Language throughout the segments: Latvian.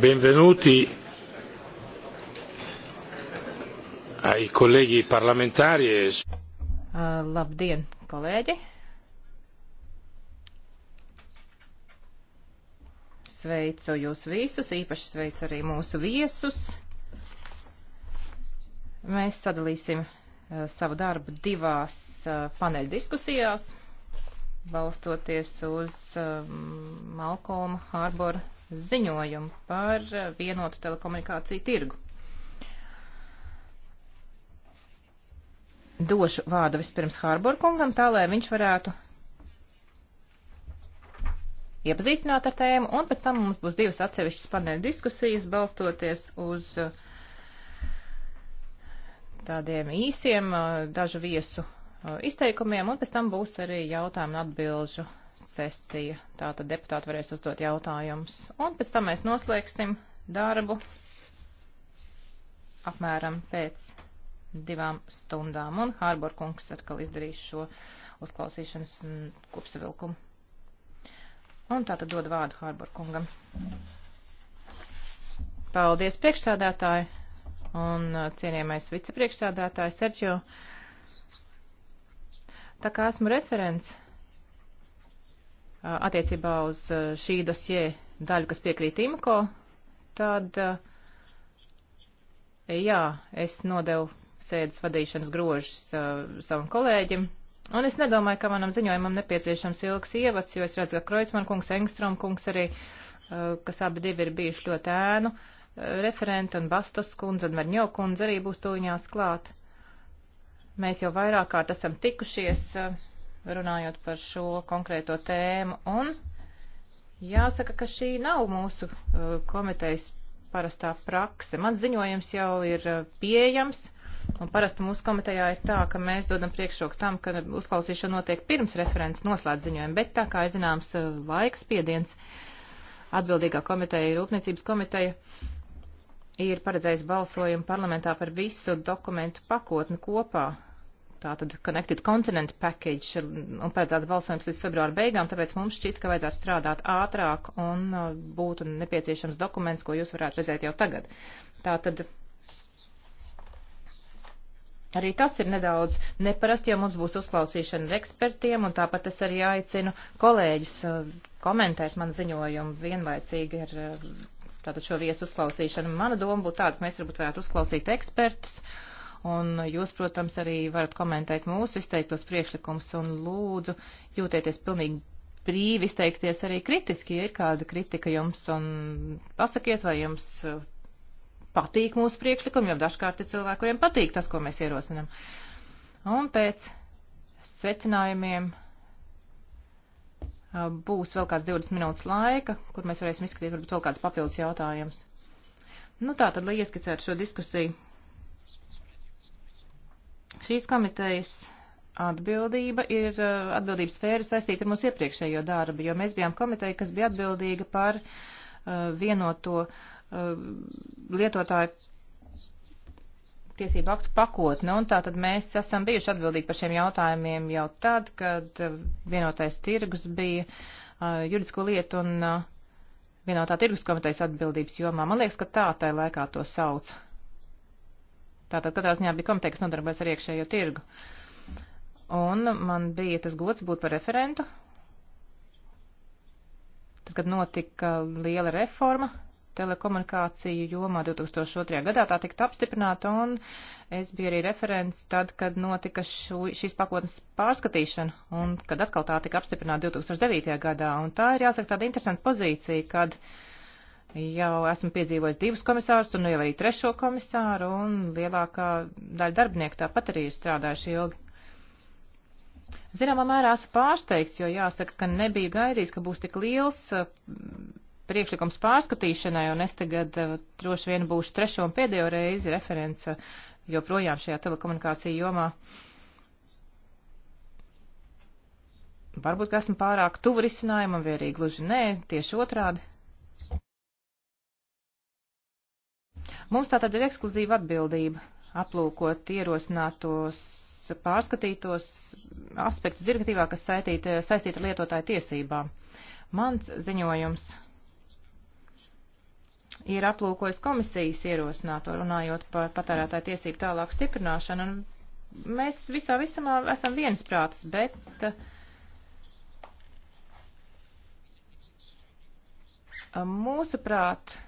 benvenuti ai colleghi parlamentari e. Uh, labdien, kolēģi! Sveicu jūs visus, īpaši sveicu arī mūsu viesus. Mēs sadalīsim uh, savu darbu divās uh, paneļu diskusijās, balstoties uz um, Malkolma Hārbora ziņojumu par eh, vienotu telekomunikāciju tirgu. Došu vārdu vispirms Hārborkungam, tā lai viņš varētu iepazīstināt ar tēmu, un pēc tam mums būs divas atsevišķas paneļa diskusijas, balstoties uz eh, tādiem īsiem eh, dažu viesu izteikumiem, un pēc tam būs arī jautājumu un atbilžu sesija. Tātad deputāti varēs uzdot jautājumus. Un pēc tam mēs noslēgsim darbu apmēram pēc divām stundām. Un Hārborkungs atkal izdarīs šo uzklausīšanas mm, kopsavilkumu. Un tā tad dod vārdu Hārborkungam. Paldies priekšsādātāji un uh, cienījamais vicepriekšsādātāji Sergio. Tā kā esmu referents Eh, attiecībā uz eh, šī dosie daļu, kas piekrīt IMCO, tad, eh, jā, es nodevu sēdes vadīšanas grožus savam kolēģim, Un es nedomāju, ka manam ziņojumam nepieciešams ilgs ievads, jo es redzu, ka Kreuzman kungs, Engstrom kungs arī, kas abi divi ir bijuši ļoti ēnu referenti, un Bastos kundze un Verņo kundze arī būs tūņās klāt. Mēs jau vairāk kārt esam tikušies. Uh, runājot par šo konkrēto tēmu. Un jāsaka, ka šī nav mūsu uh, komitejas parastā prakse. Mans ziņojums jau ir uh, pieejams. Un parasti mūsu komitejā ir tā, ka mēs dodam priekšroku tam, ka uzklausīšana notiek pirms referents noslēdz ziņojumu, bet tā kā ir zināms uh, laiks piediens, atbildīgā komiteja, rūpniecības komiteja, ir paredzējis balsojumu parlamentā par visu dokumentu pakotni kopā tātad Connected Continent Package un paredzēts balsojums līdz februāra beigām, tāpēc mums šķiet, ka vajadzētu strādāt ātrāk un uh, būtu nepieciešams dokuments, ko jūs varētu redzēt jau tagad. Tātad Arī tas ir nedaudz neparasti, jo mums būs uzklausīšana ar ekspertiem, un tāpat es arī aicinu kolēģus uh, komentēt man ziņojumu vienlaicīgi ar uh, tātad šo viesu uzklausīšanu. Mana doma būtu tāda, ka mēs varbūt varētu uzklausīt ekspertus, uh, Un jūs, protams, arī varat komentēt mūsu izteiktos priekšlikumus un lūdzu jūtieties pilnīgi brīvi izteikties arī kritiski, ja ir kāda kritika jums un pasakiet, vai jums uh, patīk mūsu priekšlikumi, jo dažkārt ir cilvēki, kuriem patīk tas, ko mēs ierosinam. Un pēc secinājumiem uh, būs vēl kāds 20 minūtes laika, kur mēs varēsim izskatīt varbūt vēl kāds papildus jautājums. Nu tā tad, lai ieskicētu šo diskusiju. Šīs komitejas atbildība ir eh, atbildības sfēra saistīta ar mūsu iepriekšējo darbu, jo mēs bijām komiteja, kas bija atbildīga par eh, vienoto eh, lietotāju tiesību aktu pakotne, un tā tad mēs esam bijuši atbildīgi par šiem jautājumiem jau tad, kad vienotais tirgus bija juridisko lietu un vienotā tirgus komitejas atbildības jomā. Man liekas, ka tā tai laikā to sauc. Tātad katrā ziņā bija komiteja, kas nodarbojas ar iekšējo tirgu. Un man bija tas gods būt par referentu. Tad, kad notika liela reforma telekomunikāciju jomā 2002. gadā, tā tika apstiprināta, un es biju arī referents tad, kad notika šu, šīs pakotnes pārskatīšana, un kad atkal tā tika apstiprināta 2009. gadā. Un tā ir jāsaka tāda interesanta pozīcija, kad uh, jau esmu piedzīvojis divus komisārus un nu jau arī trešo komisāru, un lielākā daļa darbinieku tāpat arī ir strādājuši ilgi. Zināmā mērā esmu pārsteigts, jo jāsaka, ka nebija gaidījis, ka būs tik liels uh, priekšlikums pārskatīšanai, un es tagad uh, droši vien būšu trešo un pēdējo reizi referents uh, joprojām šajā telekomunikāciju jomā. Varbūt, ka esmu pārāk tuvu risinājumam, vai arī gluži nē, tieši otrādi. Mums tātad ir ekskluzīva atbildība aplūkot ierosinātos pārskatītos aspektus direktīvā, kas saistīti saistīt ar lietotāju tiesībām. Mans ziņojums ir aplūkojis komisijas ierosināto runājot par patērētāju tiesību tālāku stiprināšanu. Un mēs visā visumā esam viensprātis, bet eh, mūsuprāt,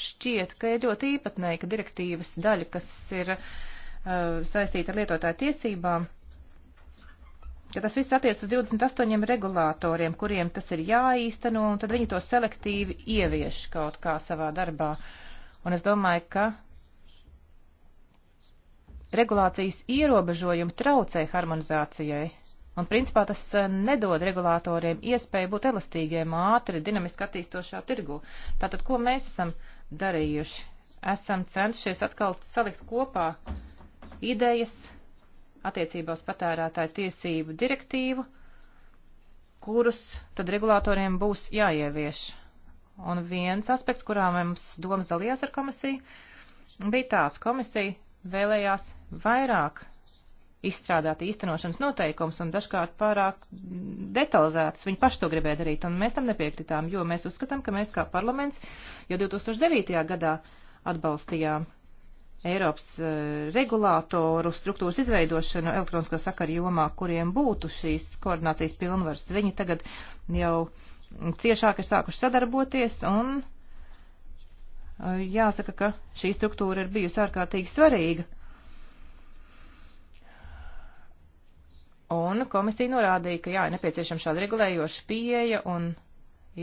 šķiet, ka ir ļoti īpatnēji, ka direktīvas daļa, kas ir uh, saistīta ar lietotāju tiesībām, ka tas viss attiec uz 28 regulātoriem, kuriem tas ir jāīsteno, un tad viņi to selektīvi ievieš kaut kā savā darbā. Un es domāju, ka regulācijas ierobežojumi traucē harmonizācijai. Un principā tas uh, nedod regulātoriem iespēju būt elastīgiem, ātri, dinamiski attīstošā tirgu. Tātad, ko mēs esam darījuši. Esam cenšies atkal salikt kopā idejas attiecībā uz patērētāju tiesību direktīvu, kurus tad regulātoriem būs jāievieš. Un viens aspekts, kurā mums domas dalījās ar komisiju, bija tāds, komisija vēlējās vairāk izstrādāt īstenošanas noteikums un dažkārt pārāk detalizētas. Viņi paši to gribēja darīt, un mēs tam nepiekritām, jo mēs uzskatām, ka mēs kā parlaments jau 2009. gadā atbalstījām Eiropas eh, regulātoru struktūras izveidošanu elektronisko sakaru jomā, kuriem būtu šīs koordinācijas pilnvaras. Viņi tagad jau ciešāk ir sākuši sadarboties un eh, jāsaka, ka šī struktūra ir bijusi ārkārtīgi svarīga Un komisija norādīja, ka jā, ir nepieciešama šāda regulējoša pieeja un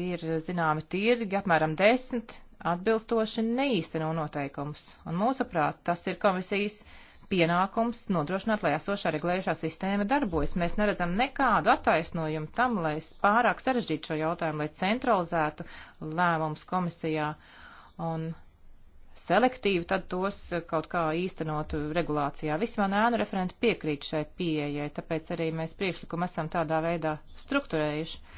ir zināmi tirgi, apmēram desmit, atbilstoši neīsteno noteikumus. Un mūsuprāt, tas ir komisijas pienākums nodrošināt, lai esošā regulējušā sistēma darbojas. Mēs neredzam nekādu attaisnojumu tam, lai pārāk sarežģītu šo jautājumu, lai centralizētu lēmumus komisijā. Un selektīvi tad tos eh, kaut kā īstenotu regulācijā. Visi man ēnu referenti piekrīt šai pieejai, tāpēc arī mēs priekšlikumu esam tādā veidā strukturējuši.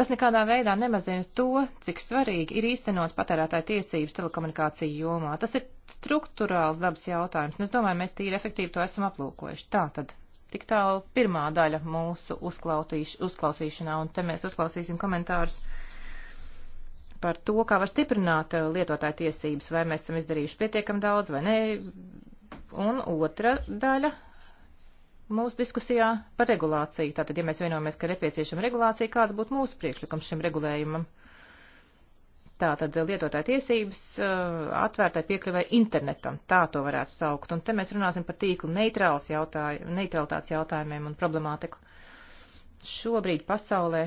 Tas nekādā veidā nemazina to, cik svarīgi ir īstenot patērētāju tiesības telekomunikāciju jomā. Tas ir struktūrāls dabas jautājums, un es domāju, mēs tīri efektīvi to esam aplūkojuši. Tā tad. Tik tālu pirmā daļa mūsu uzklausīšanā, un te mēs uzklausīsim komentārus par to, kā var stiprināt eh, lietotāju tiesības, vai mēs esam izdarījuši pietiekam daudz vai nē. Un otra daļa mūsu diskusijā par regulāciju. Tātad, ja mēs vienojamies, ka nepieciešama regulācija, kāds būtu mūsu priekšlikums šim regulējumam? Tātad eh, lietotāja tiesības eh, atvērtai piekļuvai internetam, tā to varētu saukt. Un te mēs runāsim par tīkla neutrālitātes jautājumiem un problemātiku. Šobrīd pasaulē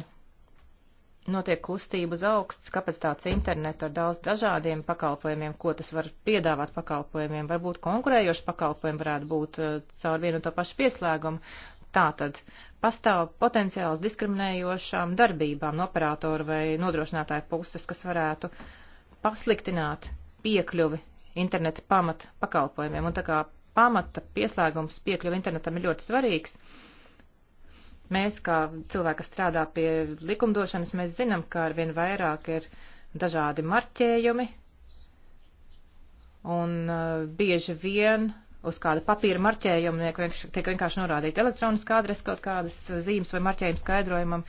notiek kustība uz augsts kapacitātes internetu ar daudz dažādiem pakalpojumiem, ko tas var piedāvāt pakalpojumiem. Varbūt konkurējoši pakalpojumi varētu būt eh, caur vienu to pašu pieslēgumu. Tātad pastāv potenciāls diskriminējošām darbībām no operatora vai nodrošinātāja puses, kas varētu pasliktināt piekļuvi interneta pamata pakalpojumiem. Un tā kā pamata pieslēgums piekļuvi internetam ir ļoti svarīgs, uh, Mēs, kā cilvēki, kas strādā pie likumdošanas, mēs zinām, ka arvien vairāk ir dažādi marķējumi, un uh, bieži vien uz kāda papīra marķējuma tiek vienkārši norādīta elektroniskā adrese kaut kādas zīmes vai marķējuma skaidrojumam.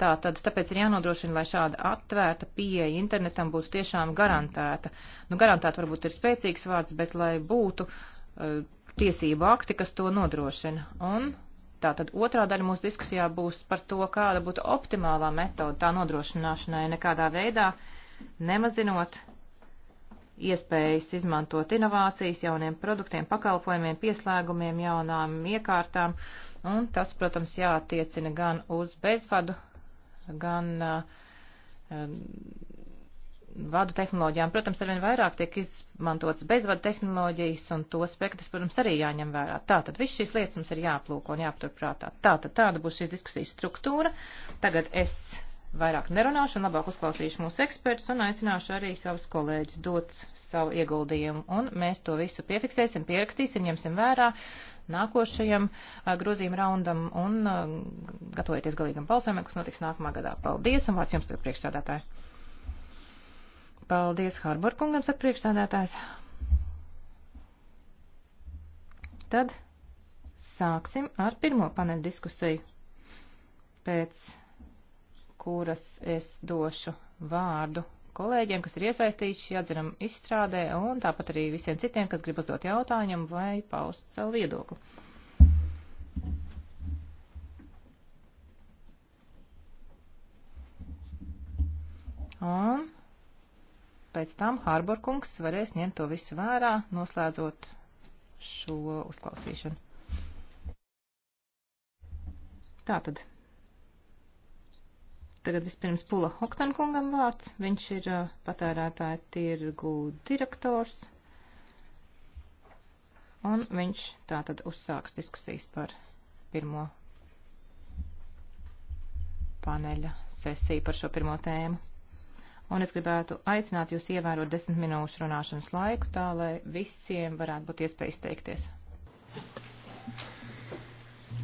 Tā tad tāpēc ir jānodrošina, lai šāda atvērta pieeja internetam būtu tiešām garantēta. Nu, garantēta varbūt ir spēcīgs vārds, bet lai būtu uh, tiesību akti, kas to nodrošina. Un Tātad otrā daļa mūsu diskusijā būs par to, kāda būtu optimālā metoda tā nodrošināšanai nekādā veidā, nemazinot iespējas izmantot inovācijas jauniem produktiem, pakalpojumiem, pieslēgumiem, jaunām iekārtām, un tas, protams, jātiecina gan uz bezvadu, gan uh, vadu tehnoloģijām. Protams, arvien vairāk tiek izmantotas bezvadu tehnoloģijas, un to spektrs, protams, arī jāņem vērā. Tātad viss šīs lietas mums ir jāplūko un jāpaturprātā. Tātad tāda būs šīs diskusijas struktūra. Tagad es vairāk nerunāšu un labāk uzklausīšu mūsu ekspertus un aicināšu arī savus kolēģus dot savu ieguldījumu. Un mēs to visu piefiksēsim, pierakstīsim, ņemsim vērā nākošajam grozījuma raundam un gatavojieties galīgam balsojumam, kas notiks nākamā gadā. Paldies un vārds jums, priekšsādātāji! Paldies Harborkungam, saka priekšsādātājs. Tad sāksim ar pirmo paneļu diskusiju, pēc kuras es došu vārdu kolēģiem, kas ir iesaistīti šī atzinuma izstrādē, un tāpat arī visiem citiem, kas grib uzdot jautājumu vai paust savu viedokli. Un pēc tam Hārborkungs varēs ņemt to visu vērā, noslēdzot šo uzklausīšanu. Tātad. Tagad vispirms Pula Hoktankungam vārds. Viņš ir patērētāja tirgu direktors. Un viņš tātad uzsāks diskusijas par pirmo paneļa sesiju par šo pirmo tēmu un es gribētu aicināt jūs ievērot desmit minūšu runāšanas laiku, tā lai visiem varētu būt iespēja izteikties.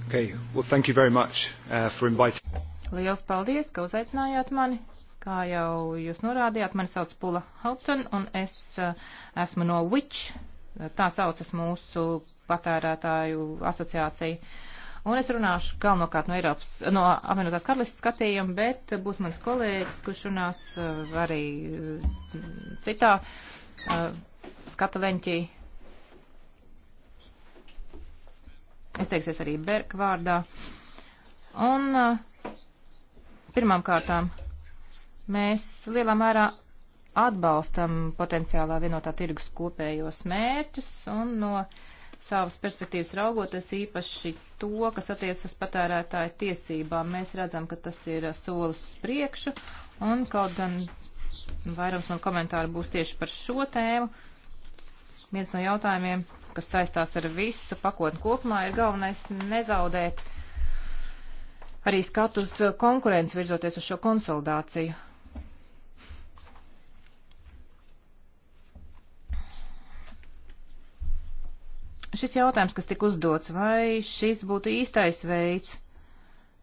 Okay. Well, thank you very much, uh, for inviting... Liels paldies, ka uzaicinājāt mani. Kā jau jūs norādījāt, mani sauc Pula Hautsen, un es uh, esmu no Witch, tā saucas mūsu patērētāju asociācija. Uh, Un es runāšu galvenokārt no Eiropas, no apvienotās karalistas skatījuma, bet būs mans kolēģis, kurš runās eh, arī eh, citā eh, skata leņķī. Es teiksies arī Berka vārdā. Un pirmām kārtām mēs lielā mērā atbalstam potenciālā vienotā tirgus kopējos mērķus un no uh, savas perspektīvas raugoties īpaši to, kas attiec uz patērētāju tiesībām. Mēs redzam, ka tas ir solis uz priekšu, un kaut gan vairums man komentāru būs tieši par šo tēmu. Viens no jautājumiem, kas saistās ar visu pakotni kopumā, ir galvenais nezaudēt arī skatu uz konkurenci virzoties uz šo konsolidāciju. Šis jautājums, kas tika uzdots, vai šis būtu īstais veids?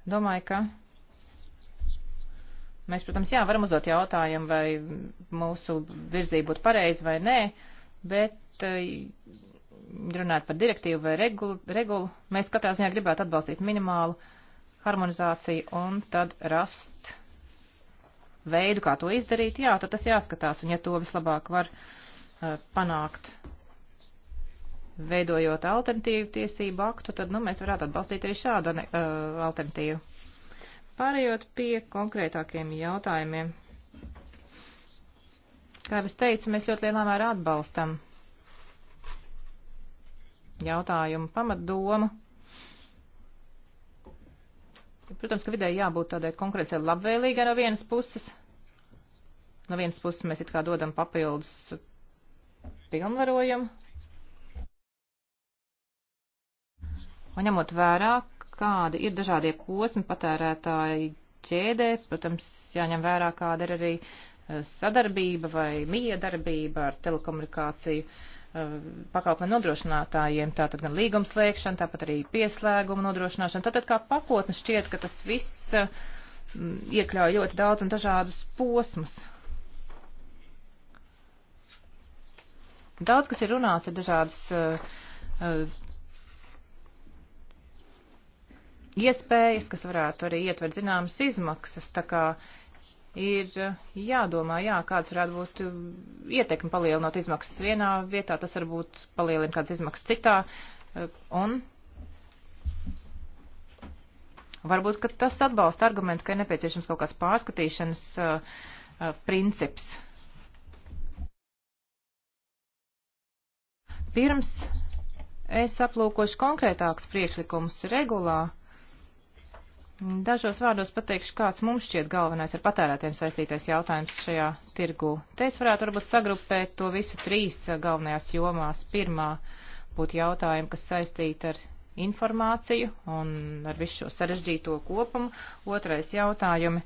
Domāju, ka mēs, protams, jā, varam uzdot jautājumu, vai mūsu virzība būtu pareiza vai nē, bet eh, runāt par direktīvu vai regulu, regulu, mēs katrā ziņā gribētu atbalstīt minimālu harmonizāciju un tad rast veidu, kā to izdarīt, jā, tad tas jāskatās, un ja to vislabāk var uh, panākt veidojot alternatīvu tiesību aktu, tad nu, mēs varētu atbalstīt arī šādu uh, alternatīvu. Pārējot pie konkrētākiem jautājumiem. Kā jau es teicu, mēs ļoti lielā mērā atbalstam jautājumu pamatdomu. Protams, ka vidēji jābūt tādai konkurencei labvēlīgai no vienas puses. No vienas puses mēs it kā dodam papildus pilnvarojumu Un ņemot vērā, kādi ir dažādie posmi patērētāji ķēdē, protams, jāņem vērā, kāda ir arī eh, sadarbība vai miedarbība ar telekomunikāciju eh, pakalpojumu nodrošinātājiem, tātad gan līgums slēgšana, tāpat arī pieslēguma nodrošināšana. Tātad kā pakotne šķiet, ka tas viss eh, iekļauj ļoti daudz un dažādus posmus. Daudz, kas ir runāts, ir dažādas uh, iespējas, kas varētu arī ietvert zināmas izmaksas. Tā kā ir jādomā, jā, kāds varētu būt ietekmi palielinot izmaksas vienā vietā, tas varbūt palielina kādas izmaksas citā. Un varbūt, ka tas atbalsta argumentu, ka ir nepieciešams kaut kāds pārskatīšanas princips. Pirms es aplūkošu konkrētākus priekšlikumus regulā Dažos vārdos pateikšu, kāds mums šķiet galvenais ar patērētiem saistītais jautājums šajā tirgū. Te es varētu varbūt sagrupēt to visu trīs galvenajās jomās. Pirmā būtu jautājumi, kas saistīti ar informāciju un ar visu šo sarežģīto kopumu. Otrais jautājumi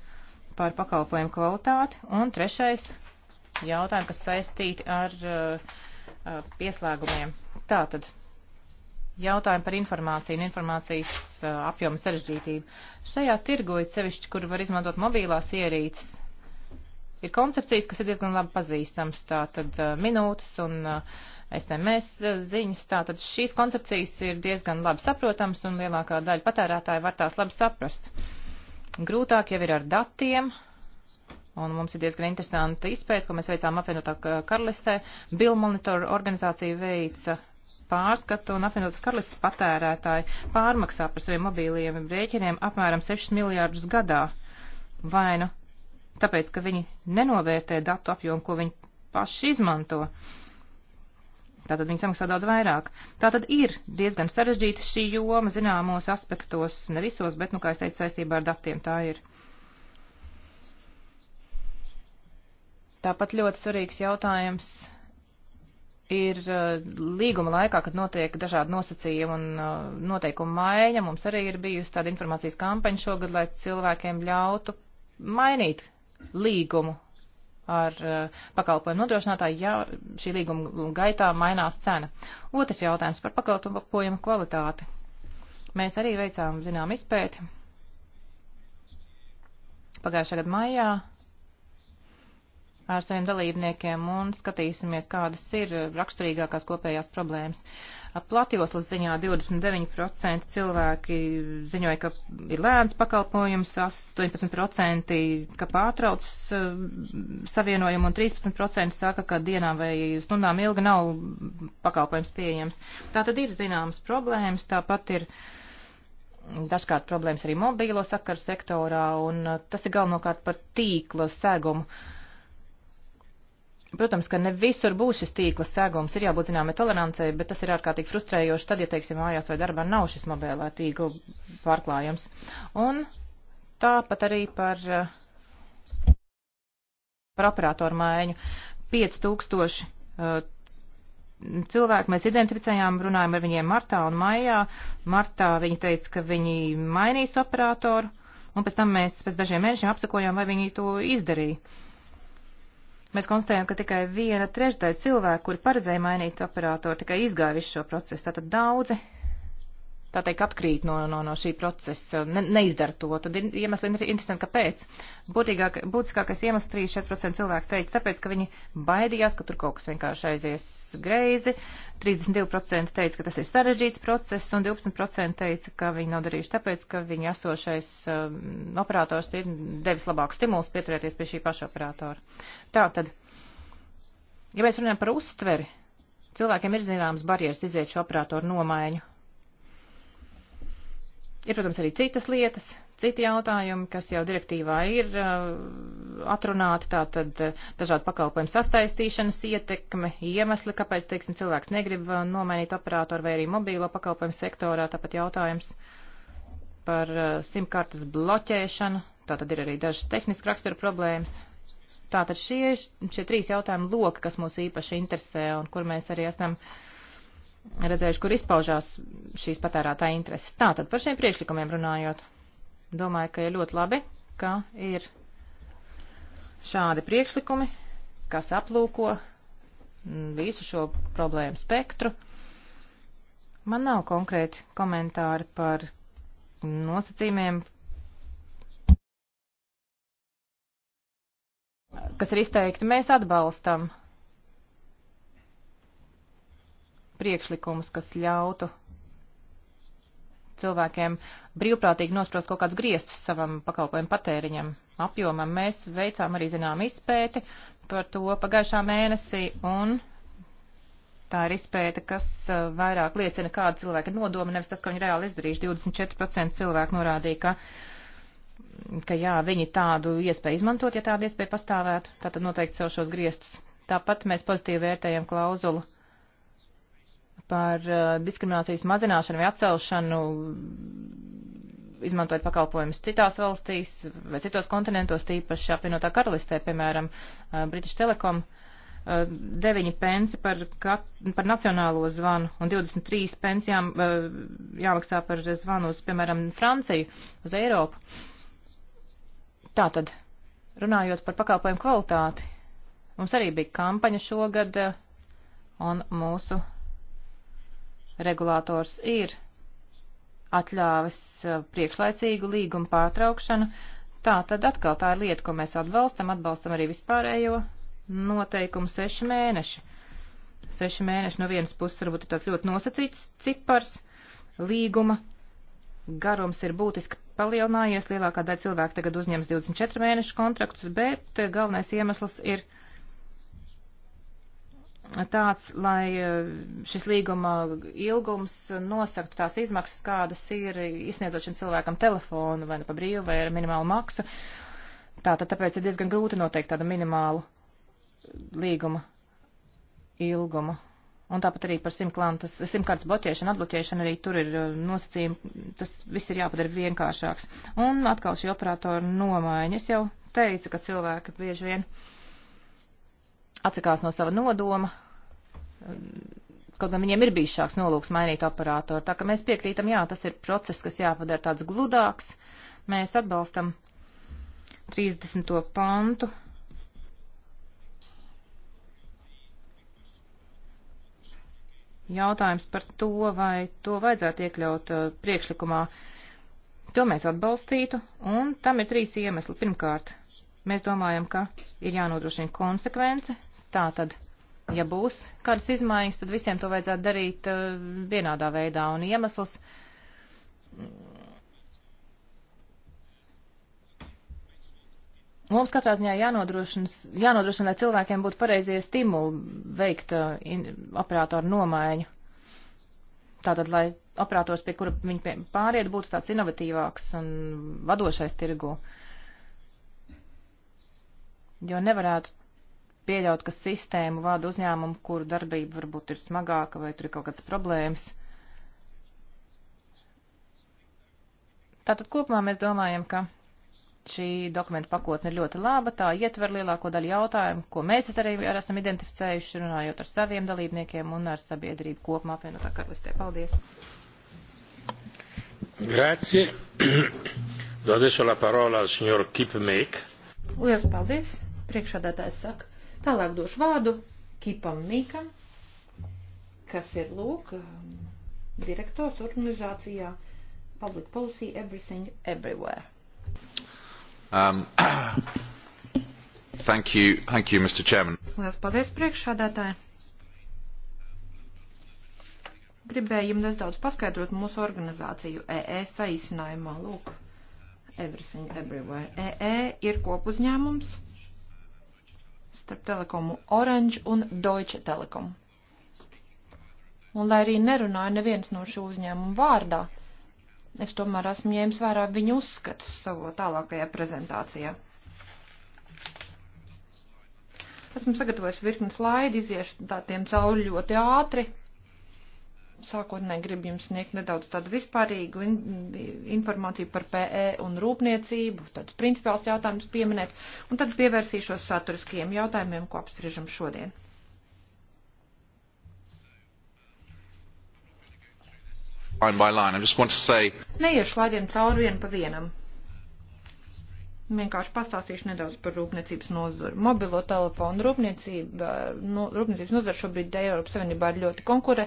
par pakalpojumu kvalitāti. Un trešais jautājumi, kas saistīti ar uh, uh pieslēgumiem. Tātad Jautājumi par informāciju un informācijas apjomu sarežģītību. Šajā tirgu ir sevišķi, kur var izmantot mobilās ierīces. Ir koncepcijas, kas ir diezgan labi pazīstams, tātad minūtes un SMS ziņas, tātad šīs koncepcijas ir diezgan labi saprotams un lielākā daļa patērētāja var tās labi saprast. Grūtāk jau ir ar datiem, Un mums ir diezgan interesanti izpēta, ko mēs veicām apvienotā karalistē. Bill Monitor organizācija veica pārskatu un apvienotas karalistas patērētāji pārmaksā par saviem mobīliem rēķiniem apmēram 6 miljārdus gadā. Vai nu tāpēc, ka viņi nenovērtē datu apjomu, ko viņi paši izmanto. Tātad viņi samaksā daudz vairāk. Tātad ir diezgan sarežģīta šī joma zināmos aspektos, ne visos, bet, nu, kā es teicu, saistībā ar datiem tā ir. Tāpat ļoti svarīgs jautājums ir eh, līguma laikā, kad notiek dažādi nosacījumi un eh, noteikumu maiņa, mums arī ir bijusi tāda informācijas kampaņa šogad, lai cilvēkiem ļautu mainīt līgumu ar eh, pakalpojumu nodrošinātāju, ja šī līguma gaitā mainās cena. Otrs jautājums par pakalpojumu kvalitāti. Mēs arī veicām, zinām, izpēti. Pagājušā gada maijā ar saviem dalībniekiem un skatīsimies, kādas ir raksturīgākās kopējās problēmas. Platjoslas ziņā 29% cilvēki ziņoja, ka ir lēns pakalpojums, 18% ka pārtrauc eh, savienojumu un 13% saka, ka dienām vai stundām ilgi nav pakalpojums pieejams. Tā tad ir zināmas problēmas, tāpat ir dažkārt problēmas arī mobīlo sakaru sektorā, un tas ir galvenokārt par tīkla segumu. Uh, Protams, ka ne visur būs šis tīkla segums, ir jābūt zināmai tolerancei, bet tas ir ārkārtīgi frustrējoši, tad, ja, teiksim, mājās vai darbā nav šis mobilā tīkla pārklājums. Un tāpat arī par, eh, par operatoru maiņu. 5000 uh, cilvēki mēs identificējām, runājām ar viņiem martā un maijā. Martā viņi teica, ka viņi mainīs operatoru, un pēc tam mēs pēc dažiem mēnešiem apsakojām, vai viņi to izdarīja. Mēs konstatējam, ka tikai viena trešdaļa cilvēku, kuri paredzēja mainīt operātoru, tikai izgāja visu šo procesu. Tātad daudzi tā teikt, atkrīt no, no, no šī procesa, ne, neizdara to, tad ir iemesli ir interesanti, kāpēc. Būtīgāk, būtiskākais iemesls 34% cilvēku teica, tāpēc, ka viņi baidījās, ka tur kaut kas vienkārši aizies greizi, 32% teica, ka tas ir sarežģīts process, un 12% teica, ka viņi nav darījuši tāpēc, ka viņa esošais um, operators ir devis labāku stimulus pieturēties pie šī paša operatora. Tā tad, ja mēs runājam par uztveri, cilvēkiem ir zināmas barjeras iziet šo operatoru nomaiņu Ir, protams, arī citas lietas, citi jautājumi, kas jau direktīvā ir uh, atrunāti, tātad uh, dažādi pakalpojumi sastaistīšanas ietekme, iemesli, kāpēc, teiksim, cilvēks negrib uh, nomainīt operātoru vai arī mobīlo pakalpojumu sektorā, tāpat jautājums par simkartes bloķēšanu, tātad ir arī dažas tehniski rakstura problēmas. Tātad šie, šie trīs jautājumi loki, kas mūs īpaši interesē un kur mēs arī esam uh, redzējuši, kur izpaužās šīs patērētāja intereses. Tātad par šiem priekšlikumiem runājot, domāju, ka ir ļoti labi, ka ir šādi priekšlikumi, kas aplūko visu šo problēmu spektru. Man nav konkrēti komentāri par nosacījumiem, kas ir izteikti. Mēs atbalstam uh, priekšlikumus, kas ļautu cilvēkiem brīvprātīgi nosprost kaut kāds griestus savam pakalpojumu patēriņam apjomam. Mēs veicām arī zinām izpēti par to pagājušā mēnesī un tā ir izpēta, kas uh, vairāk liecina, kāda cilvēka nodoma, nevis tas, ko viņi reāli izdarījuši. 24% cilvēku norādīja, ka, ka jā, viņi tādu iespēju izmantot, ja tāda iespēja pastāvētu, tātad noteikti sev šos griestus. Tāpat mēs pozitīvi vērtējam klauzulu par uh, diskriminācijas mazināšanu vai atcelšanu, izmantojot pakalpojumus citās valstīs vai citos kontinentos, tīpaši apvienotā karalistē, piemēram, uh, British Telecom. 9 uh, pensi par, kat, par nacionālo zvanu un 23 pensijām jāmaksā par zvanu uz, piemēram, Franciju, uz Eiropu. Tātad, runājot par pakalpojumu kvalitāti, mums arī bija kampaņa šogad, un mūsu regulators ir atļāvis uh, priekšlaicīgu līgumu pārtraukšanu. Tā tad atkal tā ir lieta, ko mēs atbalstam, atbalstam arī vispārējo noteikumu seši mēneši. Seši mēneši no vienas puses varbūt ir tāds ļoti nosacīts cipars līguma. Garums ir būtiski palielinājies, lielākā daļa cilvēku tagad uzņems 24 mēnešu kontraktus, bet uh, galvenais iemesls ir uh, tāds, lai eh, šis līguma ilgums nosaktu tās izmaksas, kādas ir izsniedzot šim cilvēkam telefonu vai nu pa brīvu vai ar minimālu maksu. Tātad tāpēc ir diezgan grūti noteikt tādu minimālu līguma ilgumu. Un tāpat arī par simtkārtas simt bloķēšanu, atbloķēšanu arī tur ir eh, nosacījumi. Tas viss ir jāpadara vienkāršāks. Un atkal šī operatora nomaiņas jau teica, ka cilvēki bieži vien. Uh, atsakās no sava nodoma, kaut gan viņiem ir bijis šāks nolūks mainīt operātoru. Tā ka mēs piekrītam, jā, tas ir process, kas jāpadara tāds gludāks. Mēs atbalstam 30. pantu. Jautājums par to, vai to vajadzētu iekļaut uh, priekšlikumā, to mēs atbalstītu, un tam ir trīs iemesli. Pirmkārt, mēs domājam, ka ir jānodrošina konsekvence Tā tad, ja būs kādas izmaiņas, tad visiem to vajadzētu darīt uh, vienādā veidā. Un iemesls. Mums katrā ziņā jānodrošina, jānodrošina, lai cilvēkiem būtu pareizie stimuli veikt uh, in, operatoru nomaiņu. Tātad, lai operators, pie kura viņi pāriet, būtu tāds inovatīvāks un vadošais tirgu. Jo nevarētu pieļaut, ka sistēmu vada uzņēmumu, kuru darbība varbūt ir smagāka vai tur ir kaut kādas problēmas. Tātad kopumā mēs domājam, ka šī dokumenta pakotne ir ļoti laba, tā ietver lielāko daļu jautājumu, ko mēs arī ar esam identificējuši, runājot ar saviem dalībniekiem un ar sabiedrību kopumā apvienotā karalistē. Paldies! Grazie. Do adesso la parola al signor Kipmek. Lielas paldies. Priekšādātājs saka. Tālāk došu vārdu Kipam Mīkam, kas ir lūk direktors organizācijā Public Policy Everything Everywhere. Um, thank you, thank you, Mr. Chairman. Lielas paldies priekšādātāji. Gribēju jums nedaudz paskaidrot mūsu organizāciju EE e saīsinājumā, lūk, Everything Everywhere. EE e ir kopuzņēmums starp telekomu Orange un Deutsche Telekom. Un lai arī nerunāju neviens no šo uzņēmumu vārdā, es tomēr esmu ņēmis vērā viņu uzskatus savā tālākajā prezentācijā. Esmu sagatavojis virkni slaidu, iziešu tā tiem cauri ļoti ātri. Sākotnēji gribu jums sniegt nedaudz tādu vispārīgu in informāciju par PE un rūpniecību, tad principāls jautājums pieminēt, un tad pievērsīšos saturiskajiem jautājumiem, ko apspriežam šodien. Line line. Say... Neiešu laidiem cauri vienu pa vienam. Vienkārši pastāstīšu nedaudz par rūpniecības nozaru. Mobilo telefonu rūpniecība, no, rūpniecības nozara šobrīd Eiropas Savienībā ir ļoti konkure,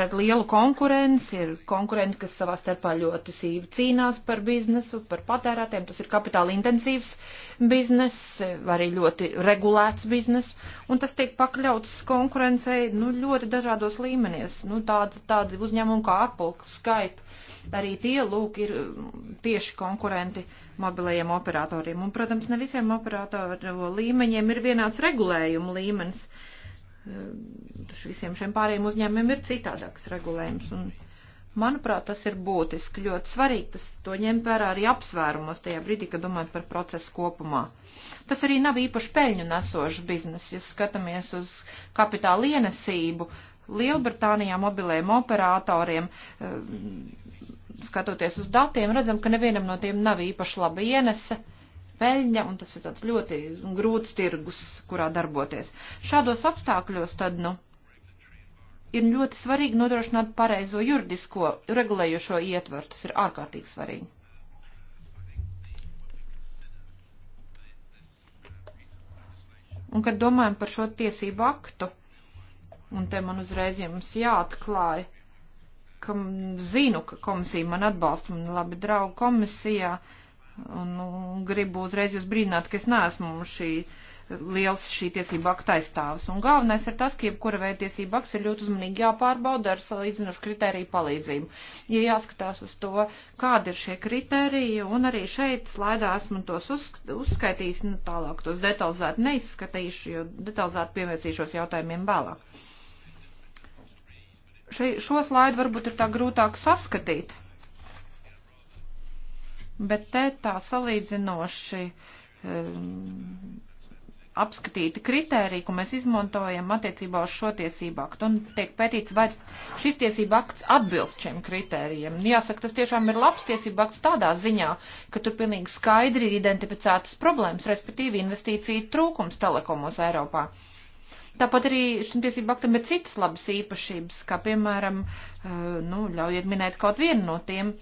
ar lielu konkurenci, ir konkurenti, kas savā starpā ļoti sīvi cīnās par biznesu, par patērētiem. Tas ir kapitāla intensīvs biznes, arī ļoti regulēts biznes, un tas tiek pakļauts konkurencei, nu, ļoti dažādos līmenies. Nu, tādi, tādi uzņēmumi kā Apple, Skype arī tie, lūk, ir mm, tieši konkurenti mobilajiem operatoriem. Un, protams, ne visiem operatoru līmeņiem ir vienāds regulējuma līmenis. Ehm, visiem šiem pārējiem uzņēmumiem ir citādāks regulējums. Un, manuprāt, tas ir būtiski, ļoti svarīgi tas to ņemt vērā arī apsvērumos tajā brīdī, kad domājam par procesu kopumā. Tas arī nav īpaši peļņu nesošs biznes, ja skatāmies uz kapitāla ienesību. Lielbritānijā mobiliem operatoriem ehm, skatoties uz datiem, redzam, ka nevienam no tiem nav īpaši laba ienese, peļņa, un tas ir tāds ļoti grūts tirgus, kurā darboties. Šādos apstākļos tad, nu, ir ļoti svarīgi nodrošināt pareizo juridisko regulējošo ietvaru. Tas ir ārkārtīgi svarīgi. Un, kad domājam par šo tiesību aktu, un te man uzreiz jums jāatklāja, kam zinu, ka komisija man atbalsta, man labi draugi komisijā, un nu, gribu uzreiz jūs brīdināt, ka es neesmu šī liels šī tiesība akta aizstāvis. Un galvenais ir tas, ka jebkura veida tiesība akts ir ļoti uzmanīgi jāpārbauda ar salīdzinošu kritēriju palīdzību. Ja jāskatās uz to, kāda ir šie kritēriji, un arī šeit slaidā esmu tos uzskaitījis, nu, tālāk tos detalizēti neizskatīšu, jo detalizēti pievērsīšos jautājumiem vēlāk šo slaidu varbūt ir tā grūtāk saskatīt, bet te tā salīdzinoši um, apskatīti kriteriji, ko mēs izmantojam attiecībā uz šo tiesību aktu, un tiek pētīts, vai šis tiesību akts atbilst šiem kriterijiem. Nu, jāsaka, tas tiešām ir labs tiesību akts tādā ziņā, ka tur pilnīgi skaidri ir identificētas problēmas, respektīvi investīcija trūkums telekomos Eiropā. Uh, Tāpat arī šim tiesību aktam ir citas labas īpašības, kā piemēram, eh, nu, ļaujiet minēt kaut vienu no tiem,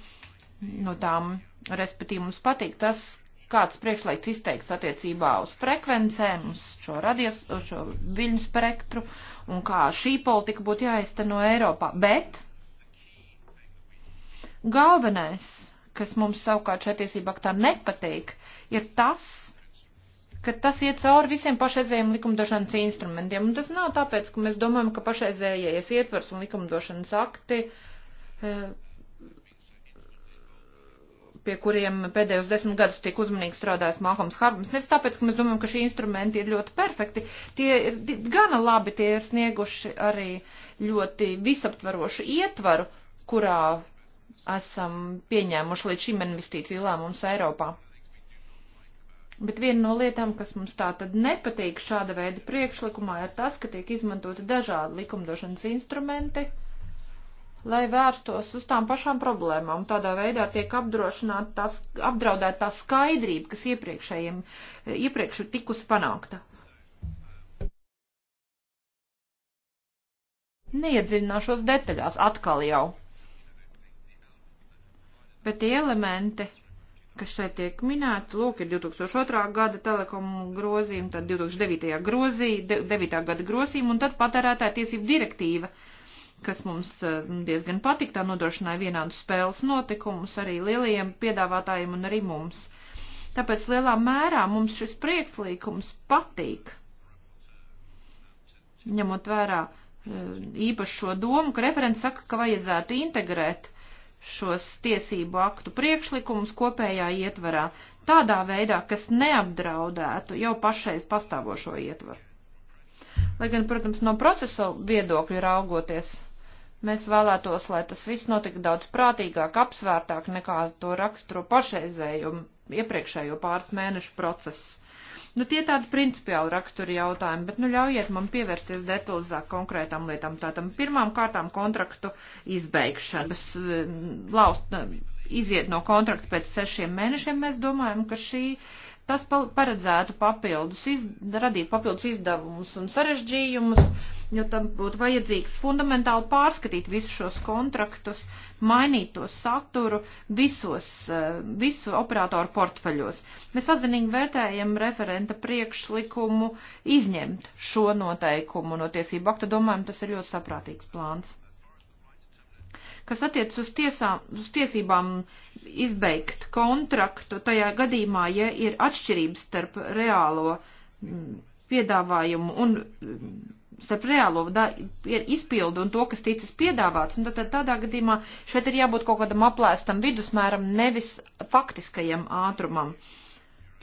no tām, respektīvi mums patīk tas, kāds priekšlaiks izteikts attiecībā uz frekvencēm, uz šo radies, uz šo viļņu spektru un kā šī politika būtu jāizteno Eiropā. Bet galvenais, kas mums savukārt šeit tiesībā aktā nepatīk, ir tas, ka tas iet cauri visiem pašreizējiem likumdošanas instrumentiem. Un tas nav tāpēc, ka mēs domājam, ka pašreizējais ietvers un likumdošanas akti, e, pie kuriem pēdējos desmit gadus tiek uzmanīgi strādājis Malcolms Harbums, nevis tāpēc, ka mēs domājam, ka šie instrumenti ir ļoti perfekti. Tie ir gana labi, tie ir snieguši arī ļoti visaptvarošu ietvaru, kurā esam pieņēmuši līdz šim investīciju lēmumus Eiropā. Bet viena no lietām, kas mums tā tad nepatīk šāda veida priekšlikumā, ir tas, ka tiek izmantoti dažādi likumdošanas instrumenti, lai vērstos uz tām pašām problēmām. Tādā veidā tiek tās, apdraudēta tā skaidrība, kas iepriekšējiem, iepriekš ir tikusi panākta. Neiedziļināšos detaļās atkal jau. Bet tie elementi, kas šeit tiek minēta, lūk, ir 2002. gada telekomu grozījuma, tad 2009. grozī, 9. gada grozījuma un tad patērētāja tiesību direktīva, kas mums eh, diezgan patīk, tā nodrošināja vienādus spēles notikumus arī lielajiem piedāvātājiem un arī mums. Tāpēc lielā mērā mums šis priekslīkums patīk, ņemot vērā eh, īpašo domu, ka referents saka, ka vajadzētu integrēt šos tiesību aktu priekšlikumus kopējā ietvarā, tādā veidā, kas neapdraudētu jau pašreiz pastāvošo ietvaru. Lai gan, protams, no procesa viedokļa raugoties, mēs vēlētos, lai tas viss notika daudz prātīgāk, apsvērtāk nekā to raksturo pašreizējo iepriekšējo pāris mēnešu procesu. Nu, tie tādi principiāli raksturi jautājumi, bet, nu, ļaujiet man pievērsties detalizāk konkrētām lietām. Tātad, pirmām kārtām kontraktu izbeigšanas, eh, laust, eh, iziet no kontrakta pēc sešiem mēnešiem, mēs domājam, ka šī tas paredzētu papildus, iz, radīt papildus izdevumus un sarežģījumus jo tam būtu vajadzīgs fundamentāli pārskatīt visus šos kontraktus, mainīt to saturu visos, eh, visu operatoru portfeļos. Mēs atzinīgi vērtējam referenta priekšlikumu izņemt šo noteikumu no tiesību akta, domājam, tas ir ļoti saprātīgs plāns. Kas attiec uz, tiesām, uz tiesībām izbeigt kontraktu, tajā gadījumā, ja ir atšķirības starp reālo mm, piedāvājumu un mm, starp reālo da, izpildu un to, kas ticis piedāvāts, un tad, tad tādā gadījumā šeit ir jābūt kaut kādam aplēstam vidusmēram, nevis faktiskajam ātrumam.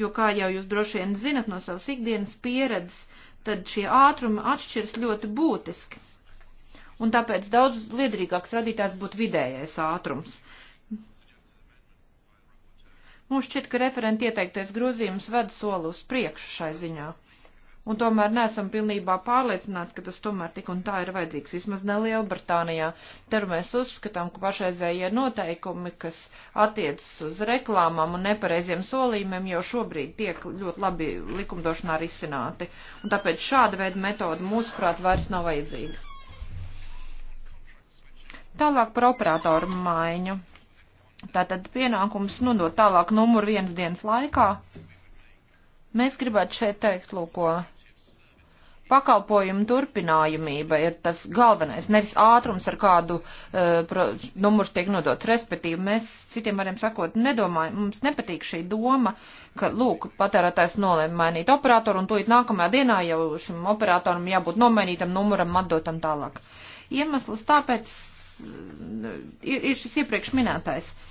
Jo, kā jau jūs droši vien zinat no savas ikdienas pieredzes, tad šie ātrumi atšķiras ļoti būtiski. Un tāpēc daudz liederīgāks radītājs būtu vidējais ātrums. Mums šķiet, ka referenti ieteiktais grozījums ved soli uz priekšu šai ziņā un tomēr neesam pilnībā pārliecināti, ka tas tomēr tik un tā ir vajadzīgs. Vismaz ne Lielbritānijā. Tur mēs uzskatām, ka pašreizējie noteikumi, kas attiecas uz reklāmām un nepareiziem solījumiem, jau šobrīd tiek ļoti labi likumdošanā risināti. Un tāpēc šāda veida metoda, mūsuprāt, vairs nav vajadzīga. Tālāk par operatoru maiņu. Tātad pienākums nodot tālāk numuru viens dienas laikā Mēs gribētu šeit teikt, lūko, pakalpojumu turpinājumība ir tas galvenais, nevis ātrums, ar kādu uh, numurs tiek nodots. Respektīvi, mēs citiem variem sakot, nedomājam, mums nepatīk šī doma, ka, lūk, patērētājs nolēma mainīt operatoru un tūlīt nākamajā dienā jau šim operatoram jābūt nomainītam numuram, atdotam tālāk. Iemesls tāpēc eh, ir, ir šis iepriekš minētais. Uh,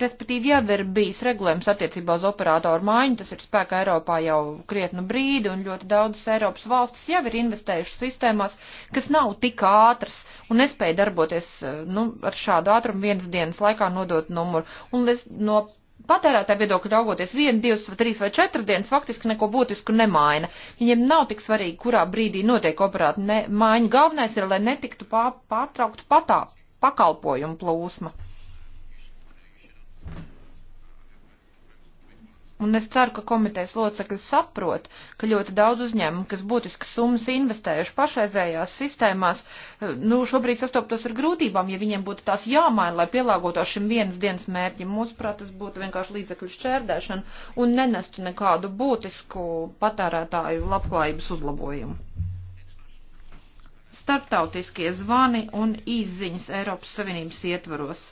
Respektīvi, jau ir bijis regulējums attiecībā uz operātoru maiņu, tas ir spēkā Eiropā jau krietnu brīdi, un ļoti daudzas Eiropas valstis jau ir investējušas sistēmās, kas nav tik ātras un nespēja darboties eh, nu, ar šādu ātrumu vienas dienas laikā nodot numuru. Un es no patērētāja viedokļa raugoties vienu, divas, vai trīs vai četras dienas faktiski neko būtisku nemaina. Viņiem nav tik svarīgi, kurā brīdī notiek operāta maiņa. Galvenais ir, lai netiktu pārtrauktu patā pakalpojumu plūsma. Un es ceru, ka komitejas locekļi saprot, ka ļoti daudz uzņēmumu, kas būtiskas summas investējuši pašreizējās sistēmās, eh, nu, šobrīd sastoptos ar grūtībām, ja viņiem būtu tās jāmaina, lai pielāgotos šim vienas dienas mērķim. Mūsuprāt, tas būtu vienkārši līdzekļu šķērdēšana un nenestu nekādu būtisku patērētāju labklājības uzlabojumu starptautiskie zvani un izziņas Eiropas Savienības ietvaros.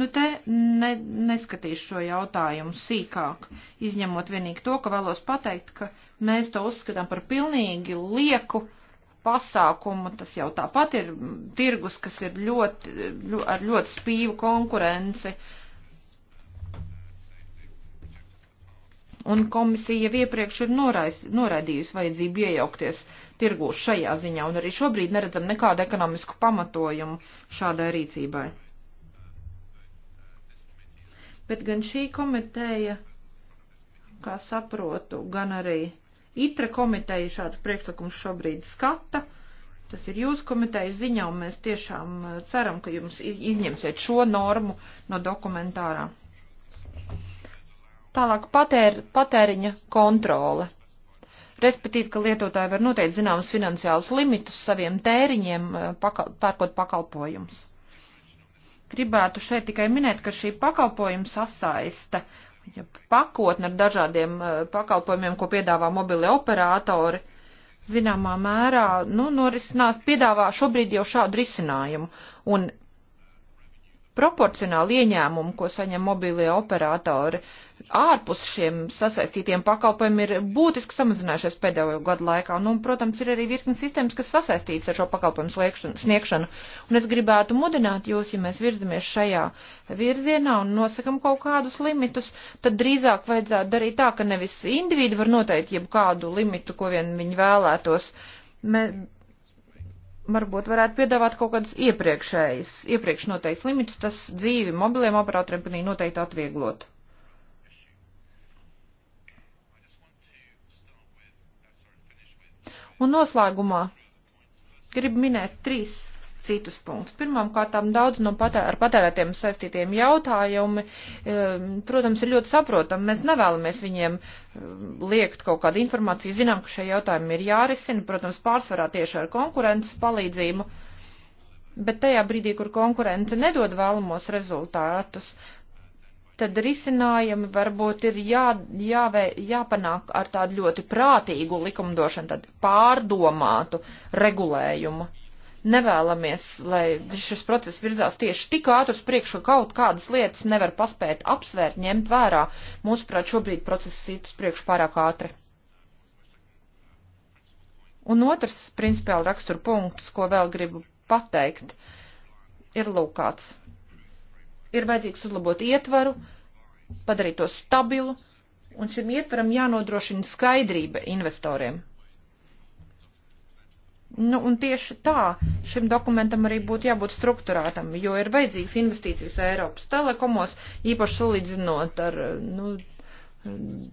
Nu te ne, neskatīšu šo jautājumu sīkāk, izņemot vienīgi to, ka vēlos pateikt, ka mēs to uzskatām par pilnīgi lieku pasākumu, tas jau tāpat ir tirgus, kas ir ļoti, ļoti ar ļoti spīvu konkurenci, uh, un komisija jau iepriekš ir norais, noraidījusi vajadzību iejaukties tirgūs šajā ziņā, un arī šobrīd neredzam nekādu ekonomisku pamatojumu šādai rīcībai. Bet gan šī komiteja, kā saprotu, gan arī ITRA komiteja šāds priekšlikums šobrīd skata. Tas ir jūsu komitejas ziņā, un mēs tiešām eh, ceram, ka jums izņemsiet šo normu no dokumentārā. Tālāk patēr, patēriņa kontrole. Respektīvi, ka lietotāji var noteikt zināmas finansiālus limitus saviem tēriņiem, eh, pakal, pērkot pakalpojumus. Gribētu šeit tikai minēt, ka šī pakalpojuma sasaista ja pakotne ar dažādiem eh, pakalpojumiem, ko piedāvā mobili operatori, zināmā mērā, nu, norisinās, piedāvā šobrīd jau šādu risinājumu. Un proporcionāli ieņēmumu, ko saņem mobilie operatori, ārpus šiem sasaistītiem pakalpojumiem ir būtiski samazinājušies pēdējo gadu laikā. Nu, un, protams, ir arī virkni sistēmas, kas sasaistīts ar šo pakalpojumu sniegšanu. Un es gribētu mudināt jūs, ja mēs virzamies šajā virzienā un nosakam kaut kādus limitus, tad drīzāk vajadzētu darīt tā, ka nevis individu var noteikt jebkādu limitu, ko vien viņi vēlētos. Mē, varbūt varētu piedāvāt kaut kādus iepriekšējus, iepriekš noteikts limitus, tas dzīvi mobiliem operatoriem pilnīgi noteikti atvieglot. Un noslēgumā gribu minēt trīs citus punktus. Pirmām kārtām daudz no patē, ar patērētiem saistītiem jautājumi, ehm, protams, ir ļoti saprotami. Mēs nevēlamies viņiem ehm, liekt kaut kādu informāciju, zinām, ka šie jautājumi ir jārisina, protams, pārsvarā tieši ar konkurences palīdzību. Bet tajā brīdī, kur konkurence nedod vēlamos rezultātus, tad risinājumi varbūt ir jā, jāvē, jāpanāk ar tādu ļoti prātīgu likumdošanu, tādu pārdomātu regulējumu nevēlamies, lai šis process virzās tieši tik ātri uz priekšu, ka kaut kādas lietas nevar paspēt apsvērt, ņemt vērā. Mūsuprāt, šobrīd process iet uz priekšu pārāk ātri. Un otrs principiāli rakstur punkts, ko vēl gribu pateikt, ir lūkāts. Ir vajadzīgs uzlabot ietvaru, padarīt to stabilu, un šim ietvaram jānodrošina skaidrība investoriem. Nu, un tieši tā šim dokumentam arī būtu jābūt strukturētam, jo ir vajadzīgas investīcijas Eiropas telekomos, īpaši salīdzinot ar nu,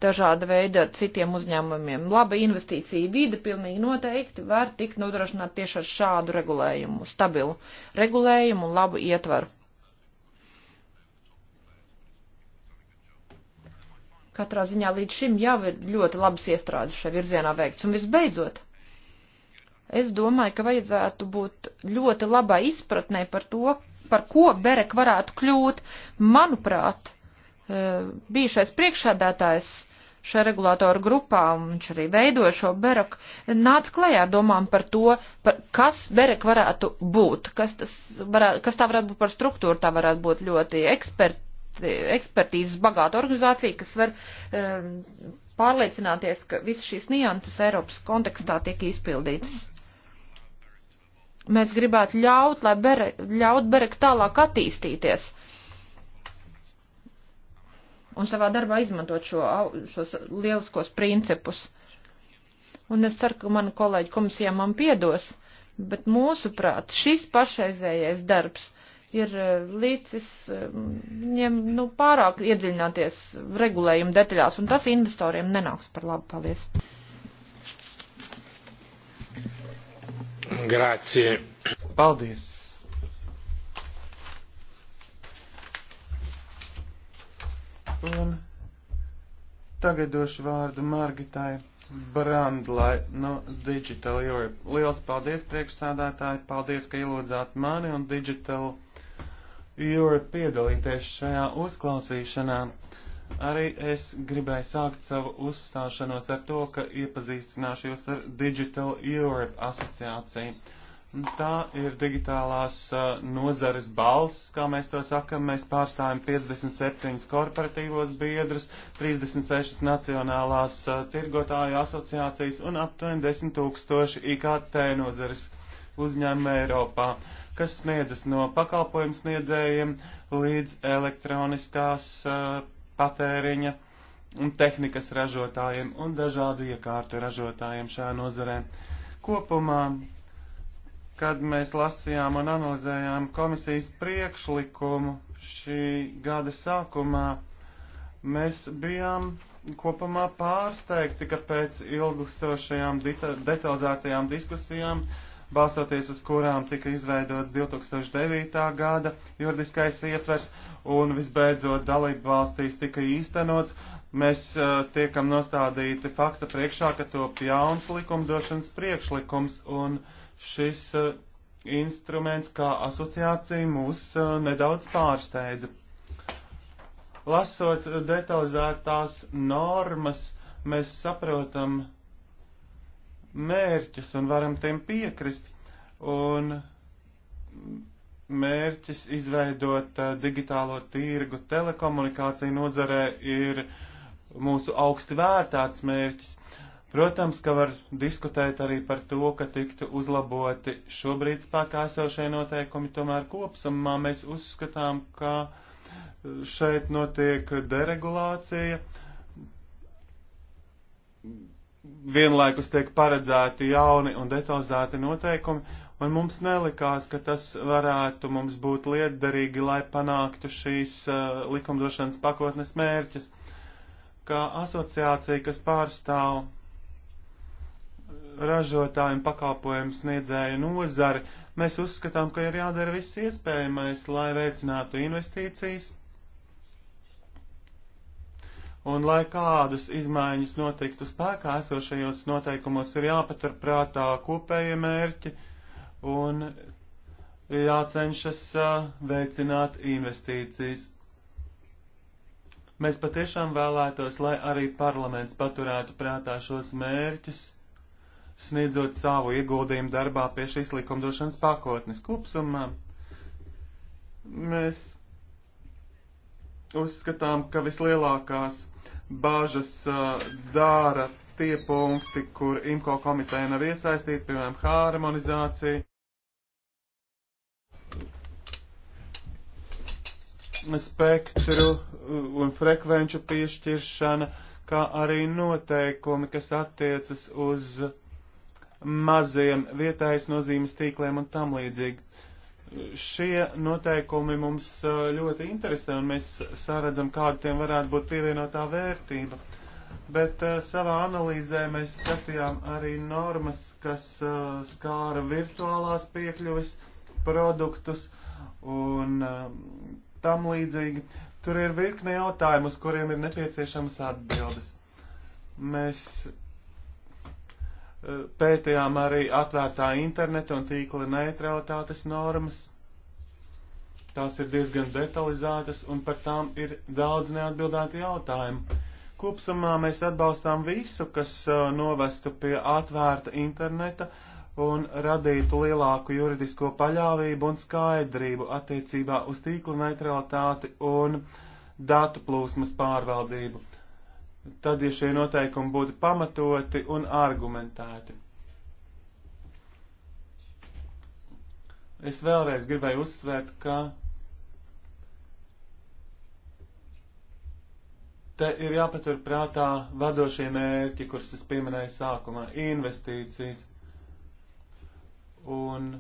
dažāda veida citiem uzņēmumiem. Laba investīcija vide pilnīgi noteikti var tikt nodrošināt tieši ar šādu regulējumu, stabilu regulējumu un labu ietvaru. Katrā ziņā līdz šim jau ir ļoti labas iestrādes šajā virzienā veikts. Un visbeidzot, es domāju, ka vajadzētu būt ļoti labai izpratnē par to, par ko Berek varētu kļūt. Manuprāt, e, bijušais priekšādātājs šajā regulātoru grupā, un viņš arī veidoja šo Bereku, nāca klajā ar domām par to, par kas Berek varētu būt, kas, tas varētu, kas tā varētu būt par struktūru, tā varētu būt ļoti eksperti ekspertīzes bagāta organizācija, kas var um, pārliecināties, ka visas šīs nianses Eiropas kontekstā tiek izpildītas. Mēs gribētu ļaut, lai bere, ļaut Berek tālāk attīstīties un savā darbā izmantot šo, šos lieliskos principus. Un es ceru, ka mani kolēģi komisijā man piedos, bet mūsuprāt, šis pašreizējais darbs ir eh, līdzis viņiem eh, nu, pārāk iedziļināties regulējuma detaļās, un tas investoriem nenāks par labu. Paldies! Grācie. Paldies. Un tagad došu vārdu Margitai Brandlai no Digital Europe. Liels paldies priekšsādātāji, paldies, ka ielūdzāt mani un Digital Europe piedalīties šajā uzklausīšanā. Arī es gribēju sākt savu uzstāšanos ar to, ka iepazīstināšu jūs ar Digital Europe asociāciju. Tā ir digitālās uh, nozares balss, kā mēs to sakam. Mēs pārstāvjam 57 korporatīvos biedrus, 36 nacionālās uh, tirgotāju asociācijas un aptuveni 10 tūkstoši IKT nozares uzņēmumu Eiropā kas sniedzas no pakalpojumu sniedzējiem līdz elektroniskās uh, patēriņa un tehnikas ražotājiem un dažādu iekārtu ražotājiem šajā nozarē. Kopumā, kad mēs lasījām un analizējām komisijas priekšlikumu šī gada sākumā, mēs bijām kopumā pārsteigti, ka pēc ilgstošajām detalizētajām diskusijām uh, balstoties uz kurām tika izveidots 2009. gada juridiskais ietvers un visbeidzot dalību valstīs tika īstenots, mēs uh, tiekam nostādīti fakta priekšā, ka top jauns likumdošanas priekšlikums un šis uh, instruments kā asociācija mūs uh, nedaudz pārsteidza. Lasot detalizētās normas, mēs saprotam, mērķus un varam tiem piekrist. Un mērķis izveidot eh, digitālo tirgu telekomunikāciju nozarē ir mūsu augsti vērtāts mērķis. Protams, ka var diskutēt arī par to, ka tiktu uzlaboti šobrīd spēkā esošie noteikumi, tomēr kopsumā mēs uzskatām, ka šeit notiek deregulācija vienlaikus tiek paredzēti jauni un detalizēti noteikumi, un mums nelikās, ka tas varētu mums būt lietderīgi, lai panāktu šīs uh, likumdošanas pakotnes mērķis. Kā asociācija, kas pārstāv ražotāju un pakalpojumu sniedzēju nozari, mēs uzskatām, ka ir jādara viss iespējamais, lai veicinātu investīcijas Un, lai kādas izmaiņas notiktu spēkā esošajos noteikumos, ir jāpatur prātā kopējie mērķi un jācenšas veicināt investīcijas. Mēs patiešām vēlētos, lai arī parlaments paturētu prātā šos mērķus, sniedzot savu ieguldījumu darbā pie šīs likumdošanas pakotnes kopsumā. Mēs uzskatām, ka vislielākās bāžas dara tie punkti, kur IMCO komiteja nav iesaistīta, piemēram, harmonizācija. spektru un frekvenču piešķiršana, kā arī noteikumi, kas attiecas uz maziem vietējas nozīmes tīkliem un tam līdzīgi. Šie noteikumi mums ļoti interesē, un mēs sāredzam, kāda tiem varētu būt pievienotā vērtība. Bet uh, savā analīzē mēs skatījām arī normas, kas uh, skāra virtuālās piekļuvis produktus un uh, tam līdzīgi. Tur ir virkne jautājumu, uz kuriem ir nepieciešamas atbildes. Mēs pētījām arī atvērtā interneta un tīkla neutralitātes normas. Tās ir diezgan detalizētas un par tām ir daudz neatbildētu jautājumu. Kopsumā mēs atbalstām visu, kas novestu pie atvērta interneta un radītu lielāku juridisko paļāvību un skaidrību attiecībā uz tīkla neutralitāti un datu plūsmas pārvaldību tad, ja šie noteikumi būtu pamatoti un argumentēti. Es vēlreiz gribēju uzsvērt, ka te ir jāpatur prātā vadošie mērķi, kurus es pieminēju sākumā - investīcijas un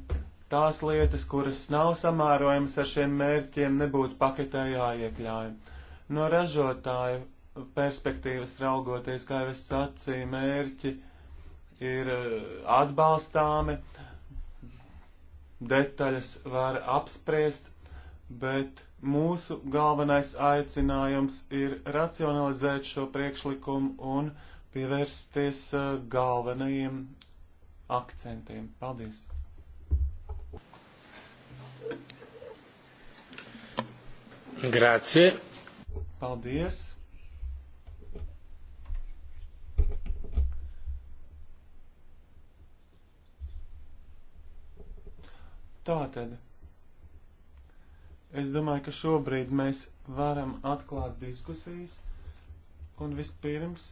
tās lietas, kuras nav samērojamas ar šiem mērķiem, nebūtu paketē jāiekļauj. No ražotāju perspektīvas raugoties, kā jau es sacīju, mērķi ir eh, atbalstāmi, detaļas var apspriest, bet mūsu galvenais aicinājums ir racionalizēt šo priekšlikumu un pievērsties eh, galvenajiem akcentiem. Paldies! Grazie. Paldies. Tātad, es domāju, ka šobrīd mēs varam atklāt diskusijas, un vispirms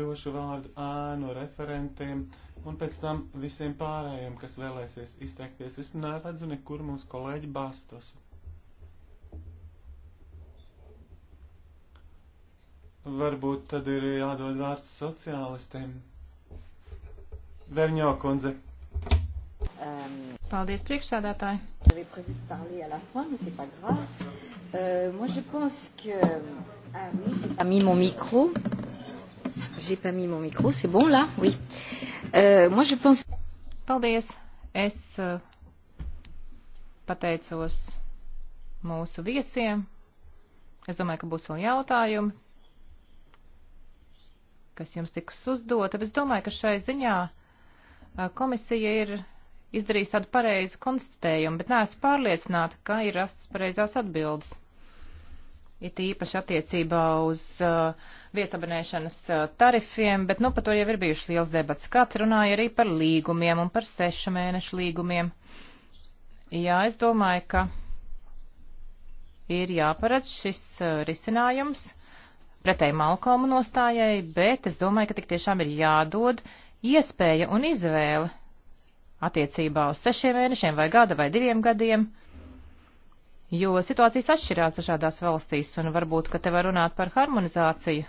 došu vārdu ēnu referentiem, un pēc tam visiem pārējiem, kas vēlēsies izteikties. Es neredzu nekur mūsu kolēģi Bastos. Varbūt tad ir jādod vārds sociālistiem. Verņo kundze. Euh, Paldies, priekšsādātāji. Euh, moi, je pense que. Ah oui, j'ai pas mis mon micro. J'ai pas mis mon micro. C'est bon là Oui. Euh, moi, je pense. Paldies. Es uh, pateicos mūsu viesiem. Es domāju, ka būs vēl jautājumi, kas jums tiks uzdota. Es domāju, ka šai ziņā uh, komisija ir izdarījis tādu pareizu konstatējumu, bet neesmu pārliecināta, ka ir rastas pareizās atbildes. It īpaši attiecībā uz uh, viesabonēšanas uh, tarifiem, bet nu par to jau ir bijušas liels debats. Kāds runāja arī par līgumiem un par sešu mēnešu līgumiem. Jā, es domāju, ka ir jāparedz šis uh, risinājums pretēji Malkomu nostājai, bet es domāju, ka tik tiešām ir jādod iespēja un izvēle attiecībā uz sešiem mēnešiem vai gada vai diviem gadiem, jo situācijas atšķirās dažādās valstīs un varbūt, ka te var runāt par harmonizāciju,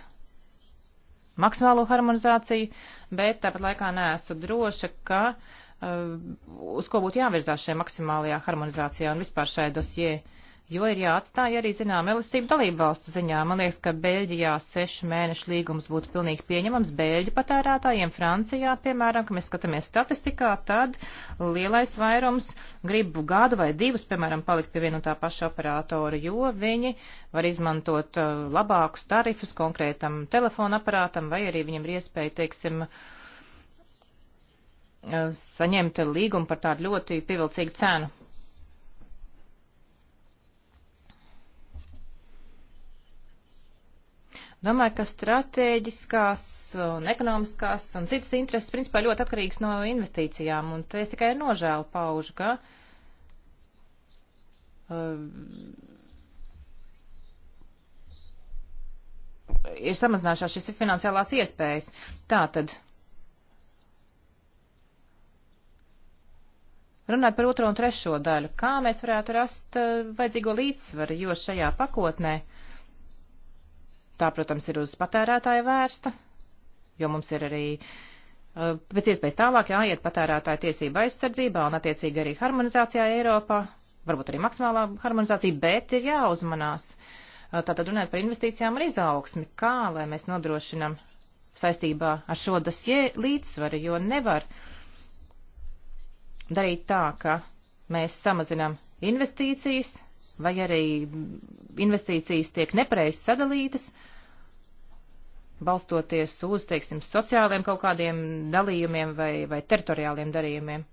maksimālo harmonizāciju, bet tāpat laikā neesmu droša, ka uh, uz ko būtu jāvirzās šajā maksimālajā harmonizācijā un vispār šai dosijai jo ir jāatstāja arī zinām elastību dalību valstu ziņā. Man liekas, ka Beļģijā sešu mēnešu līgums būtu pilnīgi pieņemams Beļģu patērētājiem. Francijā, piemēram, kad mēs skatāmies statistikā, tad lielais vairums grib gadu vai divus, piemēram, palikt pie viena un tā paša operatora, jo viņi var izmantot uh, labākus tarifus konkrētam telefonu aparātam vai arī viņam ir iespēja, teiksim, uh, saņemt līgumu par tādu ļoti pievilcīgu cenu. Domāju, ka stratēģiskās un ekonomiskās un citas intereses principā ļoti atkarīgs no investīcijām, un te es tikai nožēlu paužu, ka uh, ir samazinājušās šis finansiālās iespējas. Tātad, runāt par otro un trešo daļu, kā mēs varētu rast uh, vajadzīgo līdzsvaru, jo šajā pakotnē uh, Tā, protams, ir uz patērētāju vērsta, jo mums ir arī eh, pēc iespējas tālāk jāiet patērētāju tiesība aizsardzībā un attiecīgi arī harmonizācijā Eiropā, varbūt arī maksimālā harmonizācija, bet ir jāuzmanās. Eh, tātad runājot par investīcijām un izaugsmi, kā lai mēs nodrošinam saistībā ar šo dosie līdzsvaru, jo nevar darīt tā, ka mēs samazinām investīcijas vai arī investīcijas tiek nepareizi sadalītas balstoties uz, teiksim, sociāliem kaut kādiem dalījumiem vai, vai teritoriāliem darījumiem.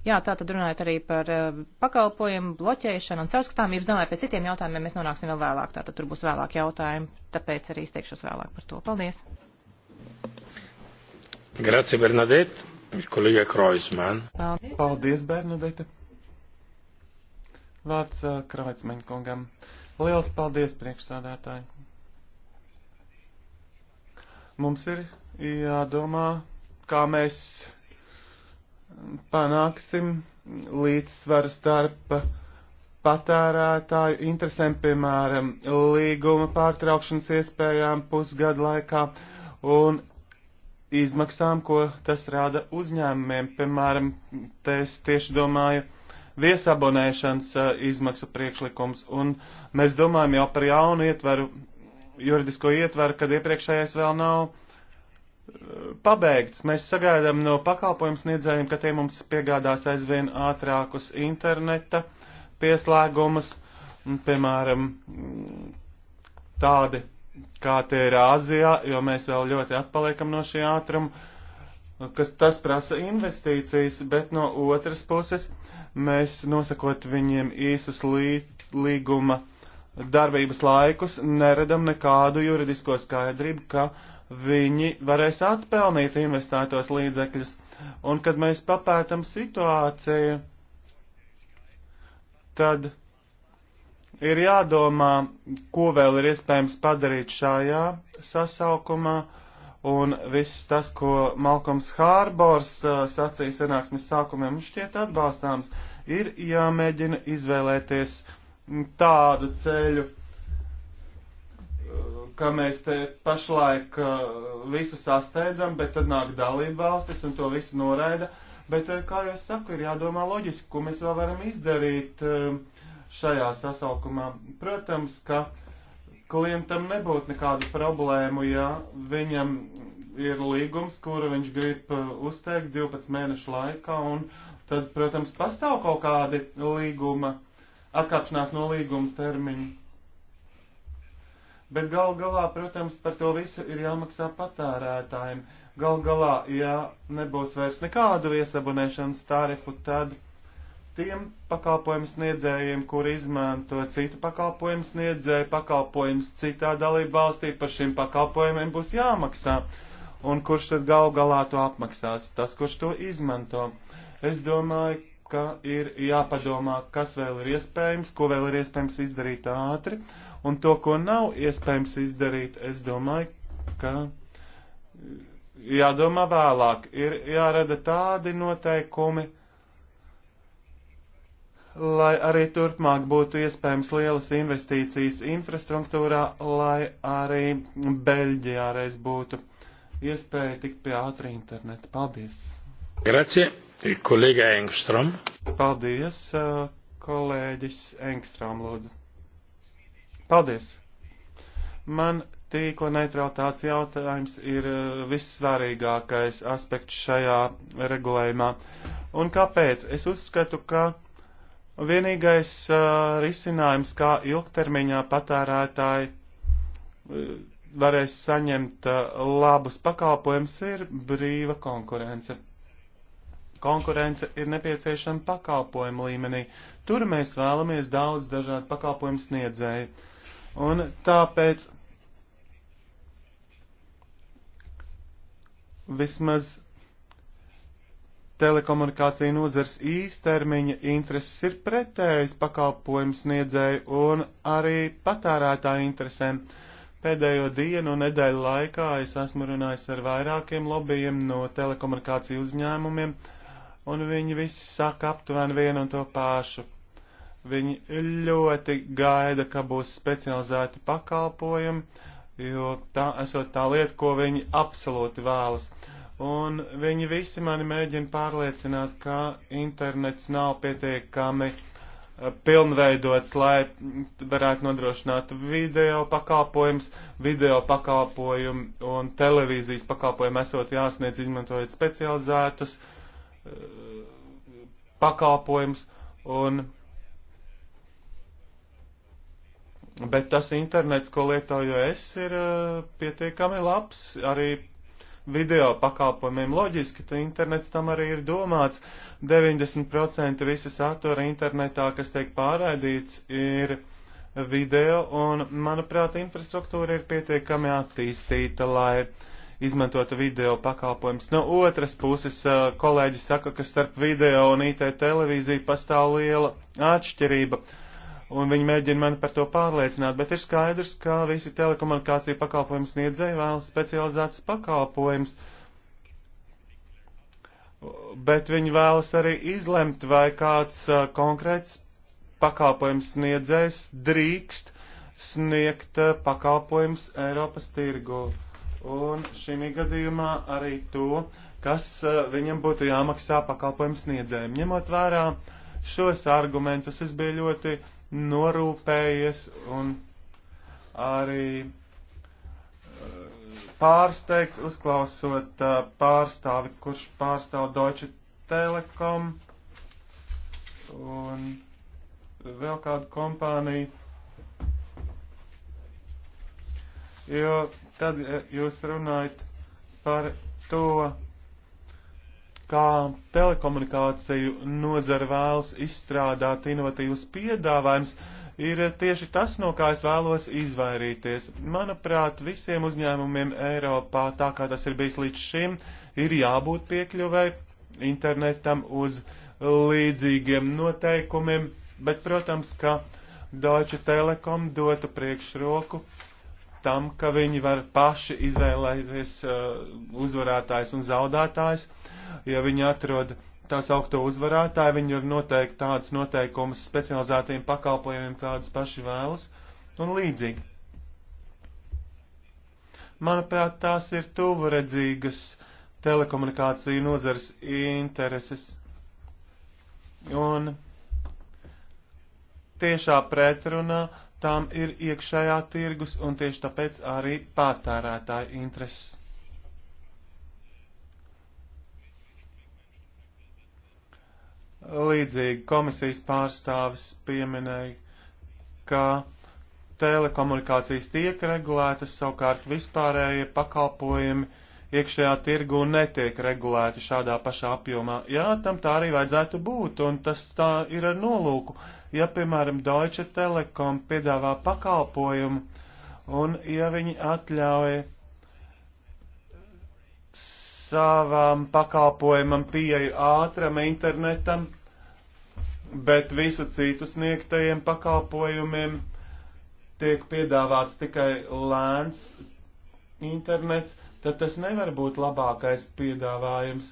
Jā, tā tad runājot arī par eh, pakalpojumu, bloķēšanu un caurskatāmības, domāju, pie citiem jautājumiem mēs nonāksim vēl vēlāk, tātad tur būs vēlāk jautājumi, tāpēc arī izteikšos vēlāk par to. Paldies! Grazie, Bernadette! Kolēģa Kreuzmann. Paldies, Paldies Bernadette! Vārds uh, Kreuzmann kungam. Uh, Liels paldies, priekšsādātāji! Mums ir jādomā, kā mēs panāksim līdzsvaru starp patērētāju interesēm, piemēram, līguma pārtraukšanas iespējām pusgadu laikā un izmaksām, ko tas rada uzņēmumiem. Piemēram, te es tieši domāju viesabonēšanas eh, izmaksu priekšlikums, un mēs domājam jau par jaunu ietveru, juridisko ietveru, kad iepriekšējais vēl nav eh, pabeigts. Mēs sagaidām no pakalpojumu sniedzējiem, ka tie mums piegādās aizvien ātrākus interneta pieslēgumus, piemēram, tādi, kā tie ir Āzijā, jo mēs vēl ļoti atpaliekam no šī ātruma kas tas prasa investīcijas, bet no otras puses mēs nosakot viņiem īsus lī, līguma darbības laikus, neredam nekādu juridisko skaidrību, ka viņi varēs atpelnīt investētos līdzekļus. Un kad mēs papētam situāciju, tad ir jādomā, ko vēl ir iespējams padarīt šajā sasaukumā, uh, Un viss tas, ko Malkoms Hārbors uh, sacīja senāksmes sākumiem, šķiet atbalstāms, ir jāmēģina izvēlēties tādu ceļu, uh, ka mēs te pašlaik uh, visu sasteidzam, bet tad nāk dalība valstis un to visu noraida. Bet, kā jau es saku, ir jādomā loģiski, ko mēs vēl varam izdarīt šajā sasaukumā. Protams, ka uh, klientam nebūtu nekādu problēmu, ja viņam ir līgums, kuru viņš grib uh, uzteikt 12 mēnešu laikā, un tad, protams, pastāv kaut kādi līguma, atkāpšanās no līguma termiņa. Bet gal galā, protams, par to visu ir jāmaksā patērētājiem. Gal galā, ja nebūs vairs nekādu viesabunēšanas tarifu, tad tiem pakalpojumu sniedzējiem, kuri izmanto citu pakalpojumu sniedzēju pakalpojumus citā dalību valstī, par šiem pakalpojumiem būs jāmaksā. Un kurš tad gal galā to apmaksās? Tas, kurš to izmanto. Es domāju, ka ir jāpadomā, kas vēl ir iespējams, ko vēl ir iespējams izdarīt ātri, un to, ko nav iespējams izdarīt, es domāju, ka jādomā vēlāk. Ir jārada tādi noteikumi, lai arī turpmāk būtu iespējams lielas investīcijas infrastruktūrā, lai arī Beļģijā reiz būtu iespēja tikt pie ātri interneta. Paldies! Grazie, kolēģa Engstrom. Paldies, kolēģis Engstrom, lūdzu. Paldies! Man tīkla neutralitātes jautājums ir vissvarīgākais aspekts šajā regulējumā. Un kāpēc? Es uzskatu, ka Vienīgais uh, risinājums, kā ilgtermiņā patērētāji uh, varēs saņemt uh, labus pakalpojumus, ir brīva konkurence. Konkurence ir nepieciešama pakalpojumu līmenī. Tur mēs vēlamies daudz dažādu pakalpojumu sniedzēju. Un tāpēc vismaz telekomunikāciju nozars īstermiņa intereses ir pretējas pakalpojumu sniedzēju un arī patērētāju interesēm. Pēdējo dienu un nedēļu laikā es esmu runājis ar vairākiem lobbyiem no telekomunikāciju uzņēmumiem, un viņi visi saka aptuveni vienu un to pašu. Viņi ļoti gaida, ka būs specializēti pakalpojumi, jo tā esot tā lieta, ko viņi absolūti vēlas. Uh, un viņi visi mani mēģina pārliecināt, ka internets nav pietiekami eh, pilnveidots, lai varētu nodrošināt video pakalpojums, video pakalpojumu un televīzijas pakalpojumu esot jāsniedz izmantojot specializētas eh, pakalpojums un Bet tas internets, ko lietoju es, ir eh, pietiekami labs arī video pakalpojumiem. Loģiski, ka internets tam arī ir domāts. 90% visa satura internetā, kas tiek pārraidīts, ir video, un, manuprāt, infrastruktūra ir pietiekami attīstīta, lai izmantotu video pakalpojumus. No otras puses, kolēģi saka, ka starp video un IT televīziju pastāv liela atšķirība. Uh, un viņi mēģina mani par to pārliecināt, bet ir skaidrs, ka visi telekomunikāciju pakalpojumu sniedzēji vēlas specializētas pakalpojumus, bet viņi vēlas arī izlemt, vai kāds uh, konkrēts pakalpojums sniedzējs drīkst sniegt uh, pakalpojums Eiropas tirgu. Un šī gadījumā arī to, kas uh, viņam būtu jāmaksā pakalpojumu sniedzējiem. Ņemot vērā šos argumentus, es biju ļoti norūpējies un arī eh, pārsteigts uzklausot eh, pārstāvi, kurš pārstāv Deutsche Telekom un vēl kādu kompāniju. Jo tad eh, jūs runājat par to, kā telekomunikāciju nozara vēlas izstrādāt inovatīvas piedāvājums, ir tieši tas, no kā es vēlos izvairīties. Manuprāt, visiem uzņēmumiem Eiropā, tā kā tas ir bijis līdz šim, ir jābūt piekļuvai internetam uz līdzīgiem noteikumiem, bet, protams, ka Deutsche Telekom dotu priekšroku tam, ka viņi var paši izvēlēties uh, uzvarētājs un zaudētājs. Ja viņi atrod tās augto uzvarētāju, viņi var noteikt tādas noteikumus specializētiem pakalpojumiem, kādas paši vēlas, un līdzīgi. Manuprāt, tās ir tuvu redzīgas telekomunikāciju nozares intereses. Un tiešā pretrunā tām ir iekšējā tirgus un tieši tāpēc arī patērētāja intereses. Līdzīgi komisijas pārstāvis pieminēja, ka telekomunikācijas tiek regulētas, savukārt vispārējie pakalpojumi iekšējā tirgu netiek regulēti šādā pašā apjomā. Jā, tam tā arī vajadzētu būt, un tas tā ir ar nolūku. Ja, piemēram, Deutsche Telekom piedāvā pakalpojumu, un ja viņi atļauj savām pakalpojumam pieeju ātram internetam, bet visu citu sniegtajiem pakalpojumiem tiek piedāvāts tikai lēns internets, tad tas nevar būt labākais piedāvājums.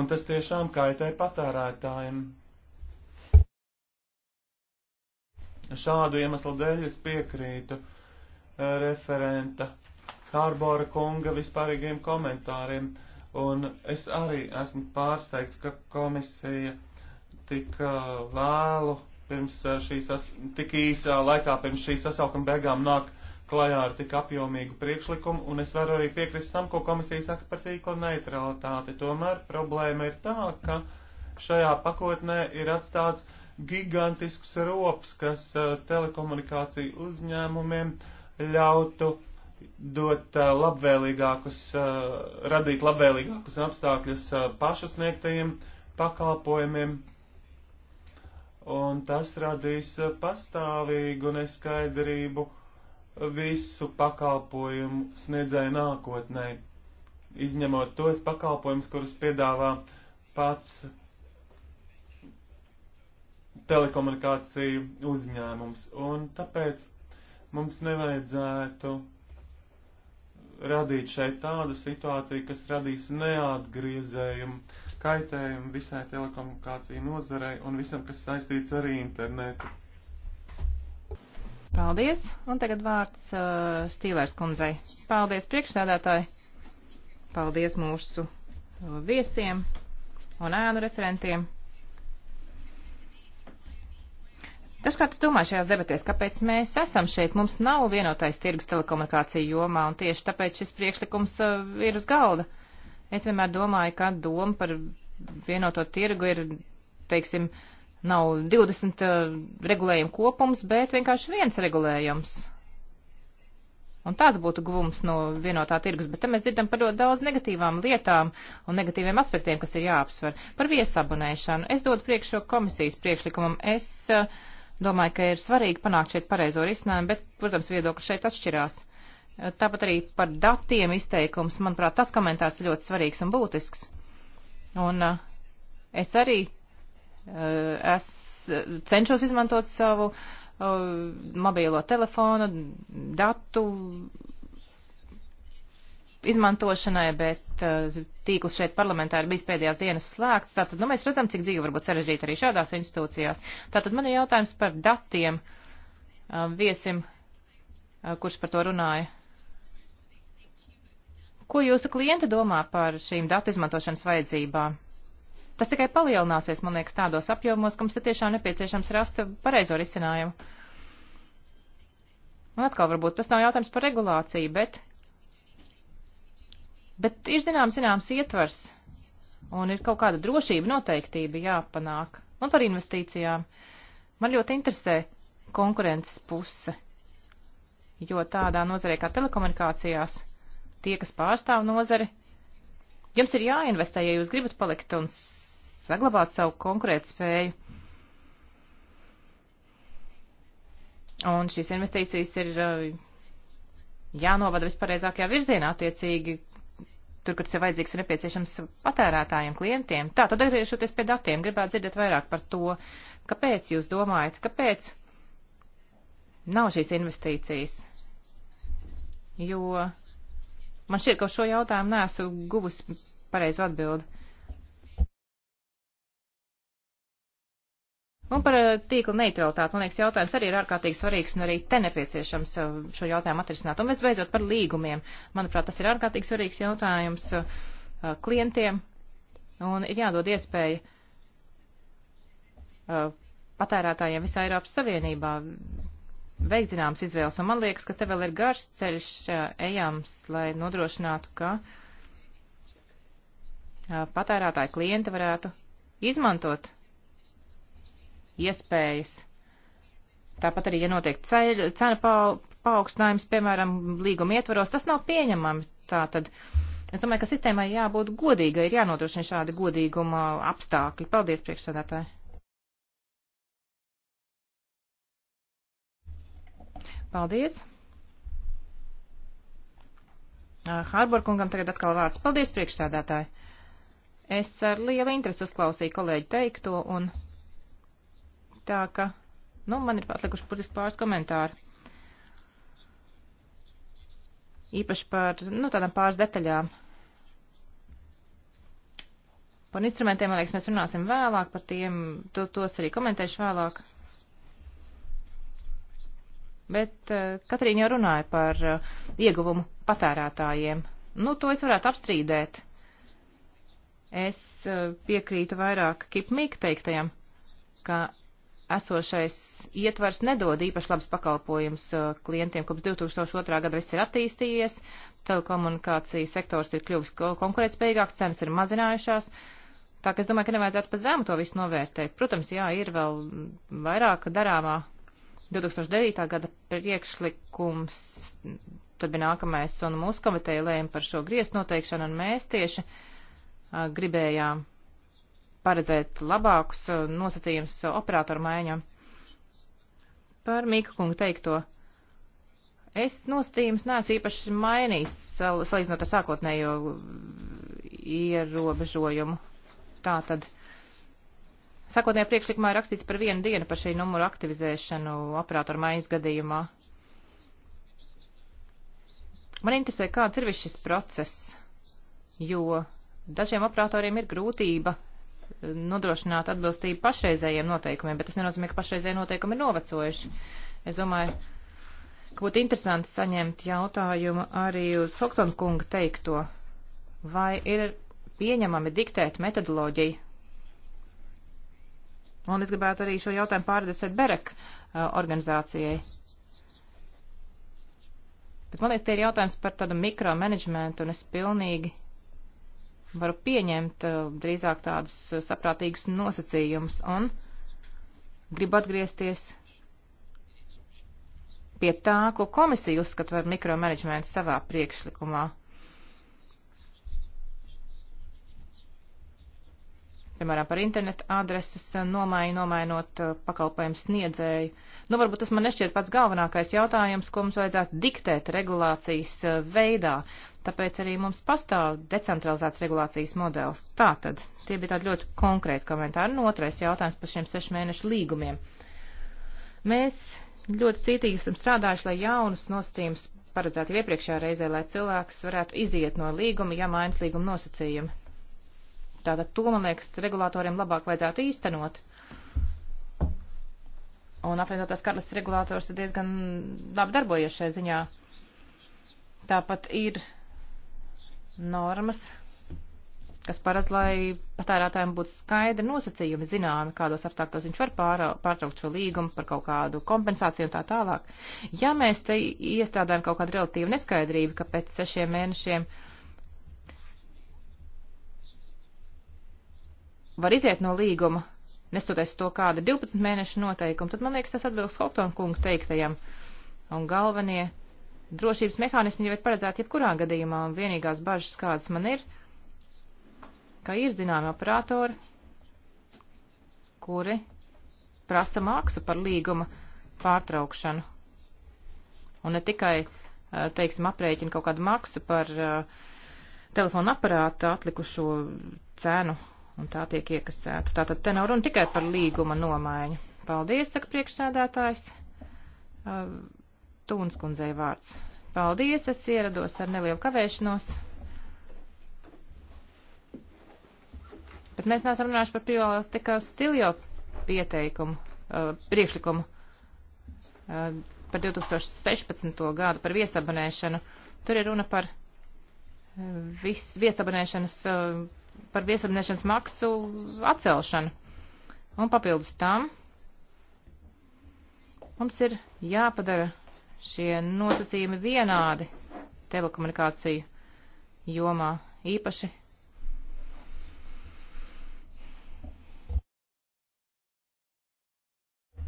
Un tas tiešām kaitē patērētājiem. Šādu iemeslu dēļ es piekrītu eh, referenta Hārbora kunga vispārīgiem komentāriem, un es arī esmu pārsteigts, ka komisija tik eh, vēlu pirms eh, šīs, tik īsā laikā pirms šīs sasaukuma beigām nāk klajā ar tik apjomīgu priekšlikumu, un es varu arī piekrist tam, ko komisija saka par tīkla neutralitāti. Tomēr problēma ir tā, ka šajā pakotnē ir atstāts gigantisks rops, kas eh, telekomunikāciju uzņēmumiem ļautu dot eh, labvēlīgākus, eh, radīt labvēlīgākus apstākļus pašasniegtajiem pakalpojumiem, un tas radīs pastāvīgu neskaidrību visu pakalpojumu sniedzēju nākotnē, izņemot tos pakalpojumus, kurus piedāvā pats telekomunikāciju uzņēmums. Un tāpēc mums nevajadzētu radīt šeit tādu situāciju, kas radīs neatgriezējumu kaitējumu visai telekomunikāciju nozarei un visam, kas saistīts ar internetu. Paldies, un tagad vārds uh, Stīlērs kundzei. Paldies, priekšsēdētāji. Paldies mūsu uh, viesiem un ēnu referentiem. Tas, kā tu domā šajās debatēs, kāpēc mēs esam šeit, mums nav vienotais tirgus telekomunikāciju jomā, un tieši tāpēc šis priekšlikums uh, ir uz galda. Es vienmēr domāju, ka doma par vienoto tirgu ir, teiksim, uh, Nav 20 eh, regulējumu kopums, bet vienkārši viens regulējums. Un tāds būtu guvums no vienotā tirgus, bet te mēs dzirdam par ļoti daudz negatīvām lietām un negatīviem aspektiem, kas ir jāapsver. Par viesabonēšanu es dodu priekšro komisijas priekšlikumam. Es eh, domāju, ka ir svarīgi panākt šeit pareizo risinājumu, bet, protams, viedokļi šeit atšķirās. Tāpat arī par datiem izteikums, manuprāt, tas komentārs ir ļoti svarīgs un būtisks. Un eh, es arī Eh, es eh, cenšos izmantot savu eh, mobīlo telefonu, datu izmantošanai, bet tīkls šeit parlamentā ir bijis pēdējās dienas slēgts. Tātad, nu, mēs redzam, cik dzīve var būt sarežģīta arī šādās institūcijās. Tātad man ir jautājums par datiem viesim, kurš par to runāja. Ko jūsu klienti domā par šīm datu izmantošanas vajadzībām? Tas tikai palielināsies, man liekas, tādos apjomos, ka mums ir tiešām nepieciešams rast pareizo risinājumu. Un atkal varbūt tas nav jautājums par regulāciju, bet, bet ir zināms, zināms ietvars un ir kaut kāda drošība noteiktība jāpanāk. Un par investīcijām. Man ļoti interesē konkurences puse, jo tādā nozarē kā telekomunikācijās tie, kas pārstāv nozari, jums ir jāinvestē, ja jūs gribat palikt un saglabāt savu konkurētspēju. Un šīs investīcijas ir uh, jānovada vispareizākajā virzienā attiecīgi tur, kur tas ir vajadzīgs un nepieciešams patērētājiem, klientiem. Tā, tad atgriežoties pie datiem, gribētu dzirdēt vairāk par to, kāpēc jūs domājat, kāpēc nav šīs investīcijas. Jo man šķiet, ka uz šo jautājumu nesu guvusi pareizu atbildi. Un par eh, tīkla neutralitāti, man liekas, jautājums arī ir ārkārtīgi svarīgs un arī te nepieciešams eh, šo jautājumu atrisināt. Un visbeidzot par līgumiem. Manuprāt, tas ir ārkārtīgi svarīgs jautājums eh, klientiem un ir jādod iespēja patērētājiem visā Eiropas Savienībā veikt zināmas izvēles. Un man liekas, ka te vēl ir garš ceļš ejams, lai nodrošinātu, ka patērētāji klienti varētu izmantot iespējas. Tāpat arī, ja notiek ceļ, cena paaugstinājums, piemēram, līguma ietvaros, tas nav pieņemami. Tātad es domāju, ka sistēmai jābūt godīgai, ir jānodrošina šādi godīguma apstākļi. Paldies, priekšsēdētāji! Paldies! Hārborkungam tagad atkal vārds. Paldies, priekšsēdētāji! Es ar lielu interesi uzklausīju kolēģi teikto un Tā ka, nu, man ir patlikuši burtiski pāris komentāri. Īpaši par, nu, tādām pāris detaļām. Par instrumentiem, man liekas, mēs runāsim vēlāk, par tiem, to, tos arī komentēšu vēlāk. Bet uh, Katrīna jau runāja par uh, ieguvumu patērētājiem. Nu, to es varētu apstrīdēt. Es uh, piekrītu vairāk Kipmīka teiktajam, ka esošais ietvars nedod īpaši labs pakalpojums uh, klientiem. Kopš 2002. gada viss ir attīstījies, telekomunikāciju sektors ir kļuvis konkurētspējīgāks, cenas ir mazinājušās. Tā ka es domāju, ka nevajadzētu pa zemu to visu novērtēt. Protams, jā, ir vēl vairāk darāmā 2009. gada priekšlikums, tad bija nākamais, un mūsu komiteja lēma par šo griestu noteikšanu, un mēs tieši a, uh, gribējām paredzēt labākus eh, nosacījumus eh, operatoru maiņam. Par Mīka kungu teikto. Es nosacījumus neesmu īpaši mainījis, salīdzinot ar sākotnējo eh, ierobežojumu. Tā tad. Sākotnējā priekšlikumā ir rakstīts par vienu dienu par šī numuru aktivizēšanu operatoru maiņas gadījumā. Man interesē, kāds ir viss šis process, jo dažiem operatoriem ir grūtība nodrošināt atbilstību pašreizējiem noteikumiem, bet tas nenozīmē, ka pašreizējie noteikumi ir novecojuši. Es domāju, ka būtu interesanti saņemt jautājumu arī uz Hoktona kunga teikto, vai ir pieņemami diktēt metodoloģiju. Un es gribētu arī šo jautājumu pārdesēt Berek organizācijai. Bet man liekas, tie ir jautājums par tādu mikromanagementu, un es pilnīgi varu pieņemt eh, drīzāk tādus saprātīgus nosacījumus un gribu atgriezties pie tā, ko komisija uzskata par mikromanagementu savā priekšlikumā. piemēram, par internetu adreses nomaiņu, nomainot eh, pakalpojumu sniedzēju. Nu, varbūt tas man nešķiet pats galvenākais jautājums, ko mums vajadzētu diktēt regulācijas eh, veidā tāpēc arī mums pastāv decentralizēts regulācijas modelis. Tātad, tie bija tādi ļoti konkrēti komentāri. Un nu, otrais jautājums par šiem sešu mēnešu līgumiem. Mēs ļoti cītīgi esam strādājuši, lai jaunus nosacījumus paredzētu iepriekšējā reizē, lai cilvēks varētu iziet no līguma, ja mainas līguma nosacījumi. Tātad to, man liekas, regulātoriem labāk vajadzētu īstenot. Un apvienotās karalists regulātors ir diezgan labi darbojies šai ziņā. Tāpat ir normas, kas paredz, lai patērētājiem būtu skaidri nosacījumi, zināmi, kādos apstākļos viņš var pāra, pārtraukt šo līgumu par kaut kādu kompensāciju un tā tālāk. Ja mēs te iestrādājam kaut kādu relatīvu neskaidrību, ka pēc sešiem mēnešiem var iziet no līguma, nestoties to kādu 12 mēnešu noteikumu, tad man liekas, tas atbilst Hopton kungu teiktajam. Un galvenie drošības mehānismi jau ir paredzēti jebkurā gadījumā, un vienīgās bažas, kādas man ir, ka ir zināmi operatori, kuri prasa maksu par līguma pārtraukšanu. Un ne tikai, eh, teiksim, aprēķina kaut kādu maksu par eh, telefonu aparātu atlikušo cenu, un tā tiek iekasēta. Tātad te nav runa tikai par līguma nomaiņu. Paldies, saka priekšsēdētājs. Uh, Tūns kundzei vārds. Paldies, es ierados ar nelielu kavēšanos. Bet mēs neesam runājuši par privālās tikā stiljo pieteikumu, uh, priekšlikumu uh, par 2016. gadu, par viesabonēšanu. Tur ir runa par uh, vis, viesabonēšanas, uh, par viesabonēšanas maksu atcelšanu. Un papildus tam mums ir jāpadara šie nosacījumi vienādi telekomunikāciju jomā īpaši.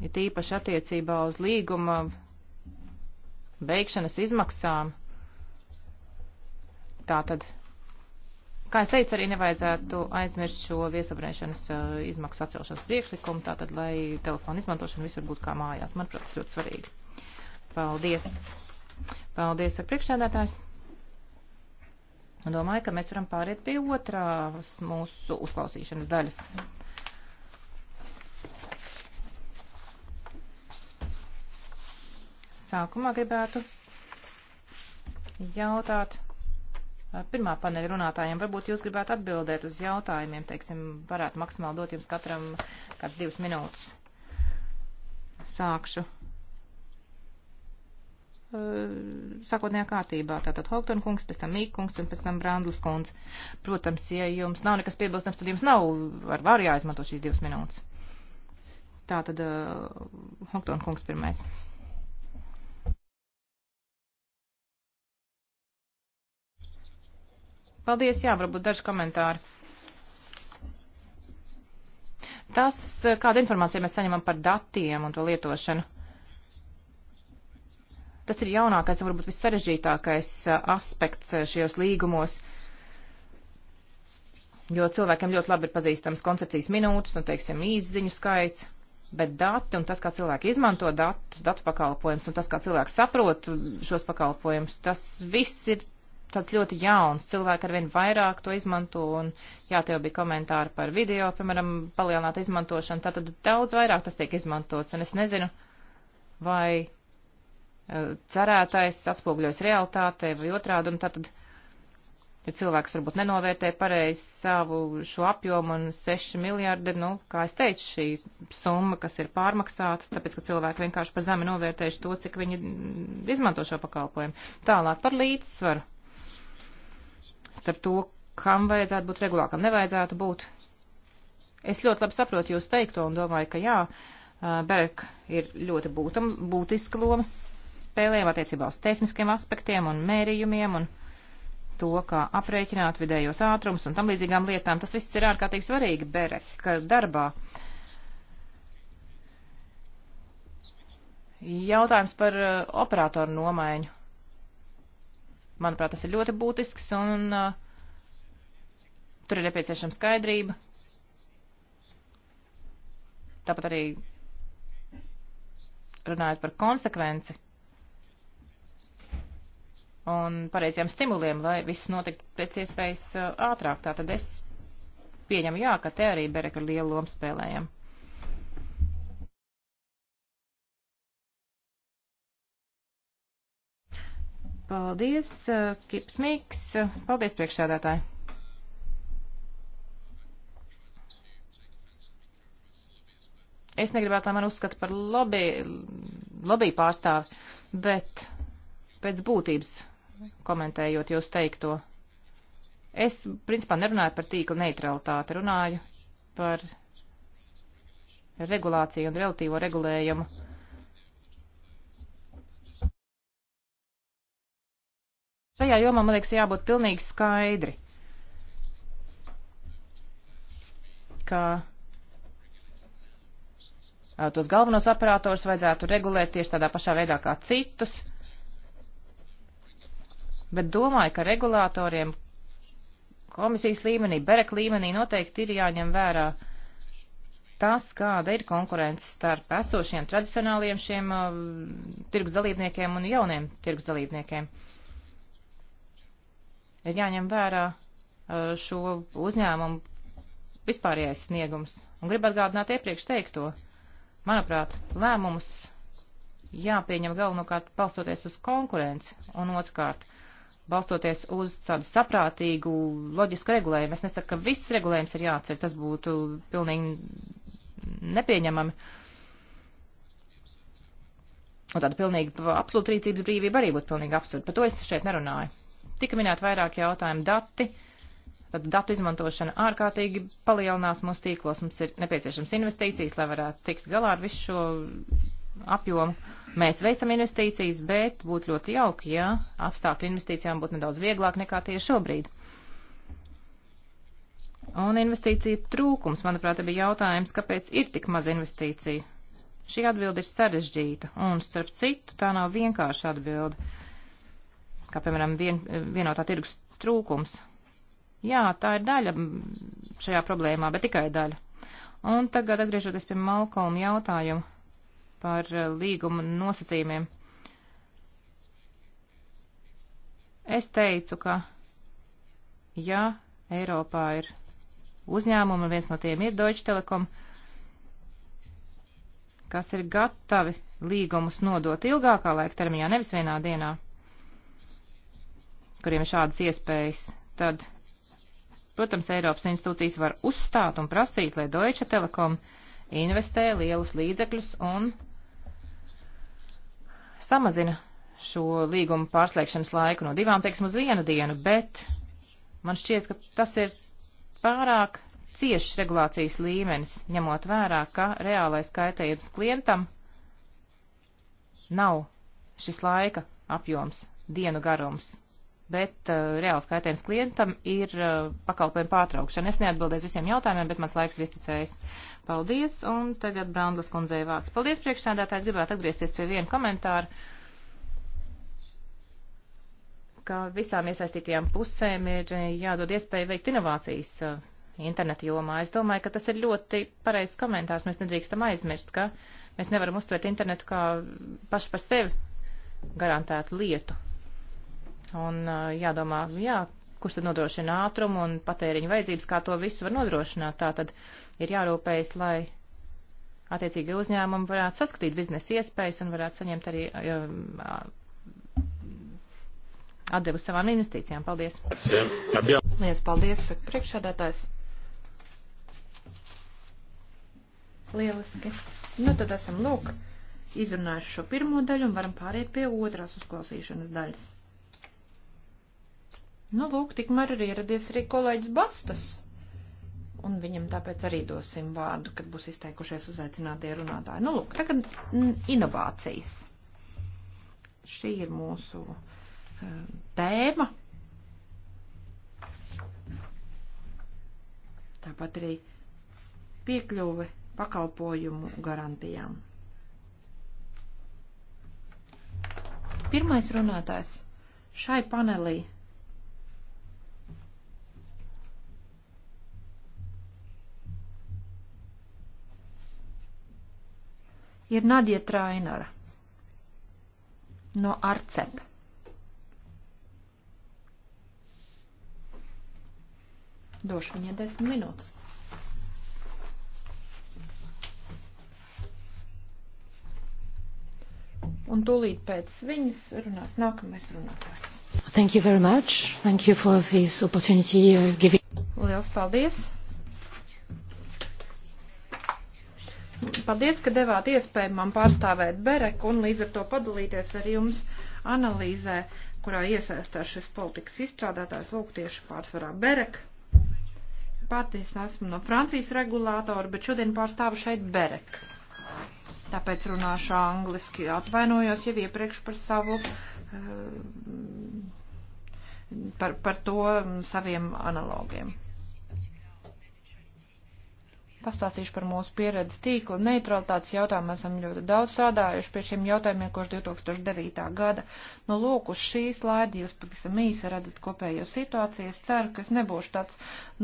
Ir ja īpaši attiecībā uz līguma beigšanas izmaksām. Tātad, kā es teicu, arī nevajadzētu aizmirst šo viesabrēšanas uh, izmaksu atcelšanas priekšlikumu, tātad, lai telefonu izmantošana visur būtu kā mājās. Manuprāt, tas ļoti svarīgi. Paldies. Paldies, ar priekšsēdētājs. Domāju, ka mēs varam pāriet pie otrās mūsu uzklausīšanas daļas. Sākumā gribētu jautāt pirmā paneļa runātājiem. Varbūt jūs gribētu atbildēt uz jautājumiem, teiksim, varētu maksimāli dot jums katram kāds divas minūtes. Sākšu Eh, sakotnējā kārtībā. Tātad Haukton kungs, pēc tam Mīk kungs un pēc tam Brandlis kungs. Protams, ja jums nav nekas piebilstams, tad jums nav ar varu jāizmanto šīs divas minūtes. Tātad uh, eh, Haukton kungs pirmais. Paldies, jā, varbūt daži komentāri. Tas, eh, kāda informācija mēs saņemam par datiem un to lietošanu. Tas ir jaunākais un varbūt vissarežģītākais eh, aspekts eh, šajos līgumos, jo cilvēkiem ļoti labi ir pazīstams koncepcijas minūtes, nu, teiksim, īsziņu skaits, bet dati un tas, kā cilvēki izmanto datus, datu pakalpojumus un tas, kā cilvēki saprot šos pakalpojumus, tas viss ir tāds ļoti jauns. Cilvēki arvien vairāk to izmanto un jā, tev bija komentāri par video, piemēram, palielināta izmantošana, tātad daudz vairāk tas tiek izmantots un es nezinu, vai cerētais atspoguļojas realitātē vai otrādi, un tātad ja cilvēks varbūt nenovērtē pareizi savu šo apjomu un 6 miljardi, nu, kā es teicu, šī summa, kas ir pārmaksāta, tāpēc, ka cilvēki vienkārši par zemi novērtējuši to, cik viņi izmanto šo pakalpojumu. Tālāk par līdzsvaru starp to, kam vajadzētu būt regulā, kam nevajadzētu būt. Es ļoti labi saprotu jūs teikto un domāju, ka jā, Berek ir ļoti būtam, būtiska lomas spēlēm attiecībā uz tehniskiem aspektiem un mērījumiem un to, kā aprēķināt vidējos ātrums un tam līdzīgām lietām. Tas viss ir ārkārtīgi svarīgi Berek darbā. Jautājums par uh, operatoru nomaiņu. Manuprāt, tas ir ļoti būtisks un uh, tur ir nepieciešama skaidrība. Tāpat arī runājot par konsekvenci un pareiziem stimuliem, lai viss notiktu pēc iespējas uh, ātrāk. Tātad es pieņemu jā, ka te arī Bereka lielu lomu spēlējam. Paldies, uh, Kips Miks. Paldies, priekšsēdētāji. Es negribētu, lai man uzskata par lobby, lobby pārstāvi, bet pēc būtības komentējot jūs teikto. Es, principā, nerunāju par tīkla neutralitāti, runāju par regulāciju un relatīvo regulējumu. Šajā jomā, man liekas, jābūt pilnīgi skaidri, ka tos galvenos operators vajadzētu regulēt tieši tādā pašā veidā kā citus bet domāju, ka regulātoriem komisijas līmenī, berek līmenī noteikti ir jāņem vērā tas, kāda ir konkurence starp esošiem tradicionāliem šiem uh, tirgus dalībniekiem un jauniem tirgus dalībniekiem. Ir jāņem vērā uh, šo uzņēmumu vispārējais sniegums. Un gribu atgādināt iepriekš teikto. Manuprāt, lēmumus jāpieņem galvenokārt balstoties uz konkurenci un otrkārt balstoties uz tādu saprātīgu, loģisku regulējumu. Es nesaku, ka viss regulējums ir jāatcer, tas būtu pilnīgi nepieņemami. Un tāda pilnīga absolūta rīcības brīvība arī būtu pilnīgi absurda. Par to es šeit nerunāju. Tika minēt vairāk jautājumu dati. Tad datu izmantošana ārkārtīgi palielinās mūsu tīklos. Mums ir nepieciešams investīcijas, lai varētu tikt galā ar visu šo apjomu. Mēs veicam investīcijas, bet būtu ļoti jauki, ja apstākļi investīcijām būtu nedaudz vieglāk nekā tieši šobrīd. Un investīcija trūkums, manuprāt, bija jautājums, kāpēc ir tik maz investīciju. Šī atbilde ir sarežģīta, un starp citu tā nav vienkārša atbilde, kā piemēram vien, vienotā tirgus trūkums. Jā, tā ir daļa šajā problēmā, bet tikai daļa. Un tagad atgriežoties pie Malkolma jautājuma par eh, līguma nosacījumiem. Es teicu, ka ja Eiropā ir uzņēmumi, un viens no tiem ir Deutsche Telekom, kas ir gatavi līgumus nodot ilgākā laika termiņā, nevis vienā dienā, kuriem ir šādas iespējas, tad, protams, Eiropas institūcijas var uzstāt un prasīt, lai Deutsche Telekom investē lielus līdzekļus un samazina šo līgumu pārslēgšanas laiku no divām, teiksim, uz vienu dienu, bet man šķiet, ka tas ir pārāk ciešs regulācijas līmenis, ņemot vērā, ka reālais kaitējums klientam nav šis laika apjoms, dienu garums, bet uh, reāls kaitējums klientam ir uh, pakalpojumu pārtraukšana. Es neatbildēju visiem jautājumiem, bet mans laiks ir izticējis. Paldies, un tagad Brandlas kundzei vārds. Paldies, priekšsēdētājs, gribētu atgriezties pie viena komentāra, ka visām iesaistītajām pusēm ir eh, jādod iespēja veikt inovācijas uh, interneta jomā. Es domāju, ka tas ir ļoti pareizs komentārs. Mēs nedrīkstam aizmirst, ka mēs nevaram uztvert internetu kā pašu par sevi garantētu lietu Un jādomā, jā, kurš tad nodrošina ātrumu un patēriņu vajadzības, kā to visu var nodrošināt. Tā tad ir jārūpējas, lai attiecīgi uzņēmumi varētu saskatīt biznesa iespējas un varētu saņemt arī um, atdevu savām investīcijām. Paldies! Lielas paldies, saka priekšādātājs. Lieliski. Nu, tad esam, lūk, izrunājuši šo pirmo daļu un varam pāriet pie otrās uzklausīšanas daļas. Nu, lūk, tikmēr ir ieradies arī kolēģis Bastas. Un viņam tāpēc arī dosim vārdu, kad būs izteikušies uzaicinātie runātāji. Nu, lūk, tagad mm, inovācijas. Šī ir mūsu uh, tēma. Tāpat arī piekļuve pakalpojumu garantijām. Pirmais runātājs šai panelī ir Nadja Trainara no Arcep. Došu viņai desmit minūtes. Un tūlīt pēc viņas runās nākamais runātājs. Thank you very much. Thank you for this opportunity giving. Liels paldies. Paldies, ka devāt iespēju man pārstāvēt Bereku un līdz ar to padalīties ar jums analīzē, kurā iesaistās šis politikas izstrādātājs, lūk, tieši pārsvarā Berek. Pati es esmu no Francijas regulātora, bet šodien pārstāvu šeit Berek. Tāpēc runāšu angliski. Atvainojos jau iepriekš par savu. Uh, par, par to saviem analogiem. Pastāstīšu par mūsu pieredzi tīkla neutralitātes jautājumu. Esam ļoti daudz strādājuši pie šiem jautājumiem kopš 2009. gada. Nu, lūk, uz šī slaida jūs pavisam īsi redzat kopējo situāciju. Es ceru, ka es nebūšu tāds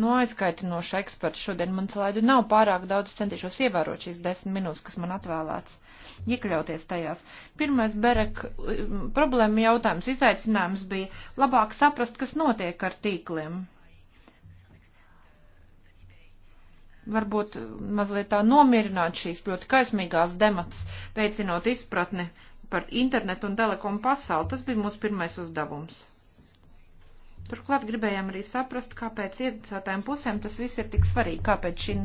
noaizskaitinošs eksperts. Šodien man slaidu nav pārāk daudz, centīšos ievērot šīs desmit minūtes, kas man atvēlēts iekļauties tajās. Pirmais berek eh, problēma jautājums, izaicinājums bija labāk saprast, kas notiek ar tīkliem varbūt mazliet tā nomierināt šīs ļoti kaismīgās demats, veicinot izpratni par internetu un telekomu pasauli. Tas bija mūsu pirmais uzdevums. Turklāt gribējām arī saprast, kāpēc iedzīvotājiem pusēm tas viss ir tik svarīgi, kāpēc šī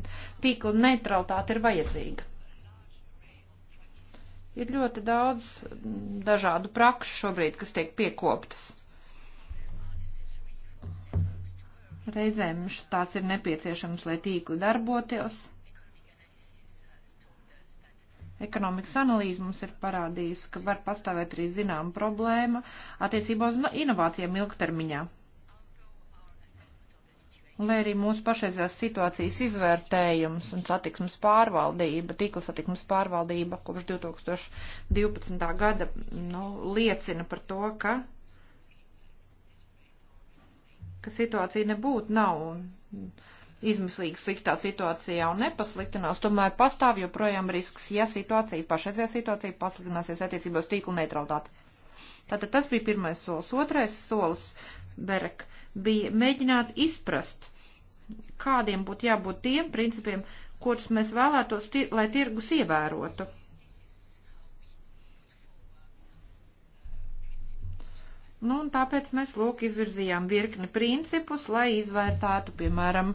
tīkla neutralitāte ir vajadzīga. Ir ļoti daudz dažādu prakšu šobrīd, kas tiek piekoptas. Reizēm tās ir nepieciešamas, lai tīkli darbotos. Ekonomikas analīze mums ir parādījusi, ka var pastāvēt arī zinām problēma attiecībā uz inovācijām ilgtermiņā. Un, lai arī mūsu pašreizējās situācijas izvērtējums un satiksmes pārvaldība, tīkla satiksmes pārvaldība kopš 2012. gada nu, liecina par to, ka ka situācija nebūtu nav izmislīgi sliktā situācijā un nepasliktinās, tomēr pastāv joprojām risks, ja situācija, pašreizajā situācija pasliktināsies attiecībos tīkla neutralitāte. Tātad tas bija pirmais solis. Otrais solis, Berek, bija mēģināt izprast, kādiem būtu jābūt tiem principiem, kurus mēs vēlētos, lai tirgus ievērotu. Nu, un tāpēc mēs, lūk, izvirzījām virkni principus, lai izvērtātu, piemēram,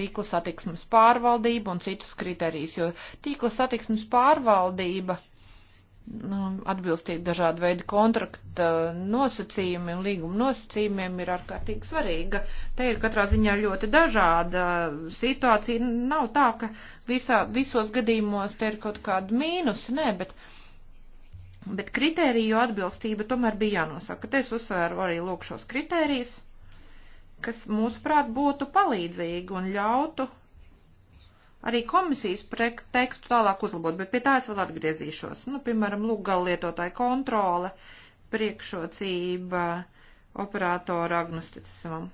tīkla satiksmes pārvaldību un citus kriterijus, jo tīkla satiksmes pārvaldība nu, atbilstīt dažādu veidu kontrakta nosacījumiem, līguma nosacījumiem ir ārkārtīgi svarīga. Te ir katrā ziņā ļoti dažāda situācija. Nav tā, ka visā, visos gadījumos te ir kaut kāda mīnusa, nē, bet Bet kritēriju atbilstība tomēr bija jānosaka. Te es uzsvēru arī lūk šos kritērijus, kas mūsuprāt būtu palīdzīgi un ļautu arī komisijas tekstu tālāk uzlabot, bet pie tā es vēl atgriezīšos. Nu, piemēram, lūgala lietotāja kontrole, priekšrocība operātora agnosticismam.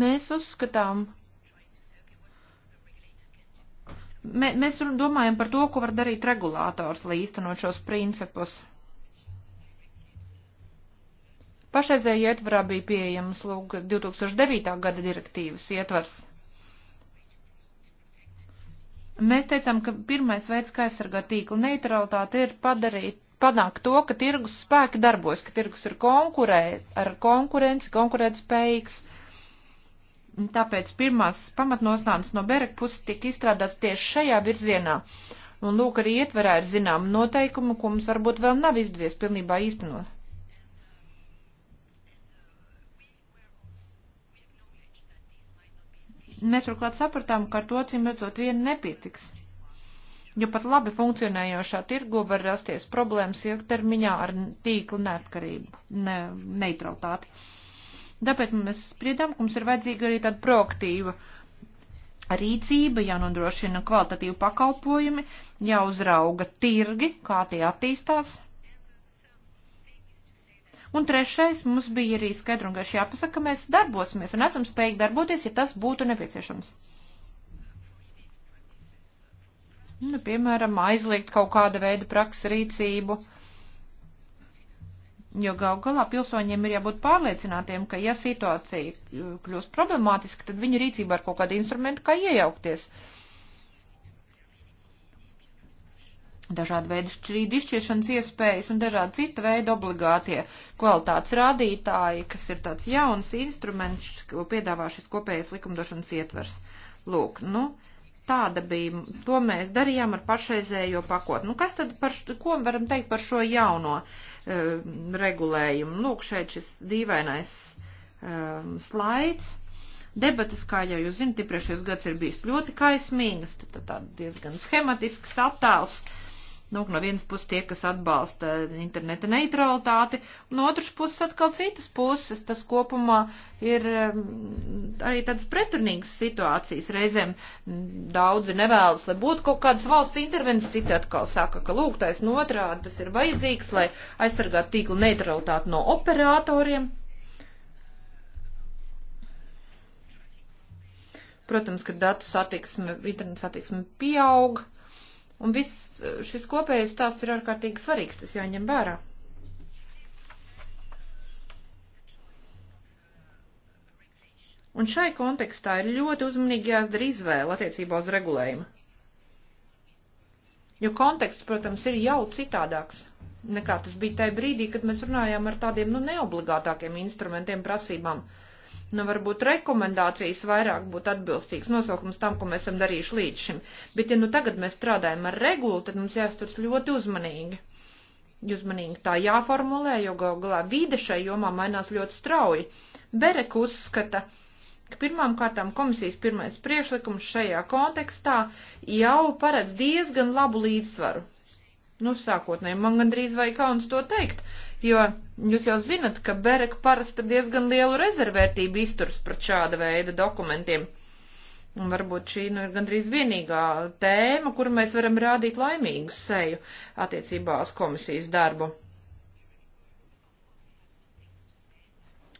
Mēs uzskatām, Mē, mēs domājam par to, ko var darīt regulātors, lai īstenot šos principus. Pašreizēja ietvarā bija pieejams lūk 2009. gada direktīvas ietvars. Mēs teicām, ka pirmais veids, kā aizsargāt tīkla neutralitāti, ir padarīt, panākt to, ka tirgus spēki darbojas, ka tirgus ir konkurē, ar konkurenci, konkurētspējīgs. spējīgs Tāpēc pirmās pamatnostādnes no Bereka puses tika izstrādāts tieši šajā virzienā. Un lūk, arī ietverā ir zinām noteikumu, ko mums varbūt vēl nav izdevies pilnībā īstenot. Mēs turklāt sapratām, ka ar to cim redzot vien nepietiks jo pat labi funkcionējošā tirgo var rasties problēmas ilgtermiņā ar tīkla neatkarību, ne, neutralitāti. Tāpēc mēs spriedām, ka mums ir vajadzīga arī tāda proaktīva rīcība, jānodrošina kvalitatīvi pakalpojumi, jāuzrauga tirgi, kā tie attīstās. Un trešais mums bija arī skaidri un gaiši jāpasaka, ka mēs darbosimies un esam spējīgi darboties, ja tas būtu nepieciešams. Nu, piemēram, aizliegt kaut kāda veida praksa rīcību Jo gal galā pilsoņiem ir jābūt pārliecinātiem, ka ja situācija eh, kļūs problemātiska, tad viņu rīcībā ir kaut kādi instrumenti, kā iejaukties. Dažādi veidi šķīdi izšķiešanas iespējas un dažādi cita veida obligātie kvalitātes rādītāji, kas ir tāds jauns instruments, ko piedāvā šis kopējais likumdošanas ietvers. Lūk, nu, tāda bija, to mēs darījām ar pašreizējo pakotni. Nu, kas tad par, ko varam teikt par šo jauno? Uh, Um, regulējumu. Lūk, šeit šis dīvainais um, slaids. Debatas, kā jau jūs zinat, iepriekšējos gads ir bijis ļoti kaismīgas, tad tā diezgan schematisks attēls. Uh, Nu, no vienas puses tie, kas atbalsta interneta neutralitāti, un no otras puses atkal citas puses. Tas kopumā ir mm, arī tāds pretrunīgs situācijas. Reizēm mm, daudzi nevēlas, lai būtu kaut kādas valsts intervences, citi atkal saka, ka lūgtais notrādi tas ir vajadzīgs, lai aizsargātu tīkla neutralitāti no operatoriem. Protams, ka datu satiksme, internetu satiksme pieauga Un viss šis kopējais stāsts ir ārkārtīgi svarīgs, tas jāņem vērā. Un šai kontekstā ir ļoti uzmanīgi jāizdara izvēle attiecībā uz regulējumu. Jo konteksts, protams, ir jau citādāks nekā tas bija tajā brīdī, kad mēs runājām ar tādiem, nu, neobligātākiem instrumentiem prasībām. Uh, Nu, varbūt rekomendācijas vairāk būtu atbilstīgs nosaukums tam, ko mēs esam darījuši līdz šim. Bet, ja nu tagad mēs strādājam ar regulu, tad mums jāsturs ļoti uzmanīgi. Uzmanīgi tā jāformulē, jo gal galā vīde šai jomā mainās ļoti strauji. Berek uzskata, ka pirmām kārtām komisijas pirmais priekšlikums šajā kontekstā jau paredz diezgan labu līdzsvaru. Nu, sākotnēji man gandrīz vai kauns to teikt, jo jūs jau zinat, ka Berek parasti diezgan lielu rezervētību izturs pret šāda veida dokumentiem. Un varbūt šī nu, ir gandrīz vienīgā tēma, kur mēs varam rādīt laimīgu seju attiecībā uz komisijas darbu.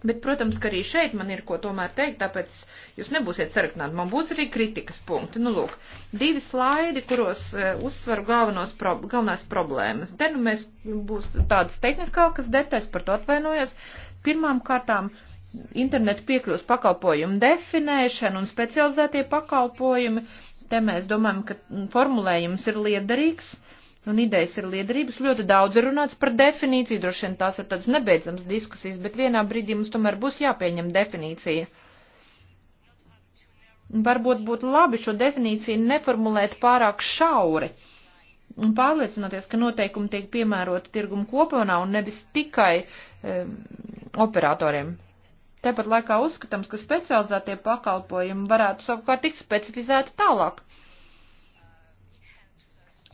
Bet, protams, ka arī šeit man ir ko tomēr teikt, tāpēc jūs nebūsiet saraknāti. Man būs arī kritikas punkti. Nu, lūk, divi slaidi, kuros uh, e, uzsveru galvenos, pro, galvenās problēmas. Te nu mēs nu, būs tādas tehniskākas detaļas, par to atvainojos. Pirmām kārtām internetu piekļūs pakalpojumu definēšana un specializētie pakalpojumi. Te mēs domājam, ka formulējums ir liederīgs. Uh, un idejas ir liederības. Ļoti daudz ir runāts par definīciju, droši vien tās ir tādas nebeidzams diskusijas, bet vienā brīdī mums tomēr būs jāpieņem definīcija. Varbūt būtu labi šo definīciju neformulēt pārāk šauri un pārliecināties, ka noteikumi tiek piemēroti tirgumu kopanā un nevis tikai um, operatoriem. Tāpat laikā uzskatams, ka specializētie pakalpojumi varētu savukārt tikt specifizēti tālāk. Uh,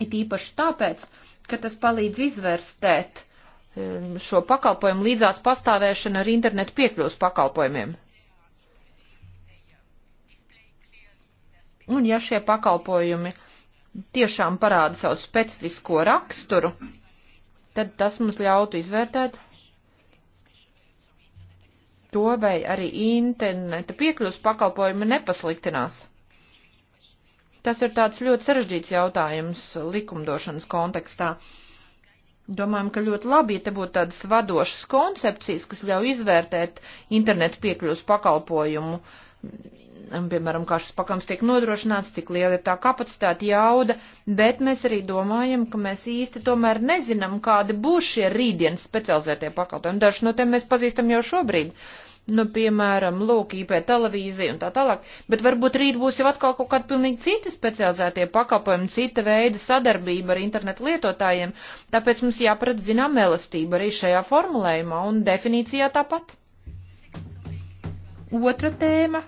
It īpaši tāpēc, ka tas palīdz izvērstēt um, šo pakalpojumu līdzās pastāvēšanu ar internetu piekļūs pakalpojumiem. Un ja šie pakalpojumi tiešām parāda savu specifisko raksturu, tad tas mums ļautu izvērtēt to, vai arī interneta piekļūs pakalpojumi nepasliktinās. Tas ir tāds ļoti sarežģīts jautājums likumdošanas kontekstā. Domājam, ka ļoti labi, ja te būtu tādas vadošas koncepcijas, kas ļauj izvērtēt internetu piekļuvas pakalpojumu, mm, piemēram, kā šis pakams tiek nodrošināts, cik liela ir tā kapacitāte jauda, bet mēs arī domājam, ka mēs īsti tomēr nezinām, kādi būs šie rītdienas specializētie pakalpojumi. Dažus no tiem mēs pazīstam jau šobrīd. Uh, nu, piemēram, lūk, IP televīzija un tā tālāk, bet varbūt rīt būs jau atkal kaut kādi pilnīgi citi specializētie pakalpojumi, cita veida sadarbība ar internetu lietotājiem, tāpēc mums jāpredz zinām elastība arī šajā formulējumā un definīcijā tāpat. Otra tēma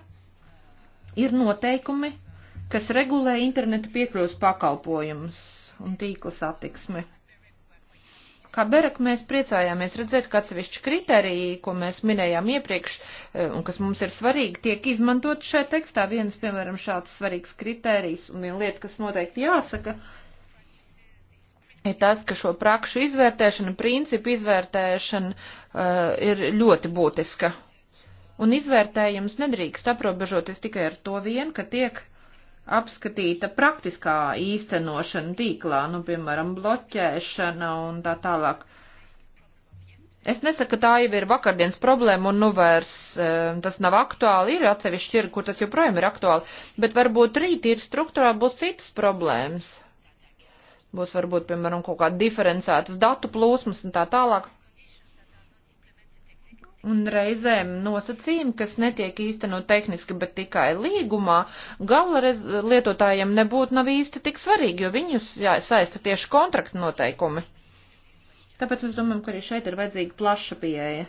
ir noteikumi, kas regulē internetu piekļuvas pakalpojumus un tīkla satiksmi. Kā Berek mēs priecājāmies redzēt, ka atsevišķi kriteriji, ko mēs minējām iepriekš e, un kas mums ir svarīgi, tiek izmantot šajā tekstā. Viens, piemēram, šāds svarīgs kriterijs un viena lieta, kas noteikti jāsaka, ir tas, ka šo prakšu izvērtēšana, principu izvērtēšana uh, ir ļoti būtiska. Un izvērtējums nedrīkst aprobežoties tikai ar to vien, ka tiek uh, apskatīta praktiskā īstenošana tīklā, nu, piemēram, bloķēšana un tā tālāk. Es nesaku, ka tā jau ir vakardienas problēma un nu vairs e, tas nav aktuāli, ir atsevišķi ir, kur tas joprojām ir aktuāli, bet varbūt rīt ir struktūrāli būs citas problēmas. Būs varbūt, piemēram, kaut kāda diferencētas datu plūsmas un tā tālāk. Un reizēm nosacījumi, kas netiek īstenot tehniski, bet tikai līgumā, gala lietotājiem nebūtu nav īsti tik svarīgi, jo viņus jā, saista tieši kontrakta noteikumi. Tāpēc mēs domājam, ka arī šeit ir vajadzīga plaša pieeja.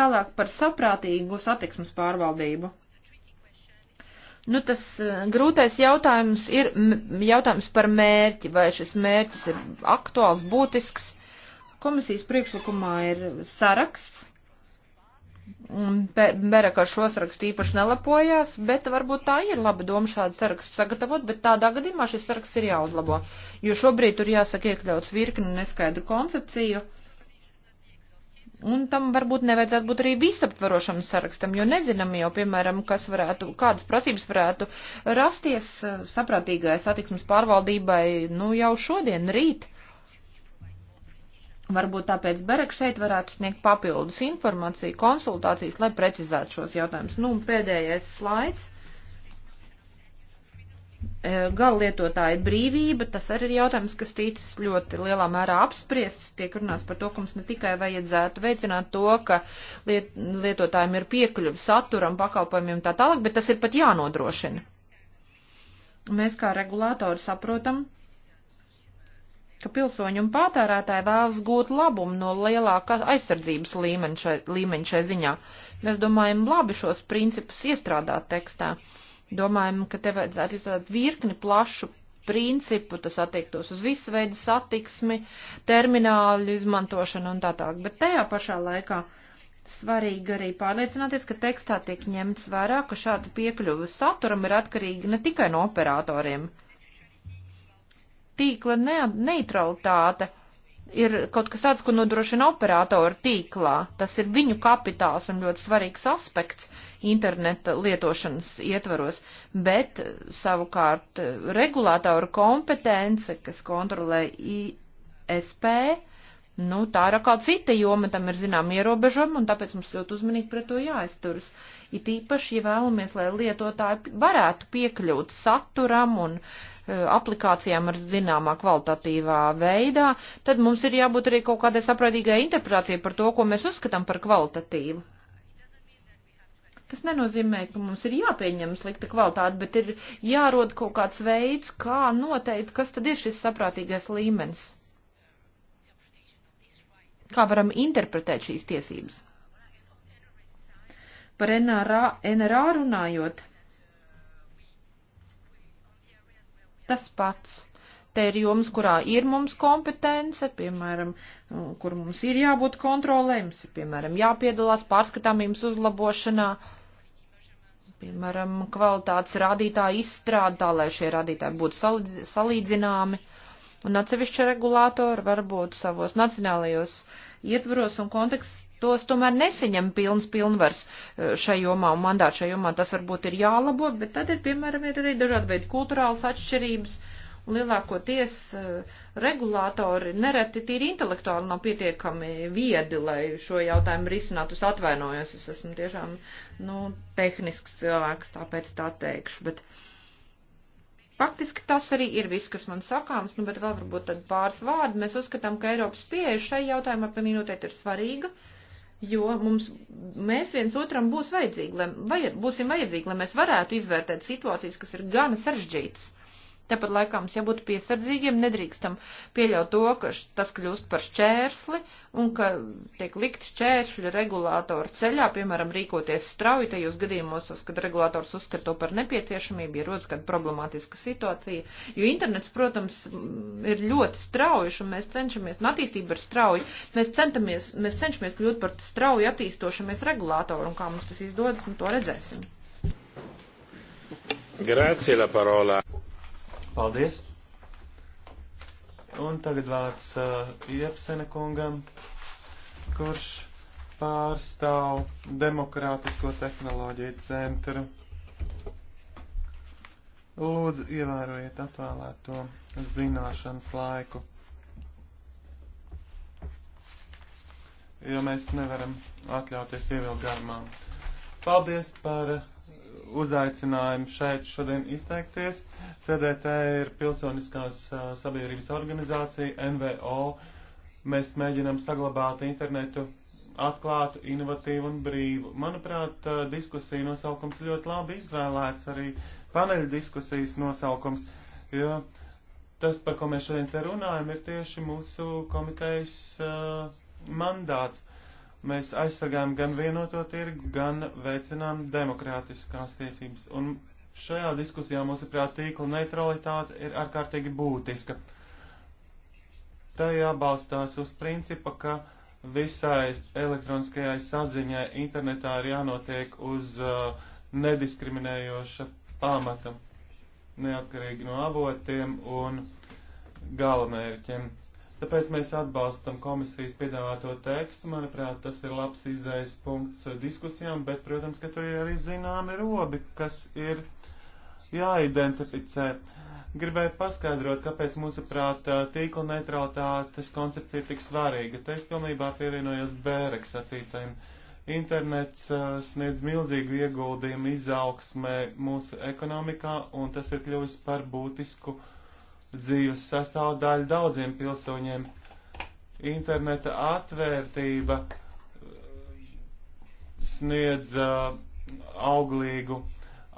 Tālāk par saprātīgu satiksmes pārvaldību. Nu, tas e, grūtais jautājums ir jautājums par mērķi, vai šis mērķis ir aktuāls, būtisks Komisijas priekšlikumā ir saraksts. Berek ar šo sarakstu īpaši nelapojās, bet varbūt tā ir laba doma šādu sarakstu sagatavot, bet tādā gadījumā šis saraksts ir jāuzlabo, jo šobrīd tur jāsaka iekļauts virkni neskaidru koncepciju. Un tam varbūt nevajadzētu būt arī visaptvarošam sarakstam, jo nezinām jau, piemēram, kas varētu, kādas prasības varētu rasties saprātīgai satiksmes pārvaldībai, nu jau šodien, rīt. Varbūt tāpēc Berek šeit varētu sniegt papildus informāciju, konsultācijas, lai precizētu šos jautājumus. Nu, un pēdējais slaids. E, gala lietotāja brīvība, tas arī ir jautājums, kas ticis ļoti lielā mērā apspriests. Tiek runāts par to, ka mums ne tikai vajadzētu veicināt to, ka liet, lietotājiem ir piekļuvi saturam, pakalpojumiem tā tālāk, bet tas ir pat jānodrošina. Mēs kā regulātori saprotam, ka pilsoņi un patērētāji vēlas gūt labumu no lielākā aizsardzības līmeņa šai, līmeņa šai ziņā. Mēs domājam labi šos principus iestrādāt tekstā. Domājam, ka te vajadzētu izstrādāt virkni plašu principu, tas attiektos uz visu veidu satiksmi, termināļu izmantošanu un tā tālāk. Bet tajā pašā laikā svarīgi arī pārliecināties, ka tekstā tiek ņemts vērā, ka šāda piekļuva saturam ir atkarīga ne tikai no operatoriem, tīkla ne neutralitāte ir kaut kas tāds, ko nodrošina operātori tīklā. Tas ir viņu kapitāls un ļoti svarīgs aspekts interneta lietošanas ietvaros, bet savukārt eh, regulātoru kompetence, kas kontrolē ISP, nu, tā ir kā cita joma, tam ir zinām ierobežojumi, un tāpēc mums ļoti uzmanīgi pret to jāizturas. It īpaši, ja vēlamies, lai lietotāji varētu piekļūt saturam un uh, Eh, aplikācijām ar zināmā kvalitatīvā veidā, tad mums ir jābūt arī kaut kādai saprātīgai interpretācijai par to, ko mēs uzskatām par kvalitatīvu. Tas nenozīmē, ka mums ir jāpieņem slikta kvalitāte, bet ir jārod kaut kāds veids, kā noteikt, kas tad ir šis saprātīgais līmenis. Kā varam interpretēt šīs tiesības? Par NRA, NRA runājot tas pats. Te ir joms, kurā ir mums kompetence, piemēram, kur mums ir jābūt kontrolē, mums ir, piemēram, jāpiedalās pārskatāmības uzlabošanā, piemēram, kvalitātes rādītāji izstrādā, lai šie rādītāji būtu salīdzināmi. Un atsevišķi regulātori varbūt savos nacionālajos ietvaros un kontekst, tos tomēr nesaņem pilns pilnvars e, šajomā un mandāts šajomā. Tas varbūt ir jālabo, bet tad ir, piemēram, ir arī dažādi veidi kulturāls atšķirības. Un lielākoties e, regulātori nereti tīri intelektuāli nav pietiekami viedi, lai šo jautājumu risinātu. Es atvainojos, es esmu tiešām, nu, tehnisks cilvēks, tāpēc tā teikšu. Bet, uh, Faktiski tas arī ir viss, kas man sakāms, nu, bet vēl varbūt tad pāris vārdi. Mēs uzskatām, ka Eiropas pieeja šai jautājumā pilnīgi noteikti ir svarīga. Uh, jo mums, mēs viens otram būs vajadzīgi, lai, vajad, būsim vajadzīgi, lai mēs varētu izvērtēt situācijas, kas ir gana saržģītas. Tāpat laikā mums jābūt piesardzīgiem, nedrīkstam pieļaut to, ka tas kļūst par šķērsli un ka tiek likt šķēršļi regulātoru ceļā, piemēram, rīkoties strauji tajos gadījumos, kad regulātors uzskata to par nepieciešamību, ja rodas kāda problemātiska situācija. Jo internets, protams, ir ļoti strauji, un mēs cenšamies, un attīstība ir strauji, mēs, centamies, mēs cenšamies kļūt par strauji attīstošamies regulātoru, un kā mums tas izdodas, nu to redzēsim. Grazie la parola. Paldies! Un tagad vārds uh, Iepsena kungam, kurš pārstāv Demokrātisko tehnoloģiju centru. Lūdzu, ievērojiet atvēlēto zināšanas laiku, jo mēs nevaram atļauties ievilkt garumā. Paldies par uzaicinājumu šeit šodien izteikties. CDT ir pilsoniskās sabiedrības organizācija, NVO. Mēs mēģinām saglabāt internetu atklātu, inovatīvu un brīvu. Manuprāt, diskusija nosaukums ļoti labi izvēlēts, arī paneļa diskusijas nosaukums, jo tas, par ko mēs šodien te runājam, ir tieši mūsu komitejas uh, mandāts Mēs aizsargājam gan vienoto tirgu, gan veicinām demokrātiskās tiesības. Un šajā diskusijā mūsuprāt tīkla neutralitāte ir ārkārtīgi būtiska. Tā jābalstās uz principa, ka visai elektroniskajai saziņai internetā ir jānotiek uz uh, nediskriminējoša pamata, neatkarīgi no avotiem un galamērķiem. Tāpēc mēs atbalstam komisijas piedāvāto tekstu. Manuprāt, tas ir labs izējas punkts diskusijām, bet, protams, ka tur ir arī zināmi robi, kas ir jāidentificē. Gribēju paskaidrot, kāpēc mūsuprāt tīkla neutralitātes koncepcija ir tik svarīga. Te es pilnībā pievienojos Bēreks sacītājiem. Internets uh, sniedz milzīgu ieguldījumu izaugsmē mūsu ekonomikā, un tas ir kļuvis par būtisku uh, dzīves sastāvdaļa daudziem pilsoņiem. Interneta atvērtība uh, sniedz uh, auglīgu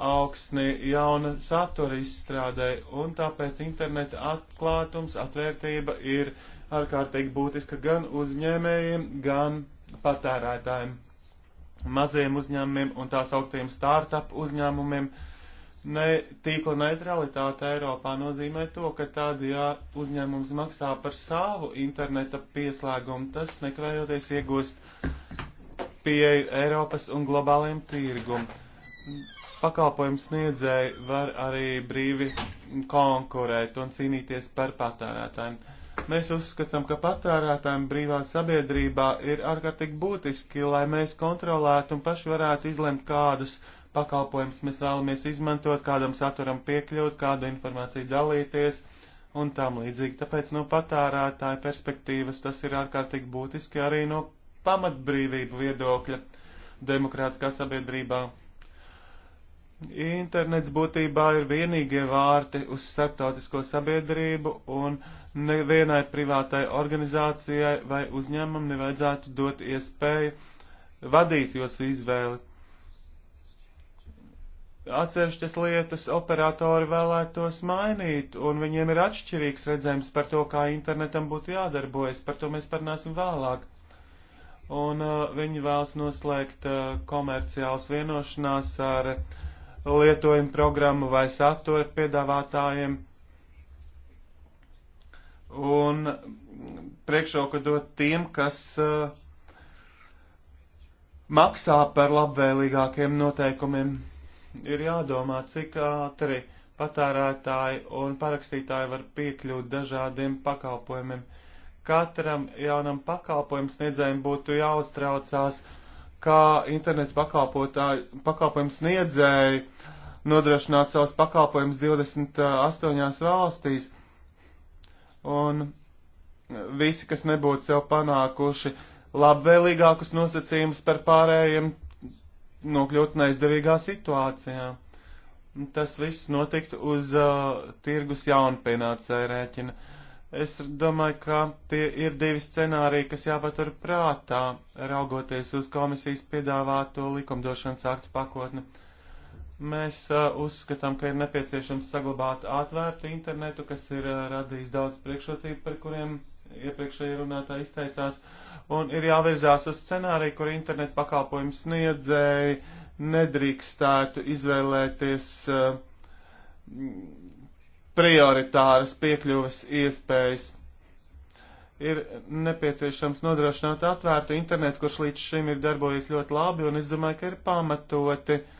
augsni jauna satura izstrādē, un tāpēc interneta atklātums, atvērtība ir ārkārtīgi būtiska gan uzņēmējiem, gan patērētājiem, maziem uzņēmumiem un tās augtiem startup uzņēmumiem. Uh, ne, tīkla neutralitāte Eiropā nozīmē to, ka tad, ja uzņēmums maksā par savu interneta pieslēgumu, tas nekavējoties iegūst pieeju Eiropas un globāliem tirgumam. Pakalpojumu sniedzēji var arī brīvi konkurēt un cīnīties par patērētājiem. Mēs uzskatām, ka patērētājiem brīvā sabiedrībā ir ārkārtīgi būtiski, lai mēs kontrolētu un paši varētu izlemt, kādus pakalpojums mēs vēlamies izmantot, kādam saturam piekļūt, kādu informāciju dalīties un tam līdzīgi. Tāpēc no patērētāja perspektīvas tas ir ārkārtīgi būtiski arī no pamatbrīvību viedokļa demokrātiskā sabiedrībā. Internets būtībā ir vienīgie vārti uz starptautisko sabiedrību un nevienai privātai organizācijai vai uzņēmumam nevajadzētu dot iespēju vadīt jūsu izvēli Atsevišķas lietas operatori vēlētos mainīt, un viņiem ir atšķirīgs redzējums par to, kā internetam būtu jādarbojas. Par to mēs parunāsim vēlāk. Un uh, viņi vēlas noslēgt uh, komerciāls vienošanās ar lietojumu programmu vai satura piedāvātājiem. Un priekšroka dot tiem, kas uh, maksā par labvēlīgākiem noteikumiem. Ir jādomā, cik ātri patērētāji un parakstītāji var piekļūt dažādiem pakalpojumiem. Katram jaunam pakalpojumu sniedzējiem būtu jāuztraucās, kā internetu pakalpojumu sniedzēji nodrošināt savus pakalpojumus 28 valstīs. Un visi, kas nebūtu sev panākuši labvēlīgākus nosacījumus par pārējiem, nokļūt neizdevīgā situācijā. Tas viss notiktu uz uh, tirgus jaunpienācēja rēķina. Es domāju, ka tie ir divi scenāriji, kas jāpatur prātā, raugoties uz komisijas piedāvāto likumdošanas aktu pakotni. Mēs uh, uzskatām, ka ir nepieciešams saglabāt atvērtu internetu, kas ir uh, radījis daudz priekšrocību, par kuriem iepriekšēji runātā izteicās. Uh, un ir jāvirzās uz scenāriju, kur internetu pakalpojumu sniedzēji nedrīkstētu izvēlēties eh, prioritāras piekļuves iespējas. Ir nepieciešams nodrošināt atvērtu internetu, kurš līdz šim ir darbojies ļoti labi, un es domāju, ka ir pamatoti uh,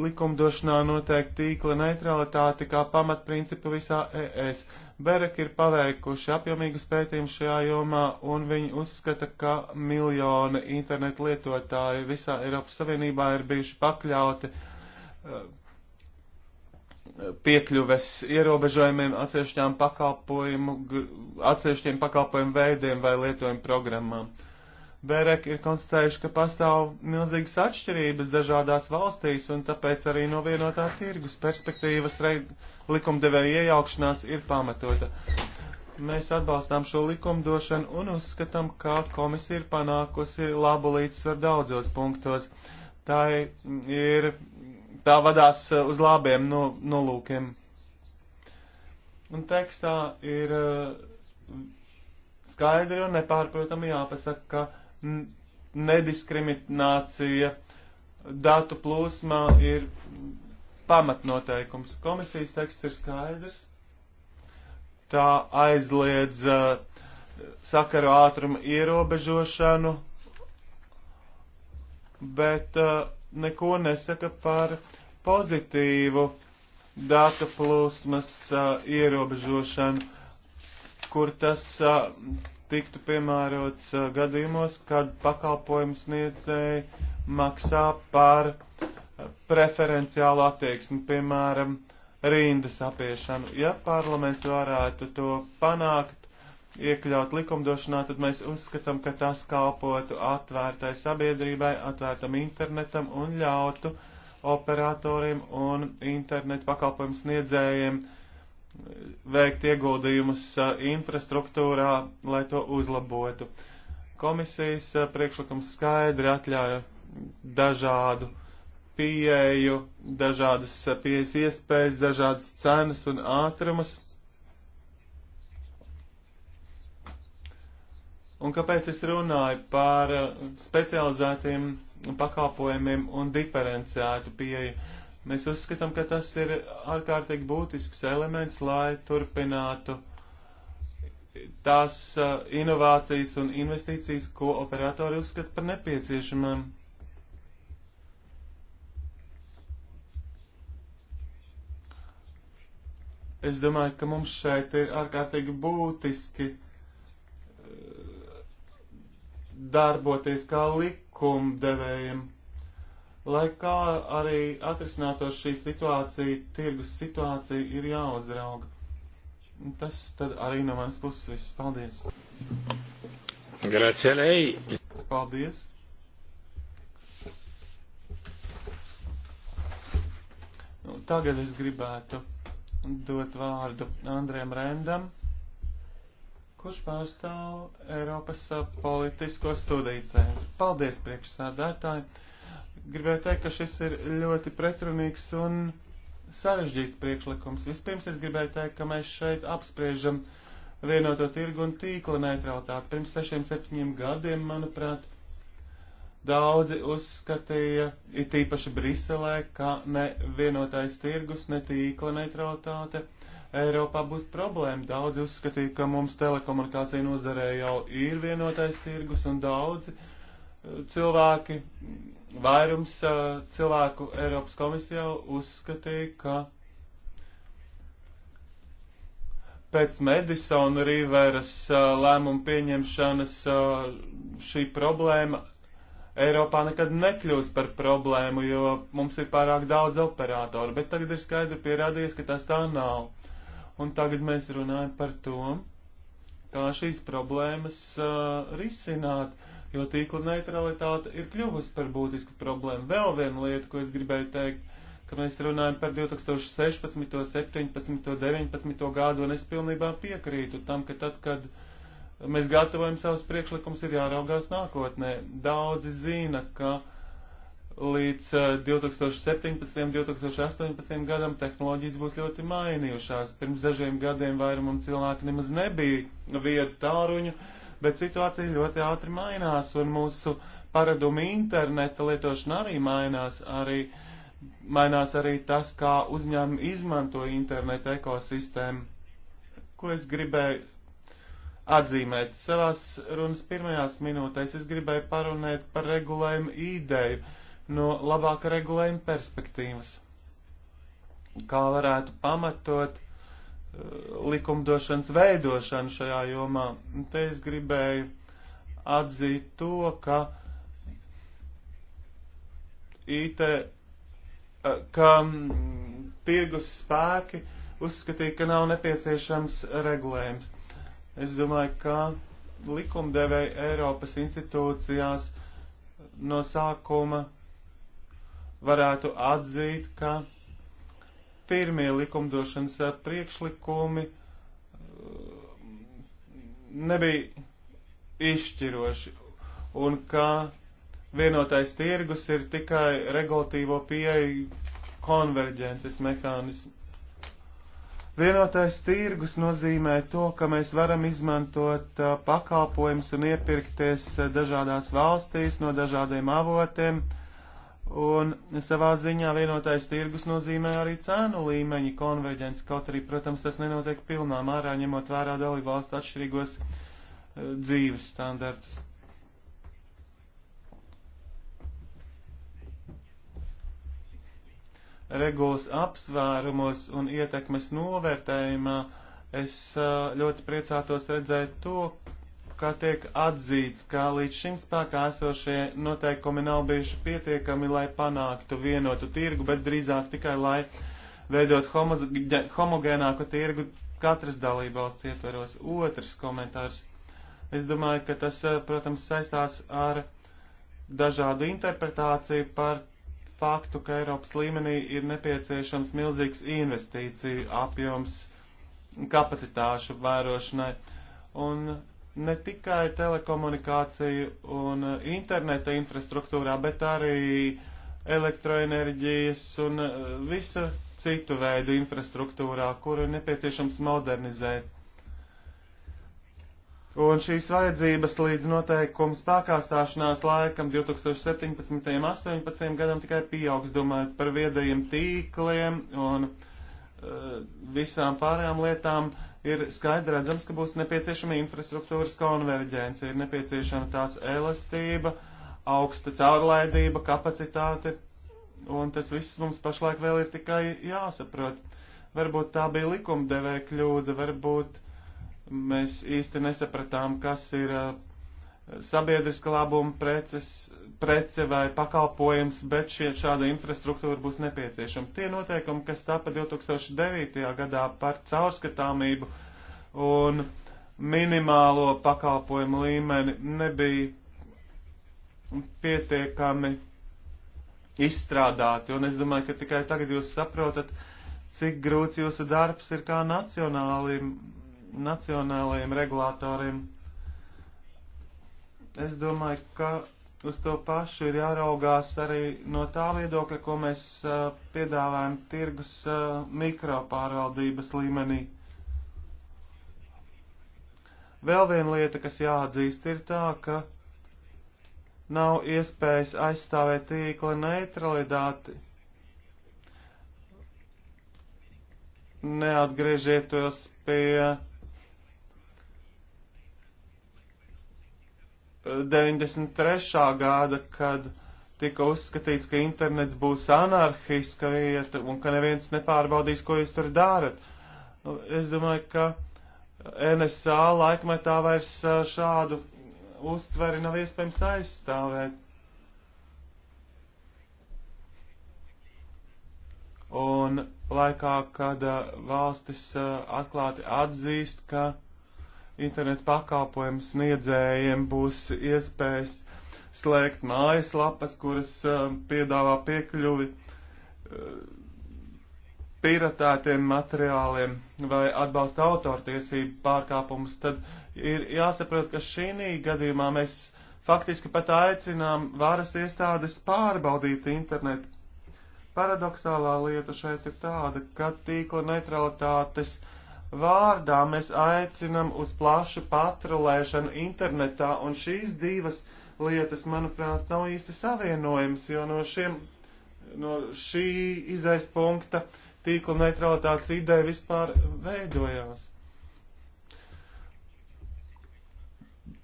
likumdošanā noteikti tīkla neutralitāti kā pamatprincipu visā ES. Berek ir paveikuši apjomīgu spētījumu šajā jomā, un viņi uzskata, ka miljoni internetu lietotāji visā Eiropas Savienībā ir bijuši pakļauti eh, piekļuves ierobežojumiem atsevišķiem pakalpojumu veidiem vai lietojumu programmām. Uh, Berek ir konstatējuši, ka pastāv milzīgas atšķirības dažādās valstīs, un tāpēc arī no vienotā tirgus perspektīvas likumdevēja iejaukšanās ir pamatota. Mēs atbalstām šo likumdošanu un uzskatām, ka komisija ir panākusi labu līdzsvaru daudzos punktos. Tā ir, tā vadās uz labiem no, nolūkiem. Un tekstā ir uh, skaidri un nepārprotami jāpasaka, ka nediskriminācija datu plūsmā ir pamatnoteikums. Komisijas teksts ir skaidrs. Tā aizliedz uh, sakaru ātruma ierobežošanu, bet uh, neko nesaka par pozitīvu datu plūsmas uh, ierobežošanu, kur tas uh, tiktu piemērots gadījumos, kad pakalpojums sniedzēji maksā par preferenciālu attieksmi, piemēram, rindas apiešanu. Ja parlaments varētu to panākt, iekļaut likumdošanā, tad mēs uzskatām, ka tas kalpotu atvērtai sabiedrībai, atvērtam internetam un ļautu operatoriem un internetu pakalpojumu sniedzējiem uh, veikt ieguldījumus infrastruktūrā, lai to uzlabotu. Komisijas priekšlikums skaidri atļauj dažādu pieeju, dažādas pieejas iespējas, dažādas cenas un ātrumas. Un kāpēc es runāju par specializētiem pakalpojumiem un diferenciētu pieeju? Mēs uzskatām, ka tas ir ārkārtīgi būtisks elements, lai turpinātu tās uh, inovācijas un investīcijas, ko operatori uzskata par nepieciešamām. Es domāju, ka mums šeit ir ārkārtīgi būtiski uh, darboties kā likumdevējiem Lai kā arī atrisinātos šī situācija, tirgus situācija ir jāuzrauga. Tas tad arī no manas puses viss. Paldies! Grazie lei! Paldies! Nu, tagad es gribētu dot vārdu Andriem Rendam, kurš pārstāv Eiropas politisko studiju centru. Paldies, priekšsādātāji! Gribēju teikt, ka šis ir ļoti pretrunīgs un sarežģīts priekšlikums. Vispirms es gribēju teikt, ka mēs šeit apspriežam vienoto tirgu un tīkla neutralitāti. Pirms sešiem, septiņiem gadiem, manuprāt, daudzi uzskatīja, it īpaši Briselē, ka ne vienotais tirgus, ne tīkla neutralitāte Eiropā būs problēma. Daudzi uzskatīja, ka mums telekomunikācija nozarē jau ir vienotais tirgus un daudzi cilvēki, vairums cilvēku Eiropas komisijā uzskatīja, ka pēc Medisona Rīveras lēmuma pieņemšanas šī problēma Eiropā nekad nekļūs par problēmu, jo mums ir pārāk daudz operātoru, bet tagad ir skaidri pierādījies, ka tas tā nav. Un tagad mēs runājam par to, kā šīs problēmas uh, risināt. Uh, jo tīkla neutralitāte ir kļuvusi par būtisku problēmu. Vēl viena lieta, ko es gribēju teikt, ka mēs runājam par 2016, 17, 19 gadu, un es pilnībā piekrītu tam, ka tad, kad mēs gatavojam savus priekšlikumus, ir jāraugās nākotnē. Daudzi zina, ka līdz 2017. un 2018. gadam tehnoloģijas būs ļoti mainījušās. Pirms dažiem gadiem vairumam cilvēku nemaz nebija vietu tāruņu, bet situācija ļoti ātri mainās, un mūsu paradumi interneta lietošana arī mainās. Arī, mainās arī tas, kā uzņēmumi izmanto internetu ekosistēmu. Ko es gribēju atzīmēt? Savās runas pirmajās minūtēs es gribēju parunēt par regulējumu ideju no labāka regulējuma perspektīvas. Kā varētu pamatot likumdošanas veidošanu šajā jomā. Te es gribēju atzīt to, ka IT, ka tirgus spēki uzskatīja, ka nav nepieciešams regulējums. Es domāju, ka likumdevēji Eiropas institūcijās no sākuma varētu atzīt, ka pirmie likumdošanas priekšlikumi eh, nebija izšķiroši un ka vienotais tirgus ir tikai regulatīvo pieeju konverģences mehānismu. Vienotais tirgus nozīmē to, ka mēs varam izmantot eh, pakalpojumus un iepirkties eh, dažādās valstīs no dažādiem avotiem. Uh, Un savā ziņā vienotais tirgus nozīmē arī cēnu līmeņa konverģenci, kaut arī, protams, tas nenotiek pilnā mērā, ņemot vērā dalībvalstu atšķirīgos uh, dzīves standartus. Regulas apsvērumos un ietekmes novērtējumā es uh, ļoti priecātos redzēt to, kā tiek atzīts, ka līdz šim spēkā esošie noteikumi nav bijuši pietiekami, lai panāktu vienotu tirgu, bet drīzāk tikai lai veidot homo, homogēnāku tirgu katras dalībvalsts ietveros. Otrs komentārs. Es domāju, ka tas, eh, protams, saistās ar dažādu interpretāciju par faktu, ka Eiropas līmenī ir nepieciešams milzīgs investīciju apjoms kapacitāšu vērošanai. Un ne tikai telekomunikāciju un eh, interneta infrastruktūrā, bet arī elektroenerģijas un eh, visa citu veidu infrastruktūrā, kuru ir nepieciešams modernizēt. Un šīs vajadzības līdz noteikuma spēkā stāšanās laikam 2017. un 2018. gadam tikai pieaugs, domājot par viedajiem tīkliem un uh, visām pārējām lietām, uh, ir skaidri redzams, ka būs nepieciešama infrastruktūras konverģence, ir nepieciešama tās elastība, augsta caurlaidība, kapacitāte, un tas viss mums pašlaik vēl ir tikai jāsaprot. Varbūt tā bija likumdevēja kļūda, varbūt mēs īsti nesapratām, kas ir sabiedriska labuma preces, prece vai pakalpojums, bet šie, šāda infrastruktūra būs nepieciešama. Tie noteikumi, kas tapa 2009. gadā par caurskatāmību un minimālo pakalpojumu līmeni, nebija pietiekami izstrādāti. Un es domāju, ka tikai tagad jūs saprotat, cik grūts jūsu darbs ir kā nacionāliem, nacionāliem regulātoriem es domāju, ka uz to pašu ir jāraugās arī no tā viedokļa, ko mēs uh, piedāvājam tirgus uh, mikropārvaldības līmenī. Vēl viena lieta, kas jāatzīst, ir tā, ka nav iespējas aizstāvēt tīkla neutralitāti. Neatgriežieties pie uh, 93. gada, kad tika uzskatīts, ka internets būs anarchiska vieta un ka neviens nepārbaudīs, ko jūs tur darat. Nu, es domāju, ka NSA laikmetā vairs šādu uztveri nav iespējams aizstāvēt. Un laikā, kad valstis atklāti atzīst, ka internetu pakalpojumu sniedzējiem būs iespējas slēgt mājaslapas, kuras uh, piedāvā piekļuvi uh, piratētiem materiāliem vai atbalsta autortiesību pārkāpumus, tad ir jāsaprot, ka šī gadījumā mēs faktiski pat aicinām varas iestādes pārbaudīt internetu. Paradoxālā lieta šeit ir tāda, ka tīkla neutralitātes uh, vārdā mēs aicinam uz plašu patrulēšanu internetā, un šīs divas lietas, manuprāt, nav īsti savienojams, jo no, šiem, no šī izais punkta tīkla neutralitātes ideja vispār veidojās.